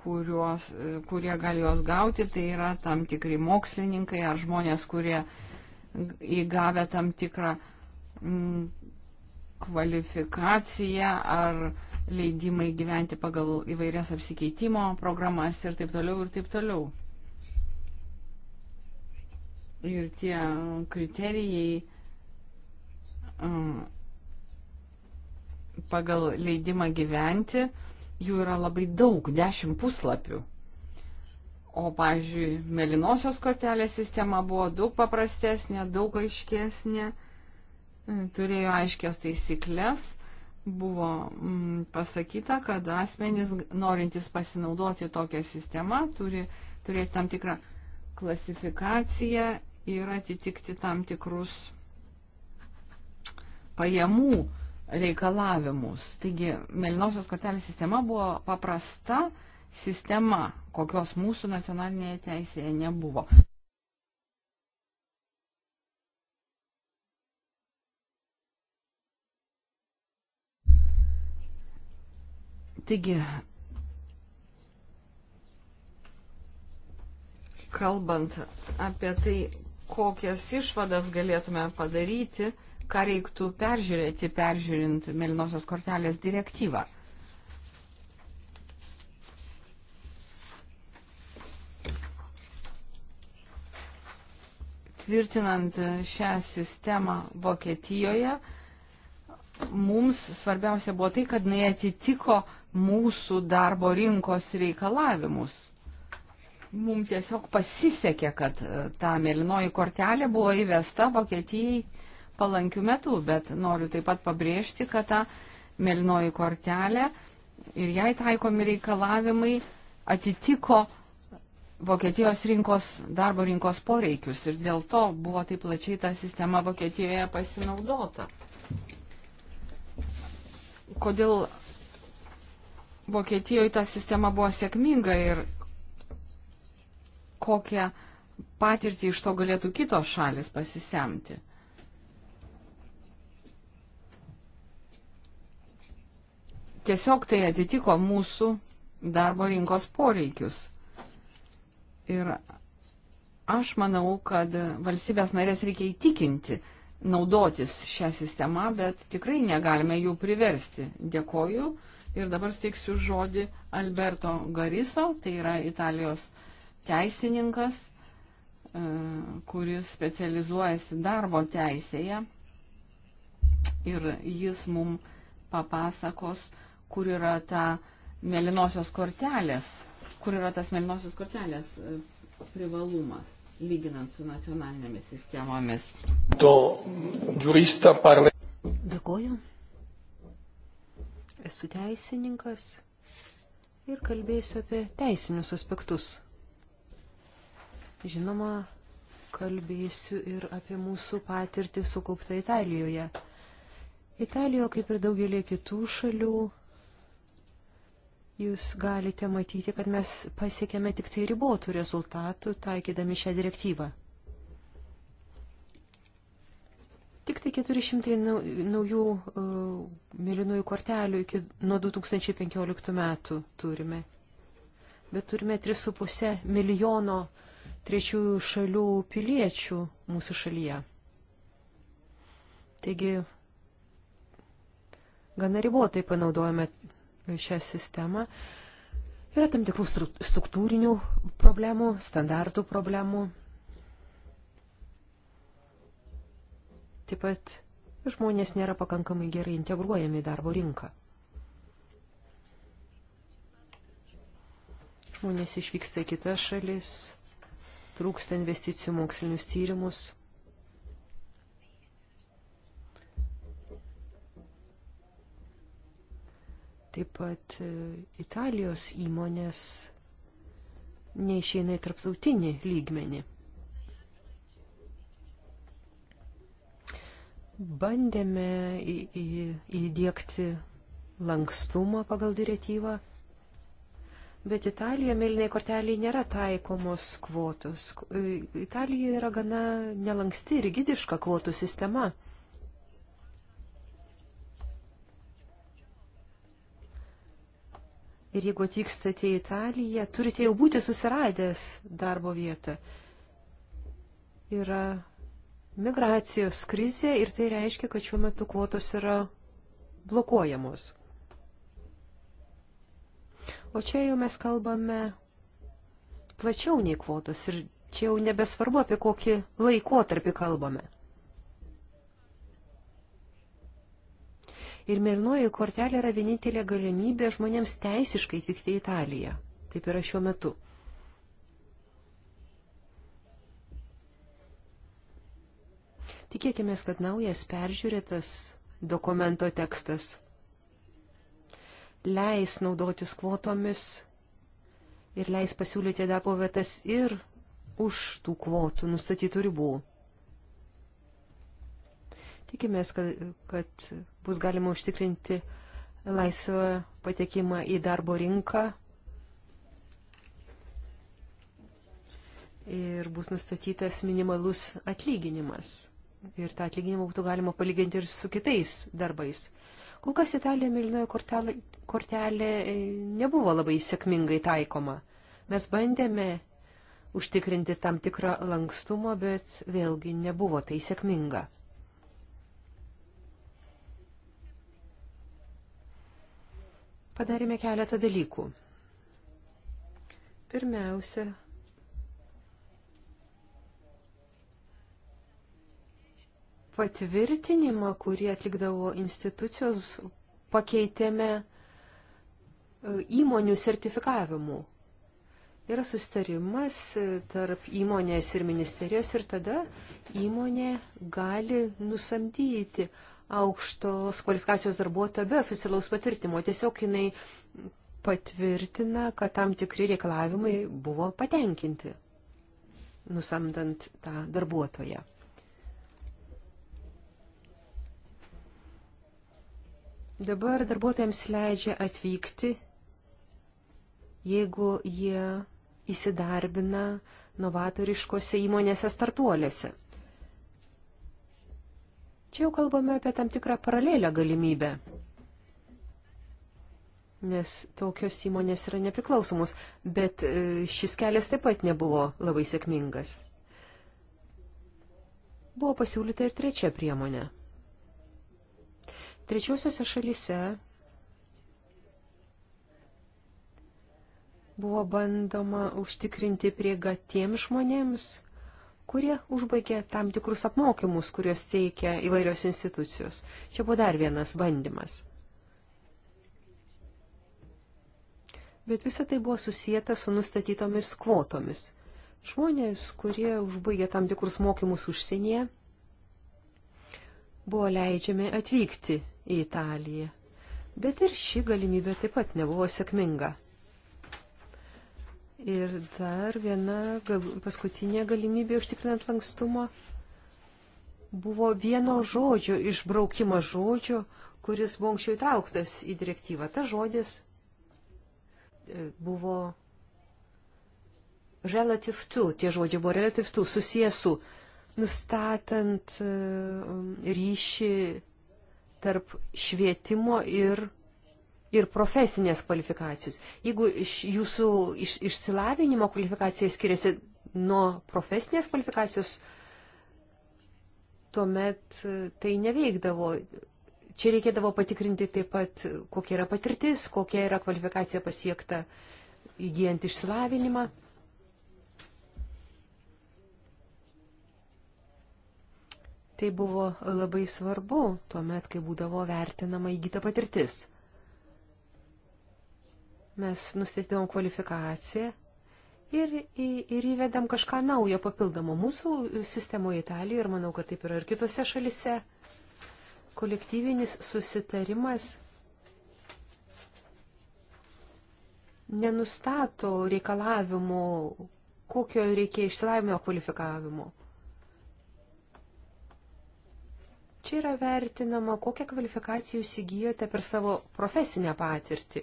kuriuos, kurie gali juos gauti, tai yra tam tikri mokslininkai ar žmonės, kurie įgavę tam tikrą mm, kvalifikacija ar leidimai gyventi pagal įvairias apsikeitimo programas ir taip toliau ir taip toliau. Ir tie kriterijai pagal leidimą gyventi, jų yra labai daug, dešimt puslapių. O, pavyzdžiui, melinosios kortelės sistema buvo daug paprastesnė, daug aiškesnė. Mm, turėjo aiškias taisyklės, buvo mm, pasakyta, kad asmenys norintys pasinaudoti tokią sistemą turi turėti tam tikrą klasifikaciją ir atitikti tam tikrus pajamų reikalavimus. Taigi, melinosios kortelės sistema buvo paprasta sistema, kokios mūsų nacionalinėje teisėje nebuvo. Taigi, kalbant apie tai, kokias išvadas galėtume padaryti, ką reiktų peržiūrėti, peržiūrint Melinosios kortelės direktyvą. Tvirtinant šią sistemą Vokietijoje, mums svarbiausia buvo tai, kad jinai atitiko uh, mūsų darbo rinkos reikalavimus. Mums tiesiog pasisekė, kad e, ta mėlynoji kortelė buvo įvesta Vokietijai palankių metų, bet noriu taip pat pabrėžti, kad ta mėlynoji kortelė ir jai taikomi reikalavimai atitiko Vokietijos rinkos, darbo rinkos poreikius ir dėl to buvo taip plačiai ta sistema Vokietijoje pasinaudota. Kodėl Vokietijoje ta sistema buvo sėkminga ir kokią patirtį iš to galėtų kitos šalis pasisemti. Tiesiog tai atitiko mūsų darbo rinkos poreikius. Ir aš manau, kad valstybės narės reikia įtikinti naudotis šią sistemą, bet tikrai negalime jų priversti. Dėkoju. Ir dabar steiksiu žodį Alberto Gariso, tai yra Italijos teisininkas, e, kuris specializuojasi darbo teisėje. Ir jis mum papasakos, kur yra ta mėlynosios kortelės, kur yra tas mėlynosios kortelės e, privalumas lyginant su nacionalinėmis sistemomis. To jurista parle. Dėkoju esu teisininkas ir kalbėsiu apie teisinius aspektus. Žinoma, kalbėsiu ir apie mūsų patirtį sukauptą Italijoje. Italijoje, kaip ir daugelį kitų šalių, jūs galite matyti, kad mes pasiekėme tik tai ribotų rezultatų taikydami šią direktyvą. Tik tai 400 naujų e, mėlynųjų kortelių iki nuo 2015 metų turime. Bet turime 3,5 milijono trečiųjų šalių piliečių mūsų šalyje. Taigi, gana ribotai panaudojame šią sistemą. Yra tam tikrų struktūrinių problemų, standartų problemų, Taip pat žmonės nėra pakankamai gerai integruojami į darbo rinką. Žmonės išvyksta į kitas šalis, trūksta investicijų mokslinius tyrimus. Taip pat e, Italijos įmonės neišeina į tarptautinį lygmenį. bandėme į, į, įdėkti lankstumą pagal direktyvą, bet Italijoje mėlynai korteliai nėra taikomos kvotos. Italijoje yra gana nelanksti ir gidiška kvotų sistema. Ir jeigu atvykstate į Italiją, turite jau būti susiradęs darbo vietą. Yra migracijos krizė ir tai reiškia, kad šiuo metu kvotos yra blokuojamos. O čia jau mes kalbame plačiau nei kvotos ir čia jau nebesvarbu, apie kokį laikotarpį kalbame. Ir mėlynoji kortelė yra vienintelė galimybė žmonėms teisiškai atvykti į Italiją. Taip yra šiuo metu. Tikėkime, kad naujas peržiūrėtas dokumento tekstas leis naudotis kvotomis ir leis pasiūlyti darbo vietas ir už tų kvotų nustatytų ribų. Tikimės, kad, kad bus galima užtikrinti laisvą patekimą į darbo rinką ir bus nustatytas minimalus atlyginimas ir tą atlyginimą būtų galima palyginti ir su kitais darbais. Kol kas Italija mėlynojo kortelė, kortelė e, nebuvo labai sėkmingai taikoma. Mes bandėme užtikrinti tam tikrą lankstumą, bet vėlgi nebuvo tai sėkminga. Padarėme keletą dalykų. Pirmiausia, patvirtinimą, kurį atlikdavo institucijos, pakeitėme e, įmonių sertifikavimu. Yra sustarimas e, tarp įmonės ir ministerijos ir tada įmonė gali nusamdyti aukštos kvalifikacijos darbuotoją be oficialaus patvirtimo. Tiesiog jinai patvirtina, kad tam tikri reikalavimai buvo patenkinti, nusamdant tą darbuotoją. dabar darbuotojams leidžia atvykti, jeigu jie įsidarbina novatoriškose įmonėse startuolėse. Čia jau kalbame apie tam tikrą paralelę galimybę, nes tokios įmonės yra nepriklausomos, bet e, šis kelias taip pat nebuvo labai sėkmingas. Buvo pasiūlyta ir trečia priemonė Trečiosiuose šalyse buvo bandoma užtikrinti priega tiems žmonėms, kurie užbaigė tam tikrus apmokymus, kuriuos teikia įvairios institucijos. Čia buvo dar vienas bandymas. Bet visa tai buvo susijęta su nustatytomis kvotomis. Žmonės, kurie užbaigė tam tikrus mokymus užsienyje, buvo leidžiami atvykti į Italiją. Bet ir ši galimybė taip pat nebuvo sėkminga. Ir dar viena gal, paskutinė galimybė užtikrinant lankstumą buvo vieno žodžio išbraukimas žodžio, kuris buvo anksčiau įtrauktas į direktyvą. Ta žodis e, buvo relative to, tie žodžiai buvo relative to, susijęs su nustatant e, ryšį tarp švietimo ir, ir profesinės kvalifikacijos. Jeigu iš, jūsų iš, išsilavinimo kvalifikacija skiriasi nuo profesinės kvalifikacijos, tuomet e, tai neveikdavo. Čia reikėdavo patikrinti taip pat, kokia yra patirtis, kokia yra kvalifikacija pasiekta įgyjant išsilavinimą. Tai buvo labai svarbu tuo met, kai būdavo vertinama įgyta patirtis. Mes nustatydom kvalifikaciją ir, ir įvedam kažką naujo papildomo mūsų sistemoje Italijoje ir manau, kad taip yra ir kitose šalise. Kolektyvinis susitarimas nenustato reikalavimų, kokio reikia išsilavinimo kvalifikavimo. Čia yra vertinama, kokią kvalifikaciją jūs įgyjote per savo profesinę patirtį.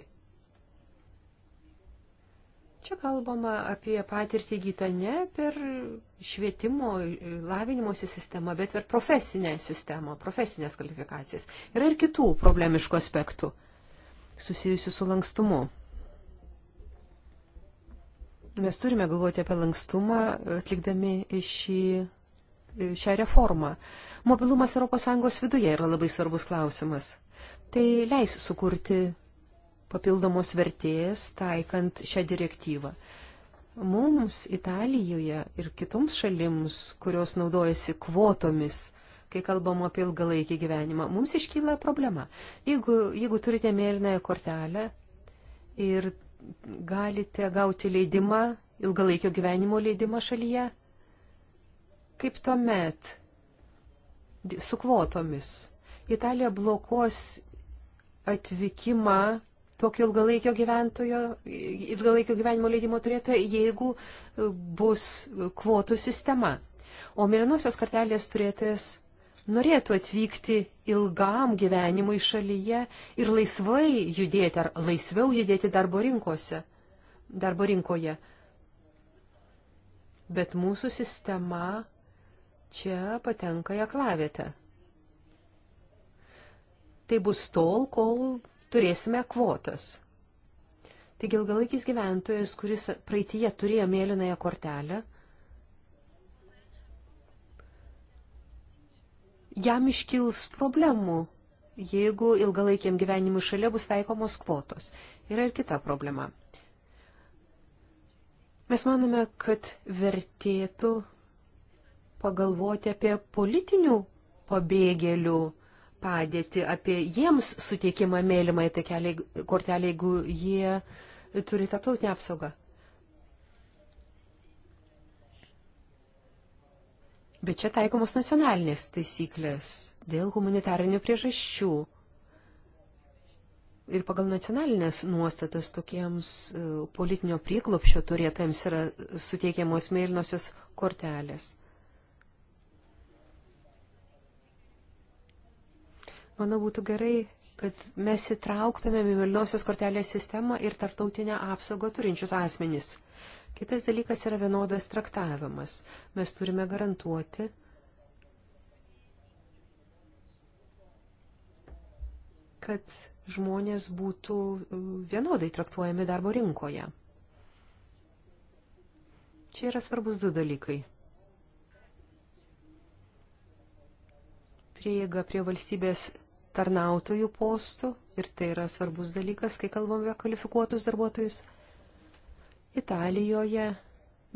Čia kalbama apie patirtį įgytą ne per švietimo, lavinimosi sistemą, bet per profesinę sistemą, profesinės kvalifikacijas. Yra ir kitų problemiškų aspektų susijusių su lankstumu. Mes turime galvoti apie lankstumą, atlikdami šį šią reformą. Mobilumas ES viduje yra labai svarbus klausimas. Tai leis sukurti papildomos vertės taikant šią direktyvą. Mums Italijoje ir kitoms šalims, kurios naudojasi kvotomis, kai kalbam apie ilgalaikį gyvenimą, mums iškyla problema. Jeigu, jeigu turite mėlynąją kortelę ir galite gauti leidimą, ilgalaikio gyvenimo leidimą šalyje, Kaip tuomet su kvotomis? Italija blokuos atvykimą tokio ilgalaikio gyventojo, ilgalaikio gyvenimo leidimo turėtojo, jeigu e, bus kvotų sistema. O mėlynosios kartelės turėtojas norėtų atvykti ilgam gyvenimui šalyje ir laisvai judėti ar laisviau judėti darbo rinkose, darbo rinkoje. Bet mūsų sistema čia patenka į aklavietę. Tai bus tol, kol turėsime kvotas. Taigi ilgalaikis gyventojas, kuris praeitie turėjo mėlynąją kortelę, jam iškils problemų, jeigu ilgalaikiam gyvenimui šalia bus taikomos kvotos. Yra ir kita problema. Mes manome, kad vertėtų pagalvoti apie politinių pabėgėlių padėtį, apie jiems suteikimą mėlymai tai keliai kortelį, jeigu jie turi taptautinę apsaugą. Bet čia taikomos nacionalinės taisyklės dėl humanitarinių priežasčių. Ir pagal nacionalinės nuostatas tokiems e, politinio prieklopšio turėtojams yra suteikiamos mėlynosios kortelės. Manau, būtų gerai, kad mes įtrauktumėm į Vilniosios kortelės sistemą ir tartautinę apsaugą turinčius asmenys. Kitas dalykas yra vienodas traktavimas. Mes turime garantuoti, kad žmonės būtų uh, vienodai traktuojami darbo rinkoje. Čia yra svarbus du dalykai. Prieiga prie valstybės tarnautojų postų ir tai yra svarbus dalykas, kai kalbame apie kvalifikuotus darbuotojus. Italijoje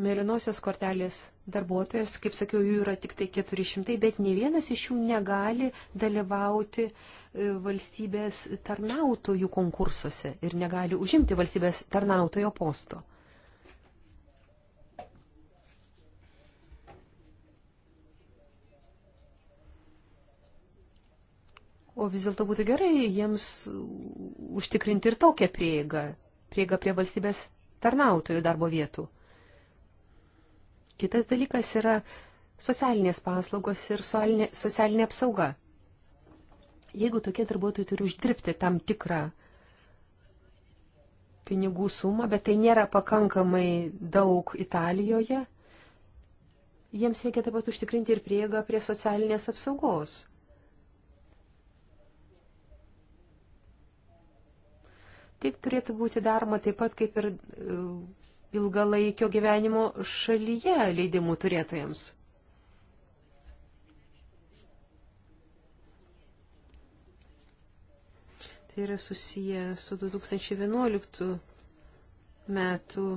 mėlynosios kortelės darbuotojas, kaip sakiau, jų yra tik tai 400, bet ne vienas iš jų negali dalyvauti e, valstybės tarnautojų konkursuose ir negali užimti valstybės tarnautojo posto. O vis dėlto būtų gerai jiems užtikrinti ir tokią prieigą, prieigą prie valstybės tarnautojų darbo vietų. Kitas dalykas yra socialinės paslaugos ir socialinė, socialinė apsauga. Jeigu tokie darbuotojai turi uždirbti tam tikrą pinigų sumą, bet tai nėra pakankamai daug Italijoje, jiems reikia taip pat užtikrinti ir prieigą prie socialinės apsaugos. Taip turėtų būti daroma taip pat kaip ir e, ilgalaikio gyvenimo šalyje leidimų turėtojams. Tai yra susiję su 2011 metų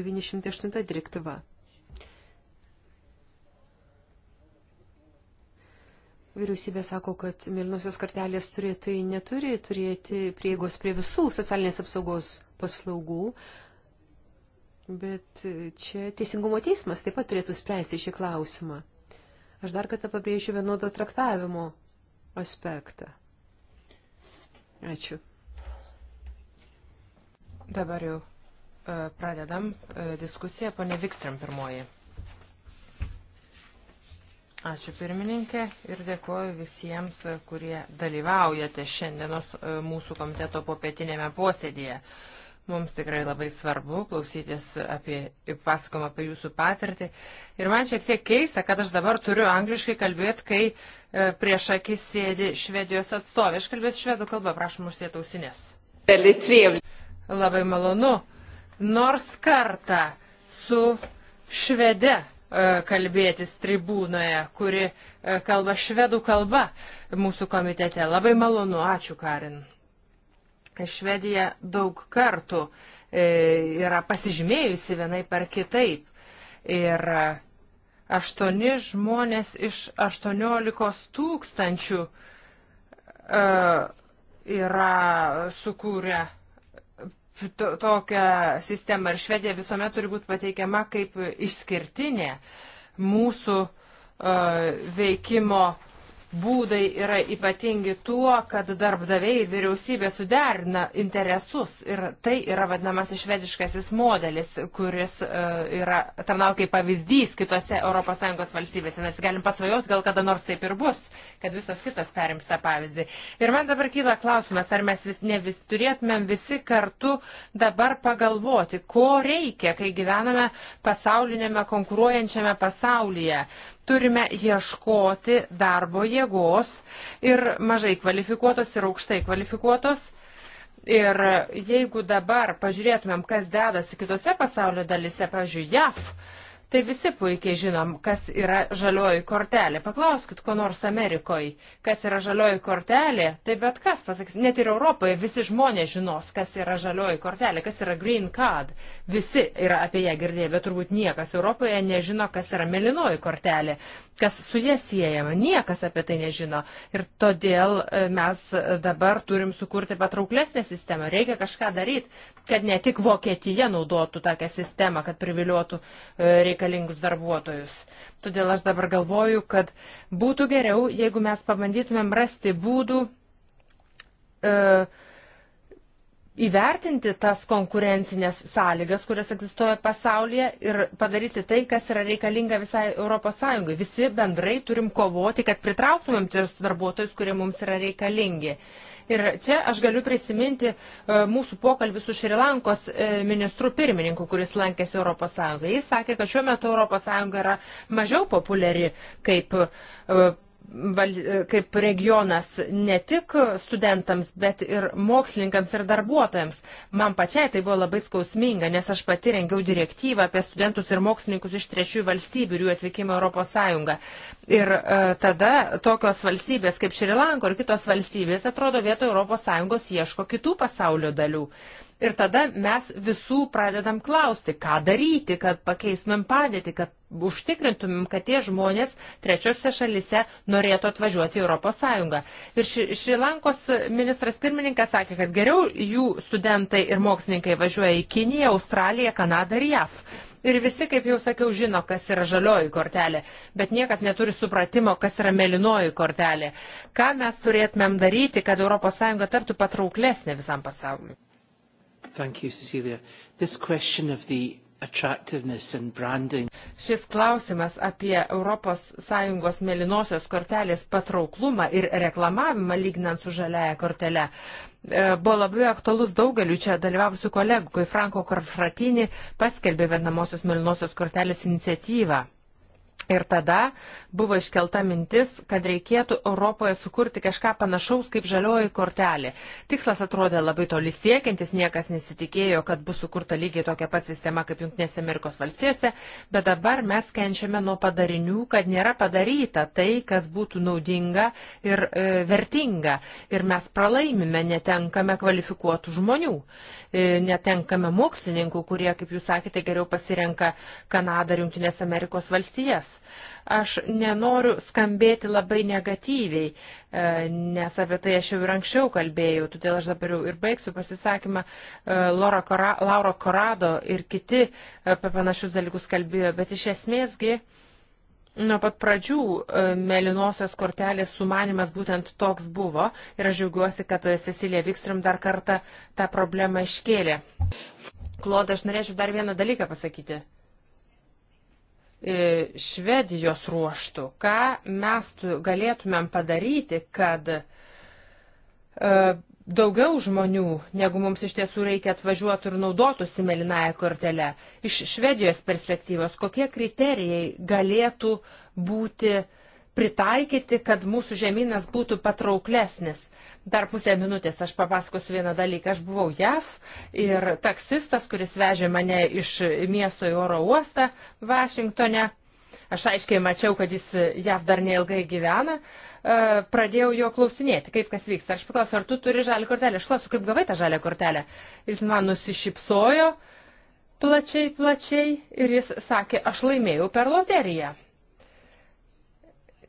908 direktyva. Vyriausybė sako, kad mėlynosios kartelės turėtai neturi turėti prieigos prie visų socialinės apsaugos paslaugų, bet čia Teisingumo teismas taip pat turėtų spręsti šį klausimą. Aš dar kartą pabrėžiu vienodo traktavimo aspektą. Ačiū. Dabar jau e, pradedam e, diskusiją. Pane Vikstram pirmoji. Ačiū pirmininkė ir dėkuoju visiems, kurie dalyvaujate šiandienos e, mūsų komiteto popietinėme posėdėje. Mums tikrai labai svarbu klausytis apie, pasakom apie jūsų patirtį. Ir man šiek tiek keista, kad aš dabar turiu angliškai kalbėti, kai e, prieš akis sėdi Švedijos atstovė. Aš kalbėsiu švedų kalbą, prašom užsėti ausinės. Labai malonu. Nors kartą su švede E, kalbėtis tribūnoje, kuri e, kalba švedų kalba mūsų komitete. Labai malonu, ačiū Karin. Švedija daug kartų e, yra pasižymėjusi vienai par kitaip. Ir aštuoni žmonės iš aštuoniolikos tūkstančių yra sukūrę to, tokia sistema ir Švedija visuomet turi būti pateikiama kaip išskirtinė mūsų uh, veikimo būdai yra ypatingi tuo, kad darbdaviai ir vyriausybė suderina interesus ir tai yra vadinamasis švediškasis modelis, kuris e, yra tarnau kaip pavyzdys kitose ES valstybėse. Mes galim pasvajoti, gal kada nors taip ir bus, kad visos kitos perims tą pavyzdį. Ir man dabar kyla klausimas, ar mes vis, ne vis turėtumėm visi kartu dabar pagalvoti, ko reikia, kai gyvename pasaulinėme konkuruojančiame pasaulyje. Turime ieškoti darbo jėgos ir mažai kvalifikuotos ir aukštai kvalifikuotos. Ir jeigu dabar pažiūrėtumėm, kas dedasi kitose pasaulio dalise, pavyzdžiui, JAV, Tai visi puikiai žinom, kas yra žalioji kortelė. Paklauskit, ko nors Amerikoje, kas yra žalioji kortelė, tai bet kas pasakys, net ir Europoje visi žmonės žinos, kas yra žalioji kortelė, kas yra green card. Visi yra apie ją girdėję, bet turbūt niekas Europoje nežino, kas yra melinoji kortelė, kas su jie siejama, niekas apie tai nežino. Ir todėl e, mes dabar turim sukurti patrauklesnę sistemą, reikia kažką daryti, kad ne tik Vokietija naudotų tokią sistemą, kad priviliotų e, reikia reikalingus darbuotojus. Todėl aš dabar galvoju, kad būtų geriau, jeigu mes pabandytumėm rasti būdų e, įvertinti tas konkurencinės sąlygas, kurios egzistuoja pasaulyje ir padaryti tai, kas yra reikalinga visai ES. Visi bendrai turim kovoti, kad pritrauktumėm tuos darbuotojus, kurie mums yra reikalingi. E, Ir čia aš galiu prisiminti e, mūsų pokalbį su Šrilankos e, ministru pirmininku, kuris lankėsi ES. Jis sakė, kad šiuo metu ES yra mažiau populiari kaip e, kaip regionas ne tik studentams, bet ir mokslininkams ir darbuotojams. Man pačiai tai buvo labai skausminga, nes aš pati rengiau direktyvą apie studentus ir mokslininkus iš trečiųjų valstybių ir jų atvykimą Europos Sąjungą. Ir e, tada tokios valstybės kaip Šrilanko ir kitos valstybės atrodo vietoje Europos Sąjungos ieško kitų pasaulio dalių. E, Ir tada mes visų pradedam klausti, ką daryti, kad pakeistumėm padėtį, kad užtikrintumėm, kad tie žmonės trečiose šalise norėtų atvažiuoti į ES. Ir Šrilankos ministras pirmininkas sakė, kad geriau jų studentai ir mokslininkai važiuoja į Kiniją, Australiją, Kanadą ir JAV. Ir visi, kaip jau sakiau, žino, kas yra žalioji kortelė, bet niekas neturi supratimo, kas yra melinoji kortelė. Ką mes turėtumėm daryti, kad ES taptų patrauklesnė visam pasauliu? Thank you, Cecilia. This question of the attractiveness and branding. Šis klausimas apie ES mėlynosios kortelės patrauklumą ir reklamavimą lygnant su žaliaja kortele e, buvo labai aktualus daugeliu čia dalyvavusių kolegų, kai Franko Karfratini paskelbė vienamosios mėlynosios kortelės iniciatyvą. Ir tada buvo iškelta mintis, kad reikėtų Europoje sukurti kažką panašaus kaip žalioji kortelė. Tikslas atrodė labai toli siekiantis, niekas nesitikėjo, kad bus sukurta lygiai tokia pat sistema kaip Junktinėse Amerikos valstijose, bet dabar mes kenčiame nuo padarinių, kad nėra padaryta tai, kas būtų naudinga ir e, vertinga. Ir mes pralaimime, netenkame kvalifikuotų žmonių, e, netenkame mokslininkų, kurie, kaip jūs sakėte, geriau pasirenka Kanadą ir Junktinės Amerikos valstijas. Aš nenoriu skambėti labai negatyviai, e, nes apie tai aš jau ir anksčiau kalbėjau, todėl aš dabar jau ir baigsiu pasisakymą. E, Laura, Kora, Laura Korado ir kiti e, apie panašius dalykus kalbėjo, bet iš esmėsgi. Nuo pat pradžių melinosios kortelės sumanimas būtent toks buvo ir aš žiaugiuosi, kad Cecilija Vikstrum dar kartą tą problemą iškėlė. Klod, aš norėčiau dar vieną dalyką pasakyti. E, Švedijos ruoštų, ką mes galėtumėm padaryti, kad e, daugiau žmonių, negu mums iš tiesų reikia atvažiuoti ir naudotųsi melinąją kortelę. Iš Švedijos perspektyvos, kokie kriterijai galėtų būti pritaikyti, kad mūsų žemynas būtų patrauklesnis Dar pusę minutės aš papasakosiu vieną dalyką. Aš buvau JAV ir taksistas, kuris vežė mane iš miesto į oro uostą Vašingtone. Aš aiškiai mačiau, kad jis JAV dar neilgai gyvena. E, pradėjau jo klausinėti, kaip kas vyksta. Aš paklausiau, ar tu turi žalią kortelę. Aš klausiu, kaip gavai tą žalią kortelę. Jis man nusišypsojo plačiai, plačiai ir jis sakė, aš laimėjau per loteriją.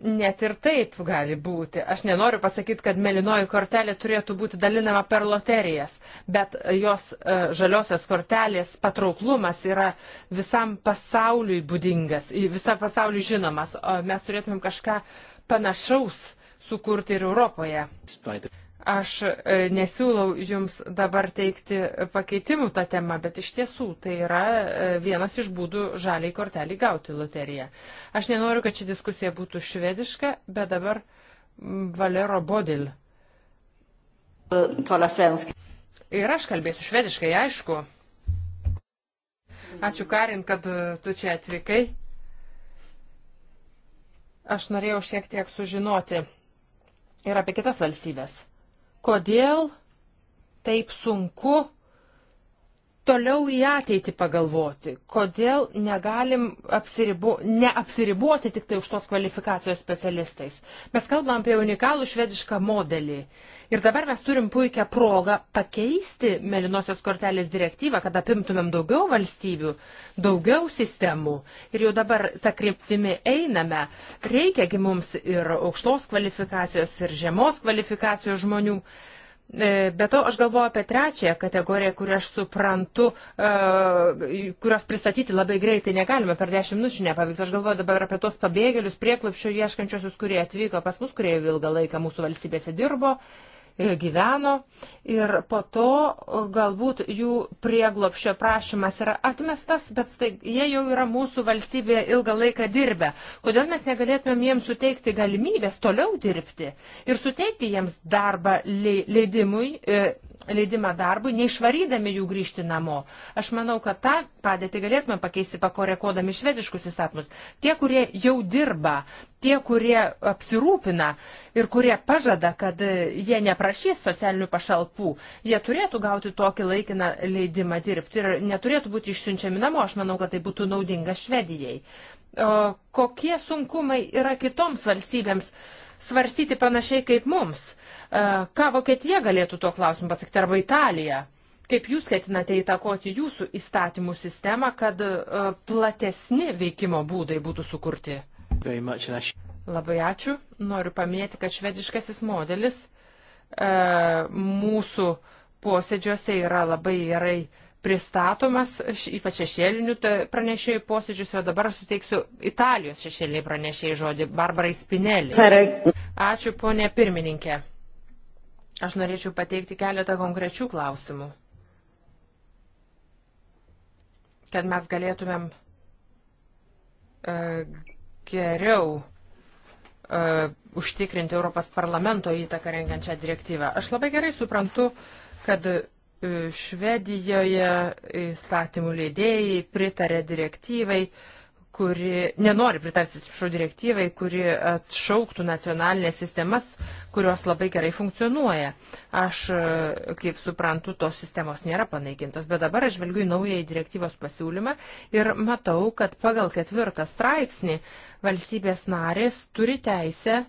Net ir taip gali būti. Aš nenoriu pasakyti, kad melinoji kortelė turėtų būti dalinama per loterijas, bet jos e, žaliosios kortelės patrauklumas yra visam pasauliui būdingas, visam pasauliui žinomas. O mes turėtumėm kažką panašaus sukurti ir Europoje. Aš e, nesiūlau jums dabar teikti pakeitimų tą temą, bet iš tiesų tai yra e, vienas iš būdų žaliai kortelį gauti loteriją. Aš nenoriu, kad ši diskusija būtų švediška, bet dabar Valero Bodil. Ir aš kalbėsiu švediškai, aišku. Ačiū Karin, kad e, tu čia atvykai. Aš norėjau šiek tiek sužinoti ir apie kitas valstybės kodėl taip sunku toliau į ateitį pagalvoti, kodėl negalim apsiribu, neapsiriboti tik tai už tos kvalifikacijos specialistais. Mes kalbam apie unikalų švedišką modelį. Ir dabar mes turim puikią progą pakeisti Melinosios kortelės direktyvą, kad apimtumėm daugiau valstybių, daugiau sistemų. Ir jau dabar tą kryptimį einame. Reikiagi mums ir aukštos kvalifikacijos, ir žemos kvalifikacijos žmonių. E, be to, aš galvoju apie trečiąją kategoriją, kurią aš suprantu, e, kurios pristatyti labai greitai negalime, per dešimt minučių nepavyks. Aš galvoju dabar apie tos pabėgėlius, prieklapšio ieškančiosius, kurie atvyko pas mus, kurie ilgą laiką mūsų valstybėse dirbo. Uh, E, gyveno ir po to e, galbūt jų prieglopščio prašymas yra atmestas, bet tai, jie jau yra mūsų valstybėje ilgą laiką dirbę. Kodėl mes negalėtumėm jiems suteikti galimybės toliau dirbti ir suteikti jiems darbą leidimui e, leidimą darbui, neišvarydami jų grįžti namo. Aš manau, kad tą padėtį galėtume pakeisti pakorekodami švediškus įstatymus. Tie, kurie jau dirba, tie, kurie apsirūpina ir kurie pažada, kad jie neprašys socialinių pašalpų, jie turėtų gauti tokį laikiną leidimą dirbti ir neturėtų būti išsiunčiami namo. Aš manau, kad tai būtų naudinga Švedijai. O kokie sunkumai yra kitoms valstybėms svarstyti panašiai kaip mums? E, ką Vokietija galėtų tuo klausimu pasakyti arba Italija? Kaip jūs ketinate įtakoti jūsų įstatymų sistemą, kad e, platesni veikimo būdai būtų sukurti? Labai ačiū. Noriu paminėti, kad švediškasis modelis e, mūsų posėdžiuose yra labai gerai pristatomas, ypač šešėlinių pranešėjų posėdžius, o dabar aš suteiksiu Italijos šešėliniai pranešėjai žodį Barbarai Spinelį. Ačiū, ponė pirmininkė. Aš norėčiau pateikti keletą konkrečių klausimų, kad mes galėtumėm e, geriau uh, užtikrinti Europos parlamento įtaką rengiančią direktyvą. Aš labai gerai suprantu, kad e, Švedijoje įstatymų leidėjai pritarė direktyvai, uh, kuri nenori pritarti šių direktyvai, kuri atšauktų nacionalinės sistemas, kurios labai gerai funkcionuoja. Aš, e, kaip suprantu, tos sistemos nėra panaikintos, bet dabar aš žvelgiu į naująjį direktyvos pasiūlymą ir matau, kad pagal ketvirtą straipsnį valstybės narės turi teisę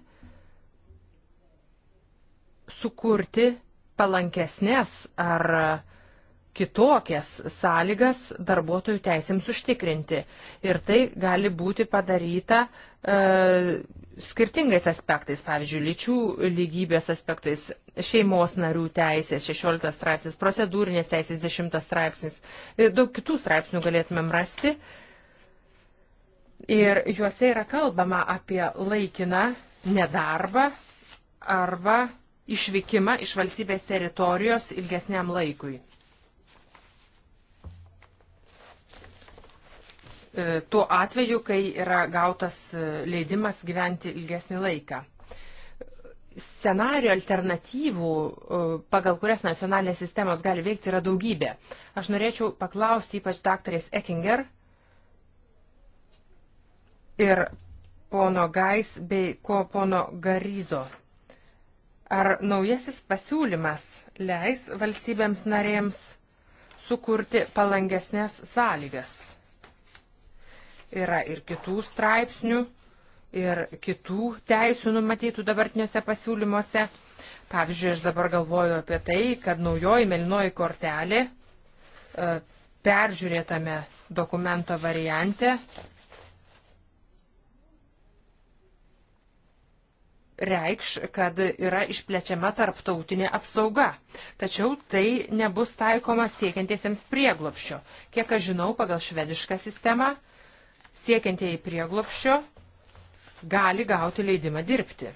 sukurti palankesnės ar uh, kitokias sąlygas darbuotojų teisėms užtikrinti. Ir tai gali būti padaryta e, skirtingais aspektais, pavyzdžiui, lyčių lygybės aspektais, šeimos narių teisės, 16 straipsnis, procedūrinės teisės, 10 straipsnis. E, daug kitų straipsnių galėtumėm rasti. Ir juose yra kalbama apie laikiną nedarbą arba išvykimą iš valstybės teritorijos ilgesniam laikui. E, tuo atveju, kai yra gautas e, leidimas gyventi ilgesnį laiką. Scenarijų alternatyvų, e, pagal kurias nacionalinės sistemos gali veikti, yra daugybė. Aš norėčiau paklausti ypač daktarės Ekinger ir pono Gais bei ko pono Garizo. Ar naujasis pasiūlymas leis valstybėms narėms sukurti palangesnės sąlygas? Yra ir kitų straipsnių, ir kitų teisų numatytų dabartiniuose pasiūlymuose. Pavyzdžiui, aš dabar galvoju apie tai, kad naujoji melinoji kortelė e, peržiūrėtame dokumento variante reikš, kad yra išplečiama tarptautinė apsauga. Tačiau tai nebus taikoma siekiantiesiems prieglopščio. Kiek aš žinau, pagal švedišką sistemą siekiantieji prieglopščio gali gauti leidimą dirbti.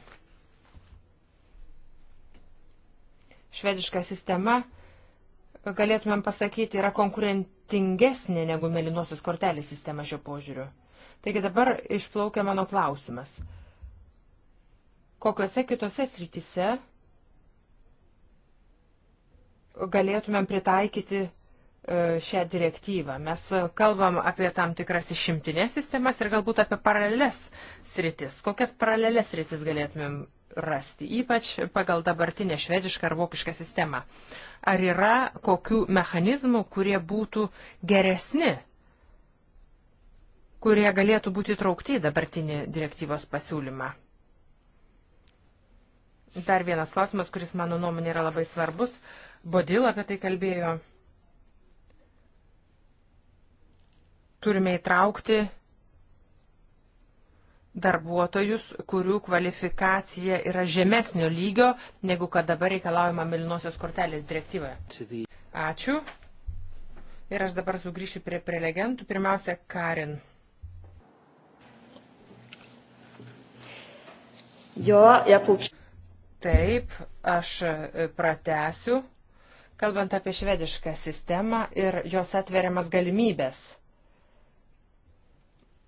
Švediška sistema, galėtumėm pasakyti, yra konkurentingesnė negu melinosios kortelės sistema šio požiūriu. Taigi dabar išplaukia mano klausimas. Kokiuose kitose srityse galėtumėm pritaikyti E, šią direktyvą. Mes kalbam apie tam tikras išimtinės sistemas ir galbūt apie paralelės sritis. Kokias paralelės sritis galėtumėm rasti, ypač pagal dabartinę švedišką ar vokišką sistemą. Ar yra kokių mechanizmų, kurie būtų geresni, kurie galėtų būti įtraukti į dabartinį direktyvos pasiūlymą? Dar vienas klausimas, kuris mano nuomonė yra labai svarbus. Bodil apie tai kalbėjo. Turime įtraukti darbuotojus, kurių kvalifikacija yra žemesnio lygio, negu kad dabar reikalaujama Milinosios kortelės direktyvoje. Ačiū. Ir aš dabar sugrįšiu prie prelegentų. Pirmiausia, Karin. Jo, japuč. Taip, aš pratesiu, kalbant apie švedišką sistemą ir jos atveriamas galimybės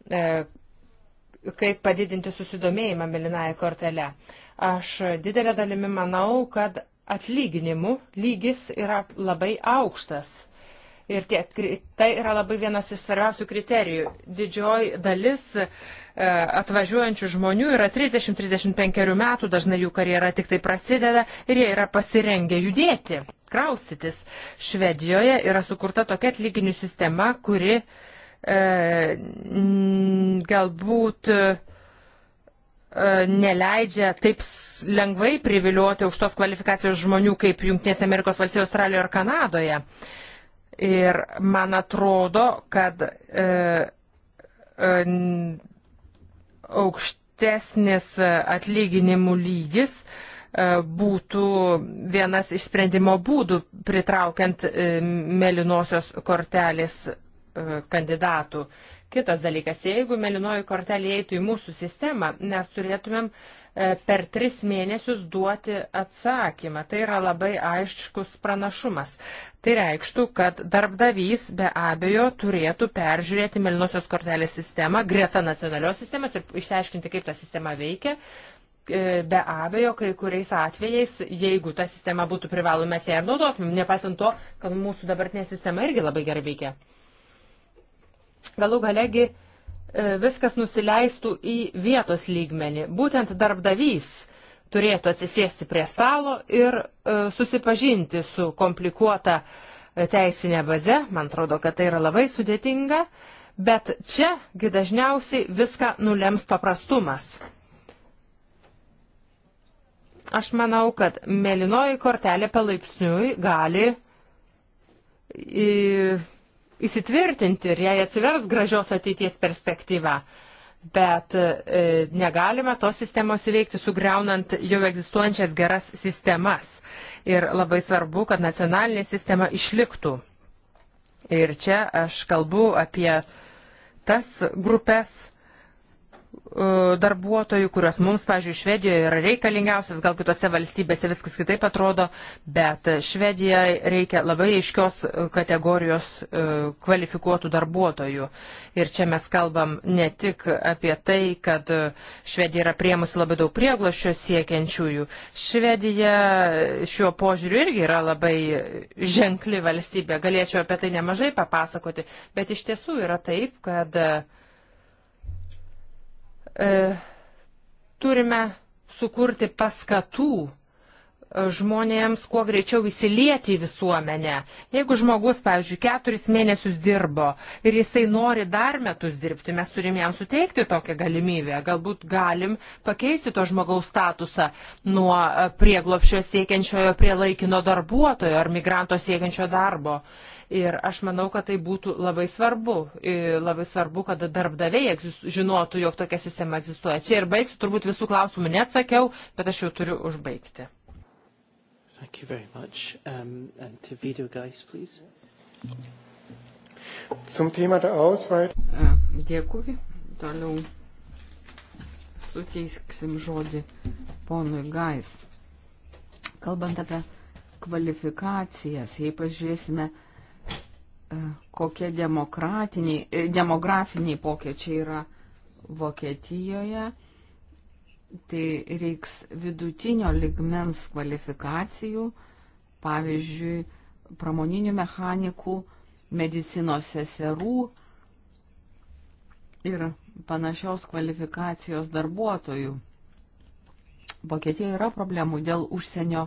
E, kaip padidinti susidomėjimą melinąją kortelę. Aš didelę dalimi manau, kad atlyginimų lygis yra labai aukštas. Ir tie, tai yra labai vienas iš svarbiausių kriterijų. Didžioji dalis e, atvažiuojančių žmonių yra 30-35 metų, dažnai jų karjera tik tai prasideda ir jie yra pasirengę judėti, kraustytis. Švedijoje yra sukurta tokia atlyginių sistema, kuri e, E, galbūt e, neleidžia taip lengvai privilioti aukštos kvalifikacijos žmonių kaip Junktinėse Amerikos valstijos, Australijoje ar Kanadoje. Ir man atrodo, kad e, e, aukštesnis atlyginimų lygis e, būtų vienas iš sprendimo būdų pritraukiant e, melinosios kortelės E, kandidatų. Kitas dalykas, jeigu melinoji kortelė eitų į mūsų sistemą, mes turėtumėm e, per tris mėnesius duoti atsakymą. Tai yra labai aiškus pranašumas. Tai reikštų, kad darbdavys be abejo turėtų peržiūrėti melinosios kortelės sistemą greta nacionalios sistemos ir išsiaiškinti, kaip ta sistema veikia. E, be abejo, kai kuriais atvejais, jeigu ta sistema būtų privaloma, mes ją ir naudotumėm, nepaisant to, kad mūsų dabartinė sistema irgi labai gerai veikia galų galegi e, viskas nusileistų į vietos lygmenį. Būtent darbdavys turėtų atsisėsti prie stalo ir e, susipažinti su komplikuota e, teisinė baze. Man atrodo, kad tai yra labai sudėtinga, bet čiagi dažniausiai viską nulems paprastumas. Aš manau, kad mėlynoji kortelė palaipsniui gali įsitvirtinti ir jai atsivers gražios ateities perspektyva. Bet e, negalime tos sistemos įveikti, sugriaunant jau egzistuojančias geras sistemas. Ir labai svarbu, kad nacionalinė sistema išliktų. Ir čia aš kalbu apie tas grupės, E, darbuotojų, kurios mums, pažiūrėjau, Švedijoje yra reikalingiausios, gal kitose valstybėse viskas kitaip atrodo, bet Švedijai reikia labai aiškios kategorijos e, kvalifikuotų darbuotojų. Ir čia mes kalbam ne tik apie tai, kad Švedija yra priemusi labai daug prieglašio siekiančiųjų. Švedija šiuo požiūriu irgi yra labai ženkli valstybė. Galėčiau apie tai nemažai papasakoti, bet iš tiesų yra taip, kad uh, e, turime sukurti paskatų žmonėms kuo greičiau įsilieti į visuomenę. Jeigu žmogus, pavyzdžiui, keturis mėnesius dirbo ir jisai nori dar metus dirbti, mes turim jam suteikti tokią galimybę. Galbūt galim pakeisti to žmogaus statusą nuo e, prieglopščio siekiančiojo prie laikino darbuotojo ar migranto siekiančio darbo. Ir aš manau, kad tai būtų labai svarbu. Ir labai svarbu, kad darbdaviai žinotų, jog tokia sistema egzistuoja. Čia ir baigsiu, turbūt visų klausimų neatsakiau, bet aš jau turiu užbaigti. Thank you very much. Um, and to Vito Geis, please. Zum Thema der Ausweitung. Dėkui. Toliau suteiksim žodį ponui Gais. Kalbant apie kvalifikacijas, jei pažiūrėsime, e, kokie e, demografiniai pokyčiai yra Vokietijoje, tai reiks vidutinio ligmens kvalifikacijų, pavyzdžiui, pramoninių mechanikų, medicinos seserų ir panašios kvalifikacijos darbuotojų. Vokietijoje yra problemų dėl užsienio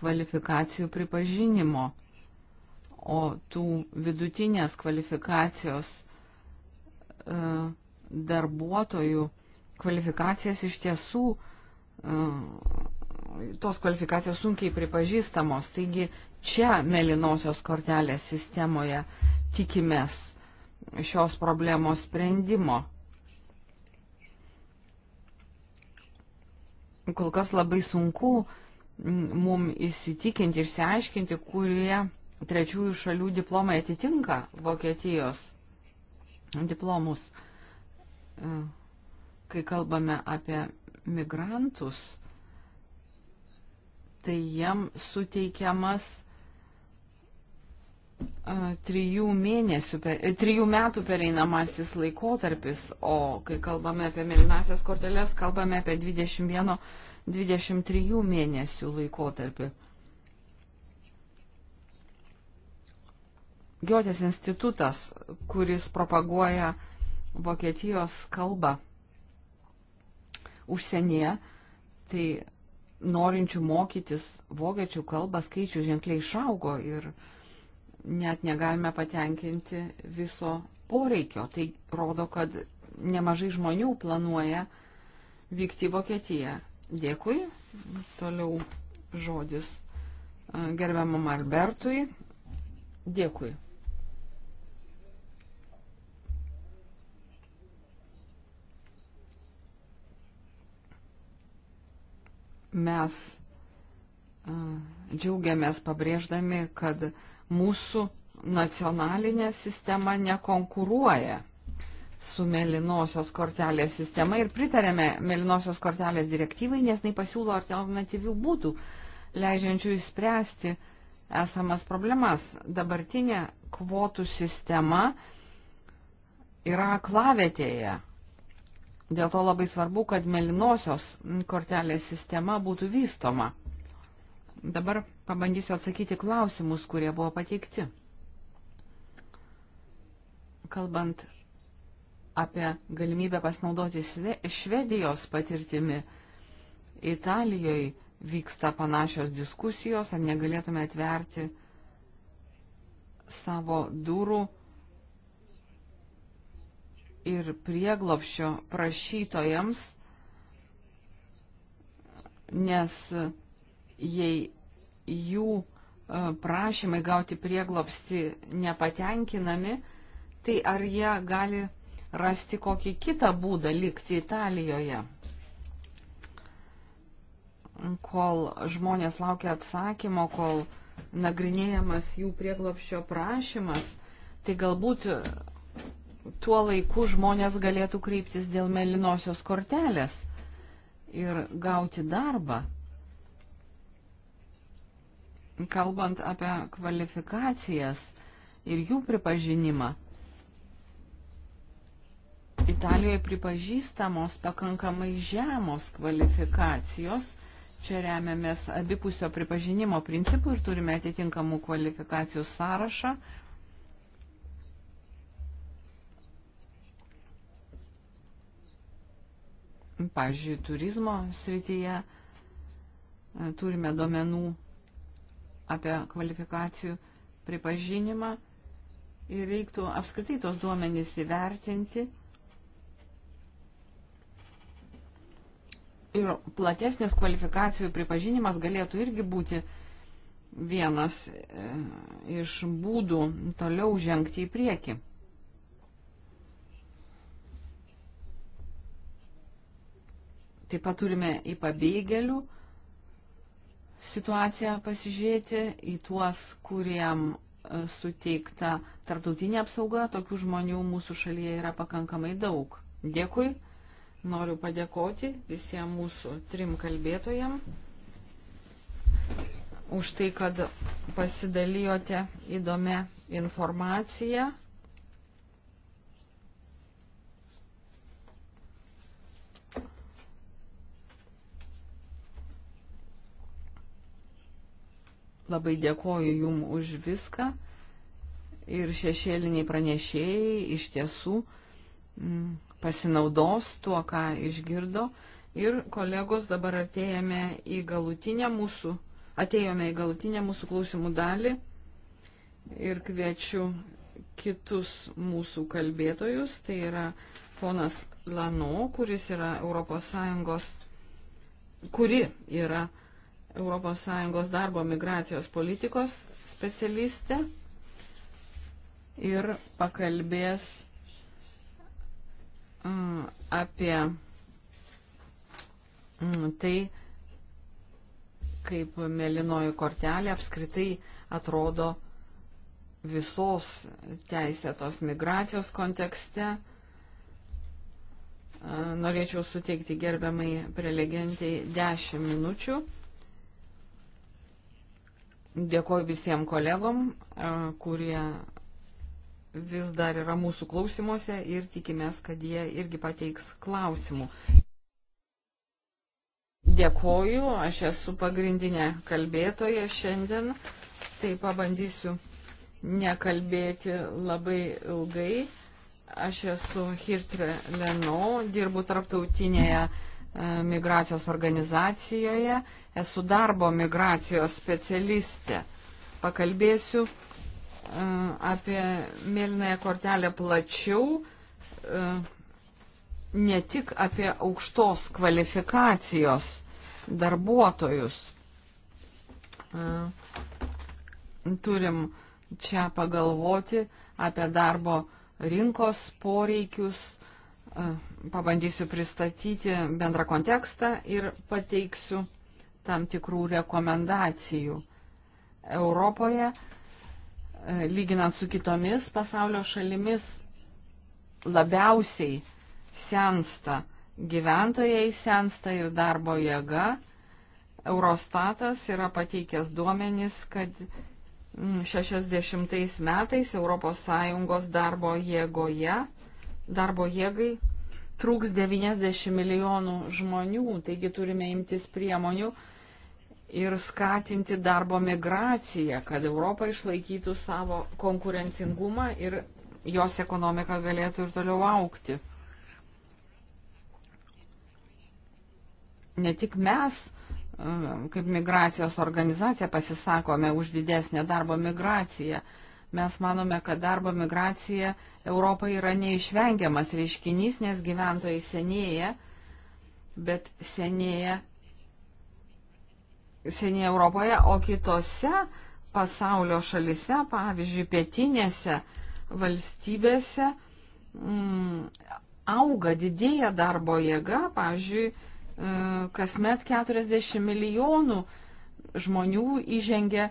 kvalifikacijų pripažinimo, o tų vidutinės kvalifikacijos e, darbuotojų kvalifikacijas iš tiesų, e, tos kvalifikacijos sunkiai pripažįstamos. Taigi čia melinosios kortelės sistemoje tikimės šios problemos sprendimo. Kol kas labai sunku mum įsitikinti, išsiaiškinti, kurie trečiųjų šalių diplomai atitinka Vokietijos diplomus. Uh kai kalbame apie migrantus, tai jiem suteikiamas a, trijų, mėnesių, per, e, trijų metų pereinamasis laikotarpis, o kai kalbame apie mėlynasias korteles, kalbame apie 21-23 mėnesių laikotarpį. Giotės institutas, kuris propaguoja Vokietijos kalbą užsienyje, tai norinčių mokytis vokiečių kalbą skaičių ženkliai išaugo ir net negalime patenkinti viso poreikio. Tai rodo, kad nemažai žmonių planuoja vykti į Vokietiją. Dėkui. Toliau žodis gerbiamam Albertui. Dėkui. mes džiaugiamės pabrėždami, kad mūsų nacionalinė sistema nekonkuruoja su mėlynosios kortelės sistema ir pritarėme mėlynosios kortelės direktyvai, nes tai pasiūlo alternatyvių būdų, leidžiančių įspręsti esamas problemas. Dabartinė kvotų sistema yra klavėtėje Dėl to labai svarbu, kad melinosios kortelės sistema būtų vystoma. Dabar pabandysiu atsakyti klausimus, kurie buvo pateikti. Kalbant apie galimybę pasinaudoti Švedijos patirtimi, Italijoje vyksta panašios diskusijos, ar negalėtume atverti savo durų ir prieglopšio prašytojams, nes jei jų e, prašymai gauti prieglopsti nepatenkinami, tai ar jie gali rasti kokį kitą būdą likti Italijoje? Kol žmonės laukia atsakymo, kol nagrinėjamas jų prieglopščio prašymas, tai galbūt tuo laiku žmonės galėtų kreiptis dėl melinosios kortelės ir gauti darbą. Kalbant apie kvalifikacijas ir jų pripažinimą, Italijoje pripažįstamos pakankamai žemos kvalifikacijos. Čia remiamės abipusio pripažinimo principų ir turime atitinkamų kvalifikacijų sąrašą. Uh, Pavyzdžiui, turizmo srityje e, turime duomenų apie kvalifikacijų pripažinimą ir reiktų apskritai tos duomenys įvertinti ir platesnis kvalifikacijų pripažinimas galėtų irgi būti vienas e, iš būdų toliau žengti į priekį. Taip pat turime į pabėgėlių situaciją pasižiūrėti, į tuos, kuriem e, suteikta tarptautinė apsauga, tokių žmonių mūsų šalyje yra pakankamai daug. Dėkui, noriu padėkoti visiems mūsų trim kalbėtojams už tai, kad pasidalijote įdomią informaciją. Labai dėkoju Jum už viską. Ir šešėliniai pranešėjai iš tiesų m, mm, pasinaudos tuo, ką išgirdo. Ir kolegos dabar artėjame į galutinę mūsų, atėjome į galutinę mūsų klausimų dalį. Ir kviečiu kitus mūsų kalbėtojus. Tai yra ponas Lano, kuris yra ES, kuri yra ES darbo migracijos politikos specialistė ir pakalbės apie tai, kaip mėlynoji kortelė apskritai atrodo visos teisėtos migracijos kontekste. Norėčiau suteikti gerbiamai prelegentiai 10 minučių Dėkoju visiems kolegom, kurie vis dar yra mūsų klausimuose ir tikimės, kad jie irgi pateiks klausimų. Dėkoju, aš esu pagrindinė kalbėtoja šiandien, tai pabandysiu nekalbėti labai ilgai. Aš esu Hirtre Leno, dirbu tarptautinėje E, migracijos organizacijoje, esu darbo migracijos specialistė. Pakalbėsiu e, apie mėlynąją kortelę plačiau, e, ne tik apie aukštos kvalifikacijos darbuotojus. Turim čia pagalvoti apie darbo rinkos poreikius, pabandysiu pristatyti bendrą kontekstą ir pateiksiu tam tikrų rekomendacijų Europoje, e, lyginant su kitomis pasaulio šalimis, labiausiai sensta gyventojai, sensta ir darbo jėga. Eurostatas yra pateikęs duomenys, kad 60 mm, metais ES darbo jėgoje, darbo jėgai trūks 90 milijonų žmonių, taigi turime imtis priemonių ir skatinti darbo migraciją, kad Europa išlaikytų savo konkurencingumą ir jos ekonomika galėtų ir toliau aukti. Ne tik mes, e, kaip migracijos organizacija, pasisakome už didesnę darbo migraciją, Mes manome, kad darbo migracija Europoje yra neišvengiamas reiškinys, nes gyventojai senėja, bet senėja, senėja Europoje, o kitose pasaulio šalise, pavyzdžiui, pietinėse valstybėse m, mm, auga, didėja darbo jėga, pavyzdžiui, e, kasmet 40 milijonų žmonių įžengia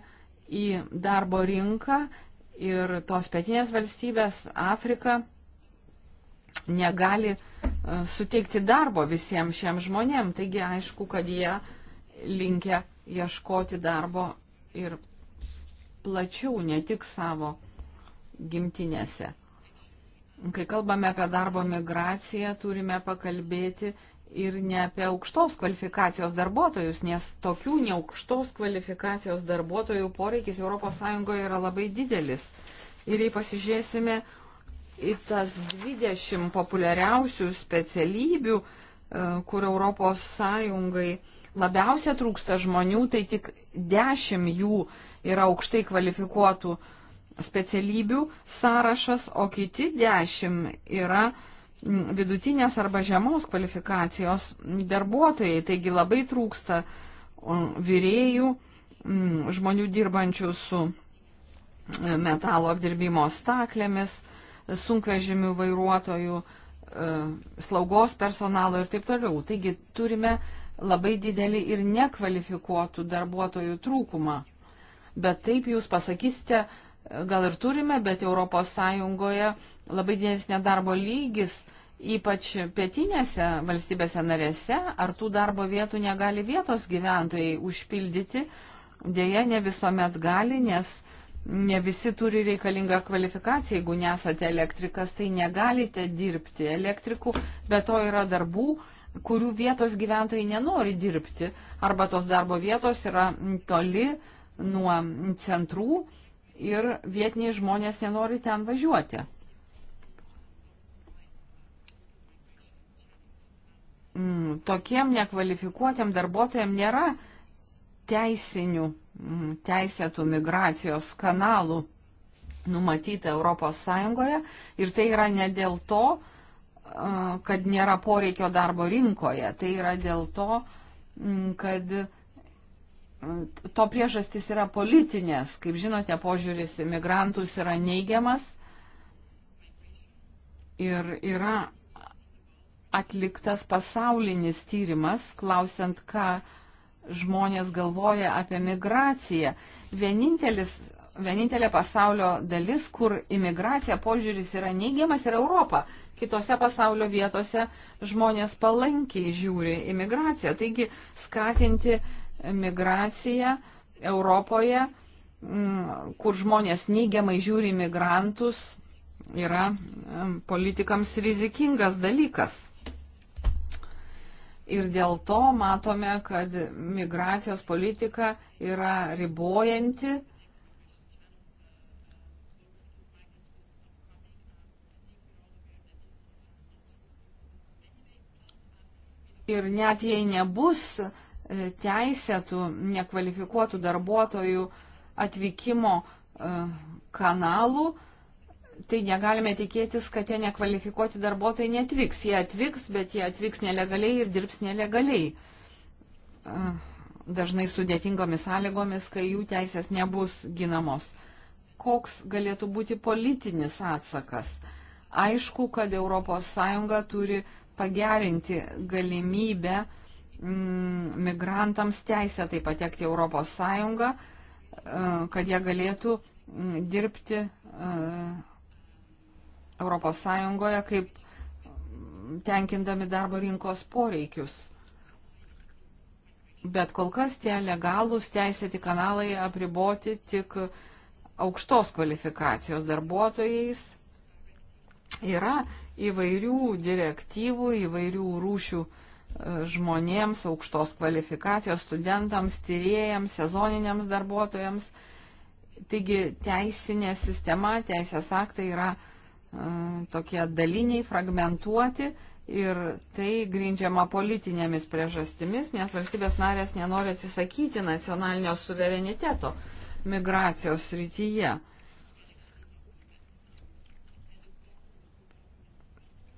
į darbo rinką ir tos pietinės valstybės, Afrika, negali e, suteikti darbo visiems šiem žmonėm. Taigi aišku, kad jie linkia ieškoti darbo ir plačiau, ne tik savo gimtinėse. Kai kalbame apie darbo migraciją, turime pakalbėti ir ne apie aukštos kvalifikacijos darbuotojus, nes tokių neaukštos kvalifikacijos darbuotojų poreikis ES yra labai didelis. Ir jei pasižiūrėsime į tas 20 populiariausių specialybių, e, kur ES labiausia trūksta žmonių, tai tik 10 jų yra aukštai kvalifikuotų specialybių sąrašas, o kiti 10 yra uh, vidutinės arba žemos kvalifikacijos darbuotojai. Taigi labai trūksta vyrėjų, žmonių dirbančių su e, metalo apdirbimo staklėmis, sunkvežimių vairuotojų, e, slaugos personalo ir taip toliau. Taigi turime labai didelį ir nekvalifikuotų darbuotojų trūkumą. Bet taip jūs pasakysite, gal ir turime, bet ES labai didelis nedarbo lygis, ypač pietinėse valstybėse narėse, ar tų darbo vietų negali vietos gyventojai užpildyti, dėja ne visuomet gali, nes ne visi turi reikalingą kvalifikaciją. Jeigu nesate elektrikas, tai negalite dirbti elektrikų, bet to yra darbų kurių vietos gyventojai nenori dirbti, arba tos darbo vietos yra toli nuo centrų ir vietiniai žmonės nenori ten važiuoti. m, mm, tokiem nekvalifikuotiem darbuotojams nėra teisinių, m, mm, teisėtų migracijos kanalų numatyta ES ir tai yra ne dėl to, kad nėra poreikio darbo rinkoje, tai yra dėl to, mm, kad to priežastis yra politinės. Kaip žinote, požiūris į migrantus yra neigiamas ir yra atliktas pasaulinis tyrimas, klausiant, ką žmonės galvoja apie migraciją. Vienintelis, vienintelė pasaulio dalis, kur imigracija požiūris yra neigiamas, yra Europa. Kitose pasaulio vietose žmonės palankiai žiūri imigraciją. Taigi skatinti migraciją Europoje, mm, kur žmonės neigiamai žiūri imigrantus, yra mm, politikams rizikingas dalykas. Ir dėl to matome, kad migracijos politika yra ribojanti. Ir net jei nebus e, teisėtų nekvalifikuotų darbuotojų atvykimo e, kanalų, tai negalime tikėtis, kad tie nekvalifikuoti darbuotojai netvyks. Jie atvyks, bet jie atvyks nelegaliai ir dirbs nelegaliai. Dažnai sudėtingomis sąlygomis, kai jų teisės nebus ginamos. Koks galėtų būti politinis atsakas? Aišku, kad ES turi pagerinti galimybę mm, migrantams teisę taip patekti Europos Sąjungą, kad jie galėtų mm, dirbti ES kaip tenkindami darbo rinkos poreikius. Bet kol kas tie legalūs teisėti kanalai apriboti tik aukštos kvalifikacijos darbuotojais. Yra įvairių direktyvų, įvairių rūšių e, žmonėms, aukštos kvalifikacijos studentams, tyriejams, sezoniniams darbuotojams. Taigi teisinė sistema, teisės aktai yra E, tokie daliniai, fragmentuoti ir tai grindžiama politinėmis priežastimis, nes valstybės narės nenori atsisakyti nacionalinio suvereniteto migracijos rytyje.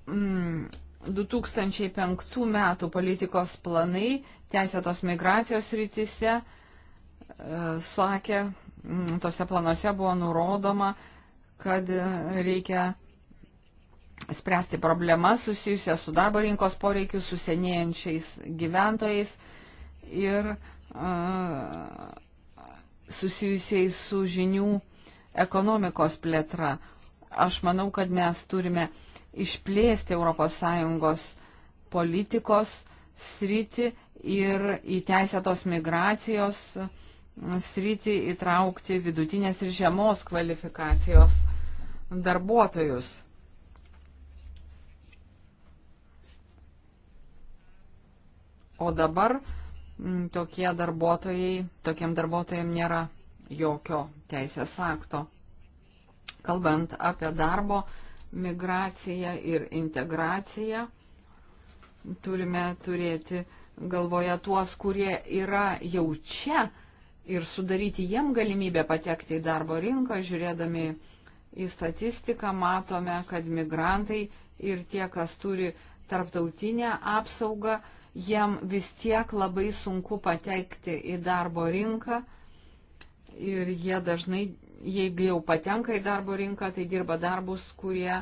Mm. 2005 metų politikos planai teisėtos migracijos rytise e, sakė, mm, tose planuose buvo nurodoma, kad reikia spręsti problemas susijusias su darbo rinkos poreikiu, su senėjančiais gyventojais ir a, susijusiais su žinių ekonomikos plėtra. Aš manau, kad mes turime išplėsti ES politikos sritį ir į teisėtos migracijos sritį įtraukti vidutinės ir žemos kvalifikacijos darbuotojus. O dabar mm, tokie darbuotojai, tokiem darbuotojams nėra jokio teisės akto. Kalbant apie darbo migraciją ir integraciją, turime turėti galvoje tuos, kurie yra jau čia ir sudaryti jiem galimybę patekti į darbo rinką, žiūrėdami į statistiką, matome, kad migrantai ir tie, kas turi tarptautinę apsaugą, jiem vis tiek labai sunku patekti į darbo rinką ir jie dažnai, jeigu jau patenka į darbo rinką, tai dirba darbus, kurie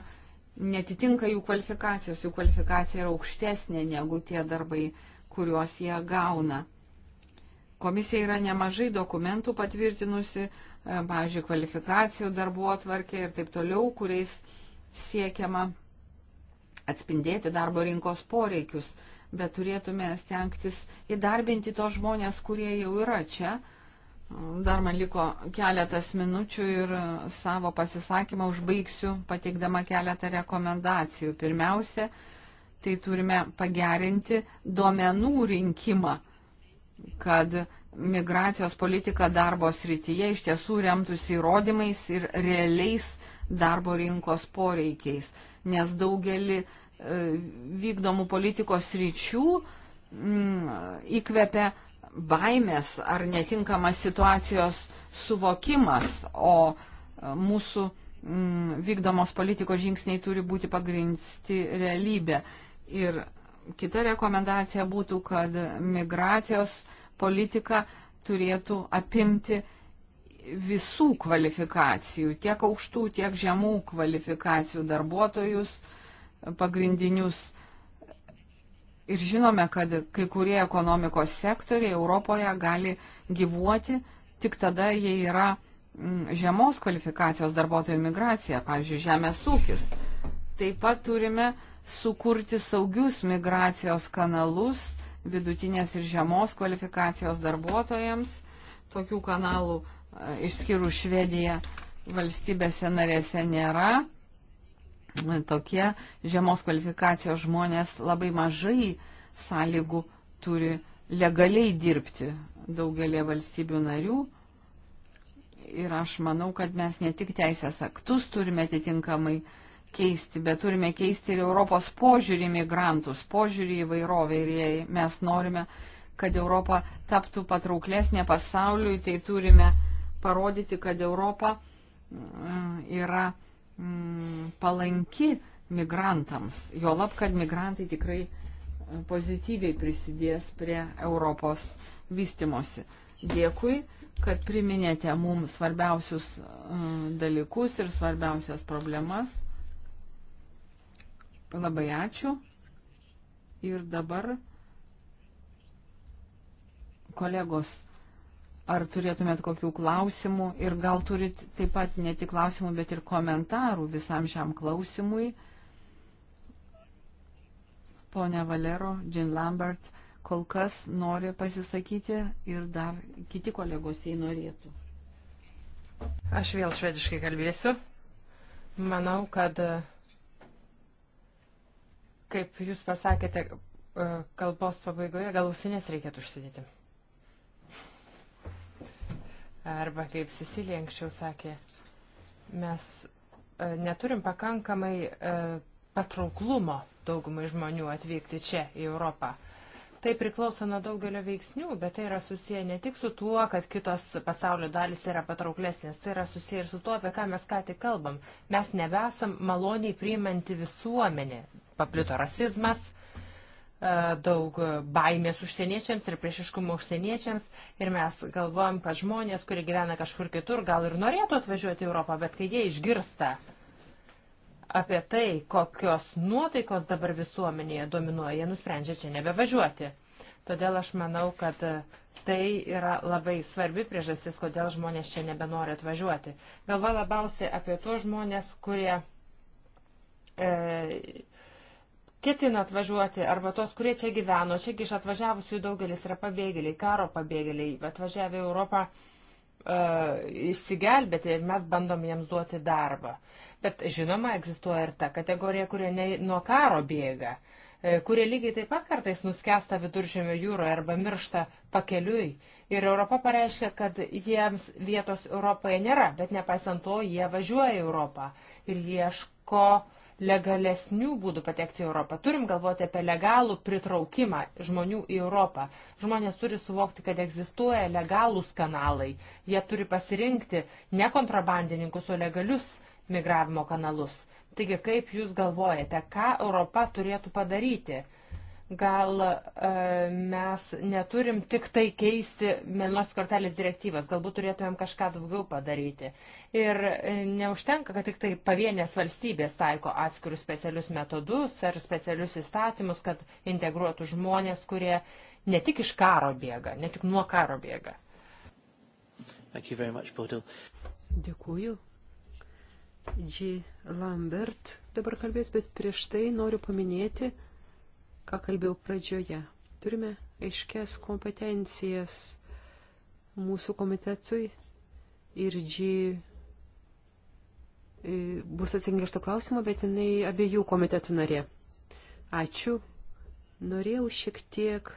netitinka jų kvalifikacijos, jų kvalifikacija yra aukštesnė negu tie darbai, kuriuos jie gauna. Komisija yra nemažai dokumentų patvirtinusi, e, pavyzdžiui, kvalifikacijų darbo atvarkė ir taip toliau, kuriais siekiama atspindėti darbo rinkos poreikius bet turėtume stengtis įdarbinti tos žmonės, kurie jau yra čia. Dar man liko keletas minučių ir savo pasisakymą užbaigsiu pateikdama keletą rekomendacijų. Pirmiausia, tai turime pagerinti duomenų rinkimą, kad migracijos politika darbo srityje iš tiesų remtųsi įrodymais ir realiais darbo rinkos poreikiais, nes daugelį E, vykdomų politikos ryčių mm, įkvepia baimės ar netinkamas situacijos suvokimas, o e, mūsų mm, vykdomos politikos žingsniai turi būti pagrinsti realybė. Ir kita rekomendacija būtų, kad migracijos politika turėtų apimti visų kvalifikacijų, tiek aukštų, tiek žemų kvalifikacijų darbuotojus, uh, pagrindinius. Ir žinome, kad kai kurie ekonomikos sektoriai Europoje gali gyvuoti tik tada, jei yra mm, žemos kvalifikacijos darbuotojų migracija, pavyzdžiui, žemės ūkis. Taip pat turime sukurti saugius migracijos kanalus vidutinės ir žemos kvalifikacijos darbuotojams. Tokių kanalų e, išskyrus Švediją valstybėse narėse nėra tokie žemos kvalifikacijos žmonės labai mažai sąlygų turi legaliai dirbti daugelį valstybių narių. Ir aš manau, kad mes ne tik teisės aktus turime atitinkamai keisti, bet turime keisti ir Europos požiūrį į migrantus, požiūrį į vairovę. Ir jei mes norime, kad Europa taptų patrauklesnė pasauliui, tai turime parodyti, kad Europa mm, yra. Mm, mm, palanki migrantams. Jo lab, kad migrantai tikrai e, pozityviai prisidės prie Europos vystimosi. Dėkui, kad priminėte mums svarbiausius e, dalykus ir svarbiausias problemas. Labai ačiū. Ir dabar kolegos Ar turėtumėt kokių klausimų ir gal turit taip pat ne tik klausimų, bet ir komentarų visam šiam klausimui? Pone Valero, Jean Lambert, kol kas nori pasisakyti ir dar kiti kolegos jei norėtų. Aš vėl švediškai kalbėsiu. Manau, kad, kaip jūs pasakėte, e, kalbos pabaigoje gal ausinės reikėtų užsidėti. Arba, kaip Cecilija anksčiau sakė, mes e, neturim pakankamai e, patrauklumo daugumai žmonių atvykti čia į Europą. Tai priklauso nuo daugelio veiksnių, bet tai yra susiję ne tik su tuo, kad kitos pasaulio dalis yra patrauklesnės, tai yra susiję ir su tuo, apie ką mes ką tik kalbam. Mes nebesam maloniai priimanti visuomenė. Paplito rasizmas, E, daug baimės užsieniečiams ir priešiškumo užsieniečiams. Ir mes galvojam, kad žmonės, kurie gyvena kažkur kitur, gal ir norėtų atvažiuoti į Europą, bet kai jie išgirsta apie tai, kokios nuotaikos dabar visuomenėje dominuoja, jie nusprendžia čia nebevažiuoti. Todėl aš manau, kad tai yra labai svarbi priežastis, kodėl žmonės čia nebenori atvažiuoti. Galva labiausiai apie tuos žmonės, kurie e, ketina atvažiuoti, arba tos, kurie čia gyveno, čiagi iš atvažiavusių daugelis yra pabėgėliai, karo pabėgėliai, atvažiavę į Europą e, išsigelbėti ir mes bandom jiems duoti darbą. Bet žinoma, egzistuoja ir ta kategorija, kurie ne, nuo karo bėga, e, kurie lygiai taip pat kartais nuskesta viduržėmio jūroje arba miršta pakeliui. Ir Europa pareiškia, kad jiems vietos Europoje nėra, bet nepaisant to jie važiuoja į Europą ir ieško uh, legalesnių būdų patekti į Europą. Turim galvoti apie legalų pritraukimą žmonių į Europą. Žmonės turi suvokti, kad egzistuoja legalūs kanalai. Jie turi pasirinkti ne kontrabandininkus, o legalius migravimo kanalus. Taigi, kaip Jūs galvojate, ką Europa turėtų padaryti? gal e, mes neturim tik tai keisti mėlynos kortelės direktyvas, galbūt turėtumėm kažką daugiau padaryti. Ir e, neužtenka, kad tik tai pavienės valstybės taiko atskirius specialius metodus ar specialius įstatymus, kad integruotų žmonės, kurie ne tik iš karo bėga, ne tik nuo karo bėga. Much, Bodil. Dėkuoju. G. Lambert dabar kalbės, bet prieš tai noriu paminėti, ką kalbėjau pradžioje. Turime aiškes kompetencijas mūsų komitetui ir dži e, bus atsakinga šito klausimo, bet jinai abiejų komitetų narė. Ačiū. Norėjau šiek tiek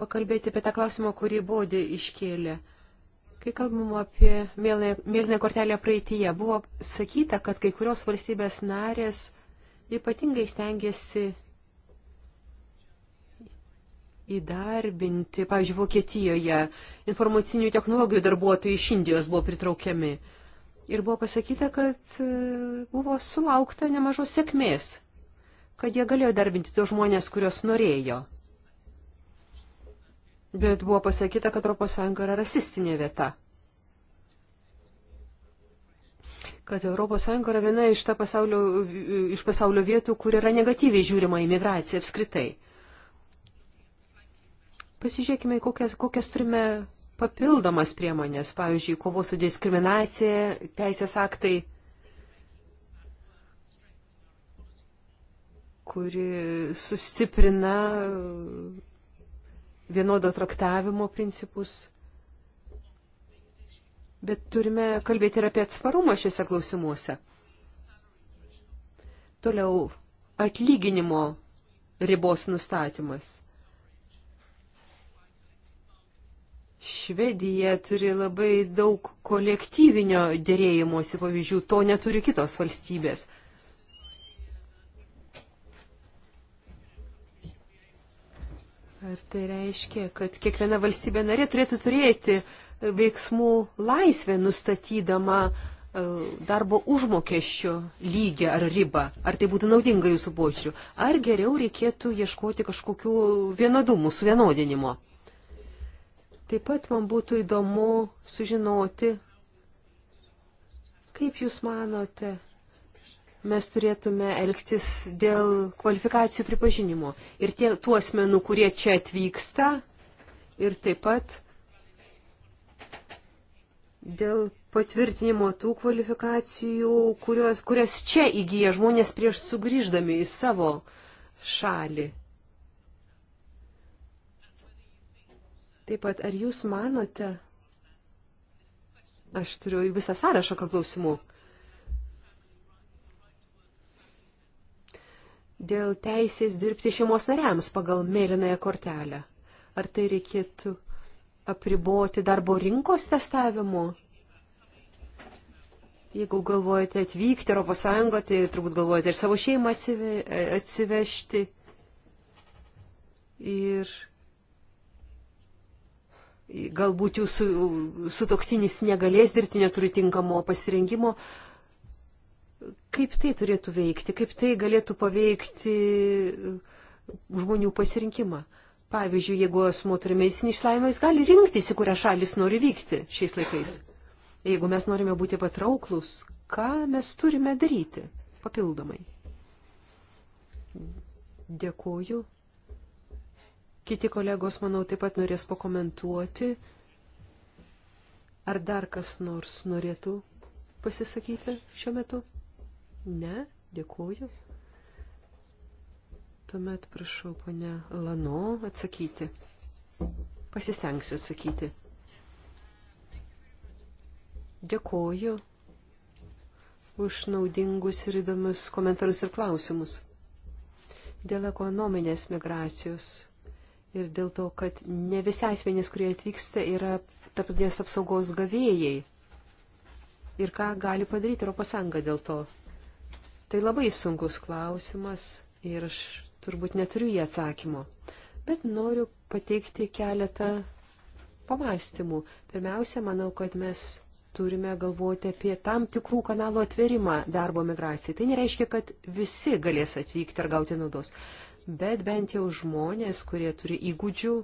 pakalbėti apie tą klausimą, kurį Bodė iškėlė. Kai kalbam apie mėlynę kortelę praeityje, buvo sakyta, kad kai kurios valstybės narės ypatingai stengiasi įdarbinti, pavyzdžiui, Vokietijoje informacinių technologijų darbuotojai iš Indijos buvo pritraukiami. Ir buvo pasakyta, kad e, buvo sulaukta nemažos sėkmės, kad jie galėjo darbinti tos žmonės, kurios norėjo. Bet buvo pasakyta, kad ES yra rasistinė vieta. kad ES yra viena iš, pasaulio, iš pasaulio vietų, kur yra negatyviai žiūrima į migraciją apskritai. Pasižiūrėkime, kokias, kokias turime papildomas priemonės, pavyzdžiui, kovos su diskriminacija, teisės aktai, kuri sustiprina vienodo traktavimo principus bet turime kalbėti ir apie atsparumą šiuose klausimuose. Toliau atlyginimo ribos nustatymas. Švedija turi labai daug kolektyvinio dėrėjimuose pavyzdžių, to neturi kitos valstybės. Ar tai reiškia, kad kiekviena valstybė narė turėtų turėti uh, veiksmų laisvė nustatydama e, darbo užmokesčio lygį ar ribą? Ar tai būtų naudinga jūsų požiūriu? Ar geriau reikėtų ieškoti kažkokių vienodumų, suvienodinimo? Taip pat man būtų įdomu sužinoti, kaip jūs manote, mes turėtume elgtis dėl kvalifikacijų pripažinimo ir tie, tų asmenų, kurie čia atvyksta ir taip pat dėl patvirtinimo tų kvalifikacijų, kurios, kurias čia įgyja žmonės prieš sugrįždami į savo šalį. Taip pat, ar jūs manote, aš turiu visą sąrašą klausimų, dėl teisės dirbti šeimos nariams pagal mėlynąją kortelę. Ar tai reikėtų apriboti darbo rinkos testavimu? Jeigu galvojate atvykti Europos Sąjungo, tai turbūt galvojate ir savo šeimą atsive, atsivežti. Ir galbūt jūsų sutoktinis negalės dirbti, neturi tinkamo pasirinkimo. Kaip tai turėtų veikti, kaip tai galėtų paveikti žmonių pasirinkimą? Pavyzdžiui, jeigu asmo turi meisinį išlaimą, jis gali rinktis, į kurią šalis nori vykti šiais laikais. Jeigu mes norime būti patrauklus, ką mes turime daryti papildomai? Dėkuoju. Kiti kolegos, manau, taip pat norės pakomentuoti. Ar dar kas nors norėtų pasisakyti šiuo metu? Ne, dėkuoju. Tuomet prašau, ponia Lano, atsakyti. Pasistengsiu atsakyti. Dėkoju už naudingus ir įdomius komentarus ir klausimus. Dėl ekonominės migracijos ir dėl to, kad ne visi asmenys, kurie atvyksta, yra tarptautinės apsaugos gavėjai. Ir ką gali padaryti ES dėl to? Tai labai sunkus klausimas ir aš turbūt neturiu jį atsakymo, bet noriu pateikti keletą pamastymų. Pirmiausia, manau, kad mes turime galvoti apie tam tikrų kanalų atverimą darbo migracijai. Tai nereiškia, kad visi galės atvykti ar gauti naudos, bet bent jau žmonės, kurie turi įgūdžių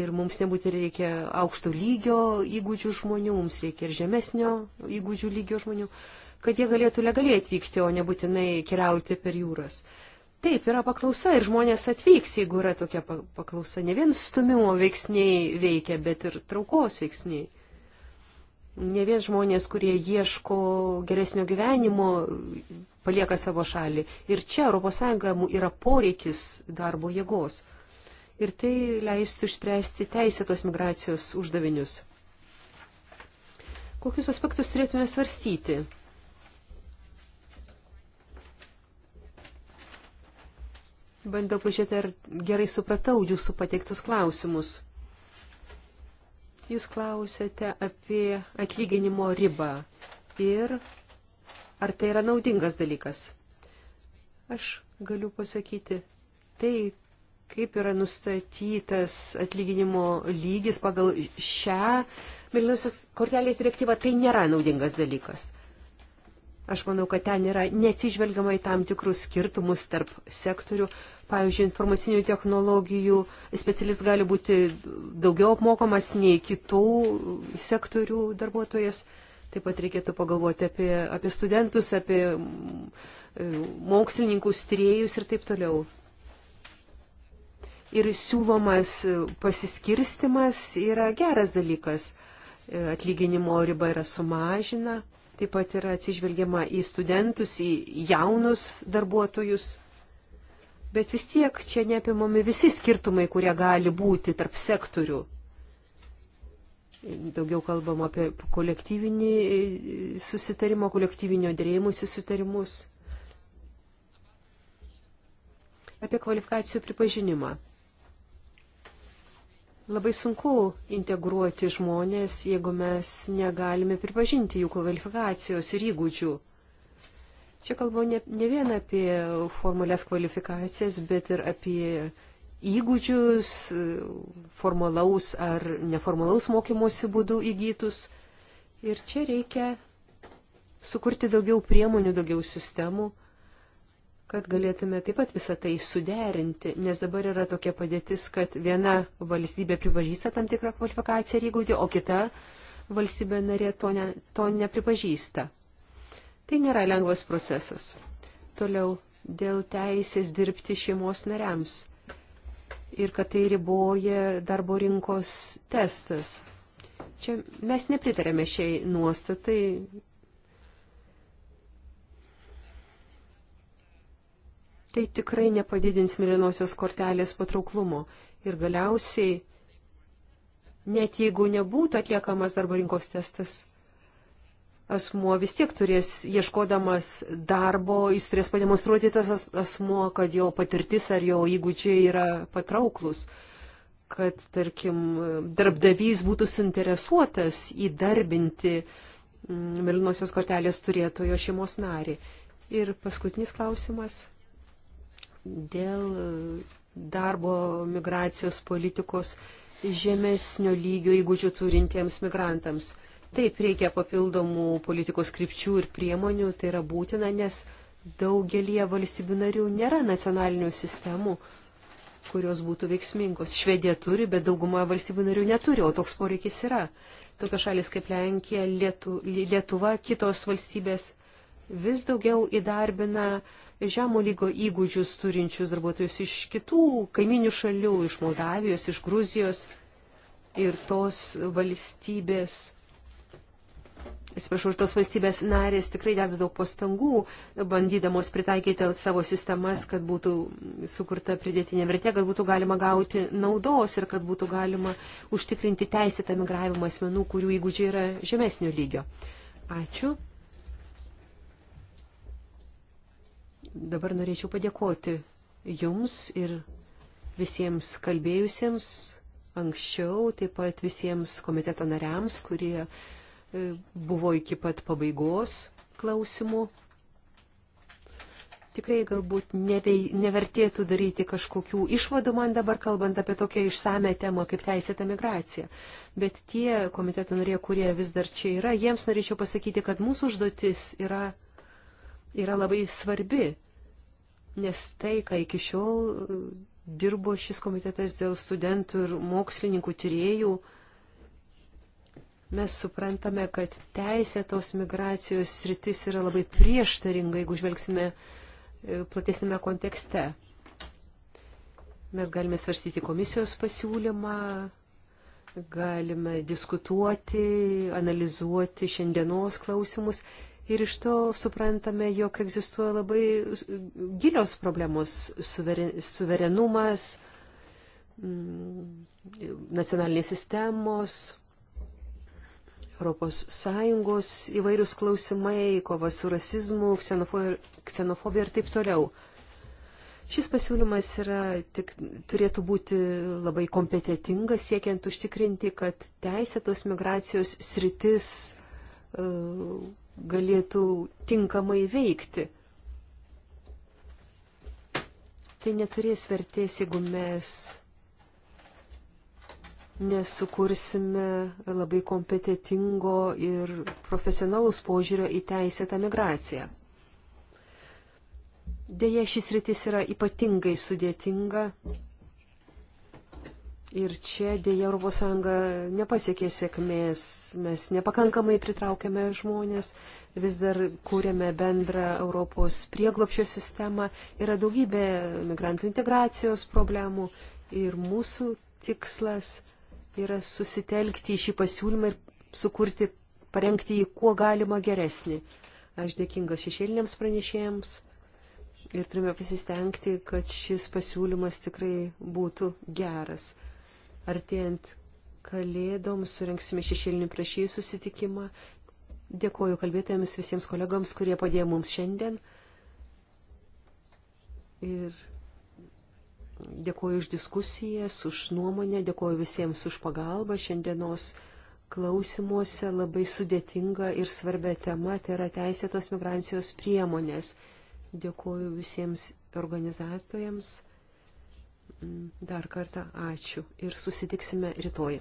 ir mums nebūtinai reikia aukšto lygio įgūdžių žmonių, mums reikia ir žemesnio įgūdžių lygio žmonių. Uh, kad jie galėtų legaliai atvykti, o nebūtinai keliauti per jūras. Taip, yra paklausa ir žmonės atvyks, jeigu yra tokia paklausa. Ne vien stumimo veiksniai veikia, bet ir traukos veiksniai. Ne vien žmonės, kurie ieško geresnio gyvenimo, palieka savo šalį. Ir čia ES yra poreikis darbo jėgos. Ir tai leistų išspręsti teisėtos migracijos uždavinius. Kokius aspektus turėtume svarstyti? Bandau pažiūrėti, ar gerai supratau jūsų pateiktus klausimus. Jūs klausėte apie atlyginimo ribą ir ar tai yra naudingas dalykas. Aš galiu pasakyti, tai kaip yra nustatytas atlyginimo lygis pagal šią Milinosios kortelės direktyvą, tai nėra naudingas dalykas. Aš manau, kad ten yra neatsižvelgiama į tam tikrus skirtumus tarp sektorių. Pavyzdžiui, informacinių technologijų specialistas gali būti daugiau apmokomas nei kitų sektorių darbuotojas. Taip pat reikėtų pagalvoti apie, apie studentus, apie e, mokslininkus, triejus ir taip toliau. Ir siūlomas pasiskirstimas yra geras dalykas. E, atlyginimo riba yra sumažina, taip pat yra atsižvelgiama į studentus, į jaunus darbuotojus. Bet vis tiek čia neapimami visi skirtumai, kurie gali būti tarp sektorių. Daugiau kalbam apie kolektyvinį susitarimą, kolektyvinio dėrėjimų susitarimus. Apie kvalifikacijų pripažinimą. Labai sunku integruoti žmonės, jeigu mes negalime pripažinti jų kvalifikacijos ir įgūdžių. Čia kalbu ne, ne vien apie formalias kvalifikacijas, bet ir apie įgūdžius, formalaus ar neformalaus mokymosi būdų įgytus. Ir čia reikia sukurti daugiau priemonių, daugiau sistemų, kad galėtume taip pat visą tai suderinti, nes dabar yra tokia padėtis, kad viena valstybė pripažįsta tam tikrą kvalifikaciją ir įgūdį, o kita valstybė narė to, ne, to nepripažįsta. Tai nėra lengvas procesas. Toliau dėl teisės dirbti šeimos nariams ir kad tai riboja darbo rinkos testas. Čia mes nepritarėme šiai nuostatai. Tai tikrai nepadidins milinosios kortelės patrauklumo ir galiausiai, net jeigu nebūtų atliekamas darbo rinkos testas, asmuo vis tiek turės, ieškodamas darbo, jis turės pademonstruoti tas asmuo, kad jo patirtis ar jo įgūdžiai yra patrauklus, kad, tarkim, darbdavys būtų suinteresuotas įdarbinti Melinosios mm, kortelės turėtojo šeimos narį. Ir paskutinis klausimas dėl darbo migracijos politikos žemesnio lygio įgūdžių turintiems migrantams. Taip, reikia papildomų politikos skripčių ir priemonių, tai yra būtina, nes daugelie valstybių narių nėra nacionalinių sistemų, kurios būtų veiksmingos. Švedija turi, bet daugumoje valstybių narių neturi, o toks poreikis yra. Tokios šalis kaip Lenkija, Lietu, Lietuva, kitos valstybės vis daugiau įdarbina žemo lygo įgūdžius turinčius darbuotojus iš kitų kaiminių šalių, iš Moldavijos, iš Gruzijos. Ir tos valstybės atsiprašau, ir tos valstybės narės tikrai deda daug pastangų, bandydamos pritaikyti savo sistemas, kad būtų sukurta pridėtinė vertė, kad būtų galima gauti naudos ir kad būtų galima užtikrinti teisėtą migravimą asmenų, kurių įgūdžiai yra žemesnio lygio. Ačiū. Dabar norėčiau padėkoti Jums ir visiems kalbėjusiems anksčiau, taip pat visiems komiteto nariams, kurie uh, E, buvo iki pat pabaigos klausimų. Tikrai galbūt nevei, nevertėtų daryti kažkokių išvadų man dabar kalbant apie tokią išsame temą kaip teisėta migracija. Bet tie komiteto norė, kurie vis dar čia yra, jiems norėčiau pasakyti, kad mūsų užduotis yra, yra labai svarbi. Nes tai, ką iki šiol dirbo šis komitetas dėl studentų ir mokslininkų tyriejų, mes suprantame, kad teisė tos migracijos sritis yra labai prieštaringa, jeigu žvelgsime e, platesnėme kontekste. Mes galime svarstyti komisijos pasiūlymą, galime diskutuoti, analizuoti šiandienos klausimus ir iš to suprantame, jog egzistuoja labai gilios problemos - suverenumas, mm, nacionalinės sistemos, ES įvairius klausimai, kova su rasizmu, ksenofobija ir taip toliau. Šis pasiūlymas yra, tik, turėtų būti labai kompetitingas, siekiant užtikrinti, kad teisėtos migracijos sritis uh, galėtų tinkamai veikti. Tai neturės vertės, jeigu mes nesukursime labai kompetitingo ir profesionalus požiūrio į teisėtą migraciją. Deja, šis rytis yra ypatingai sudėtinga ir čia deja ES nepasiekė sėkmės, mes nepakankamai pritraukėme žmonės, vis dar kūrėme bendrą Europos prieglopščio sistemą, yra daugybė migrantų integracijos problemų ir mūsų tikslas yra susitelkti į šį pasiūlymą ir sukurti, parengti jį kuo galima geresnį. Aš dėkingas šešėliniams pranešėjams ir turime pasistengti, kad šis pasiūlymas tikrai būtų geras. Artėjant kalėdoms surinksime šešėlinį prašyjų susitikimą. Dėkoju kalbėtojams visiems kolegams, kurie padėjo mums šiandien. Ir Dėkuoju už diskusijas, už nuomonę, dėkuoju visiems už pagalbą šiandienos klausimuose labai sudėtinga ir svarbia tema, tai yra teisėtos migrancijos priemonės. Dėkuoju visiems organizatoriams. Dar kartą ačiū ir susitiksime rytoj.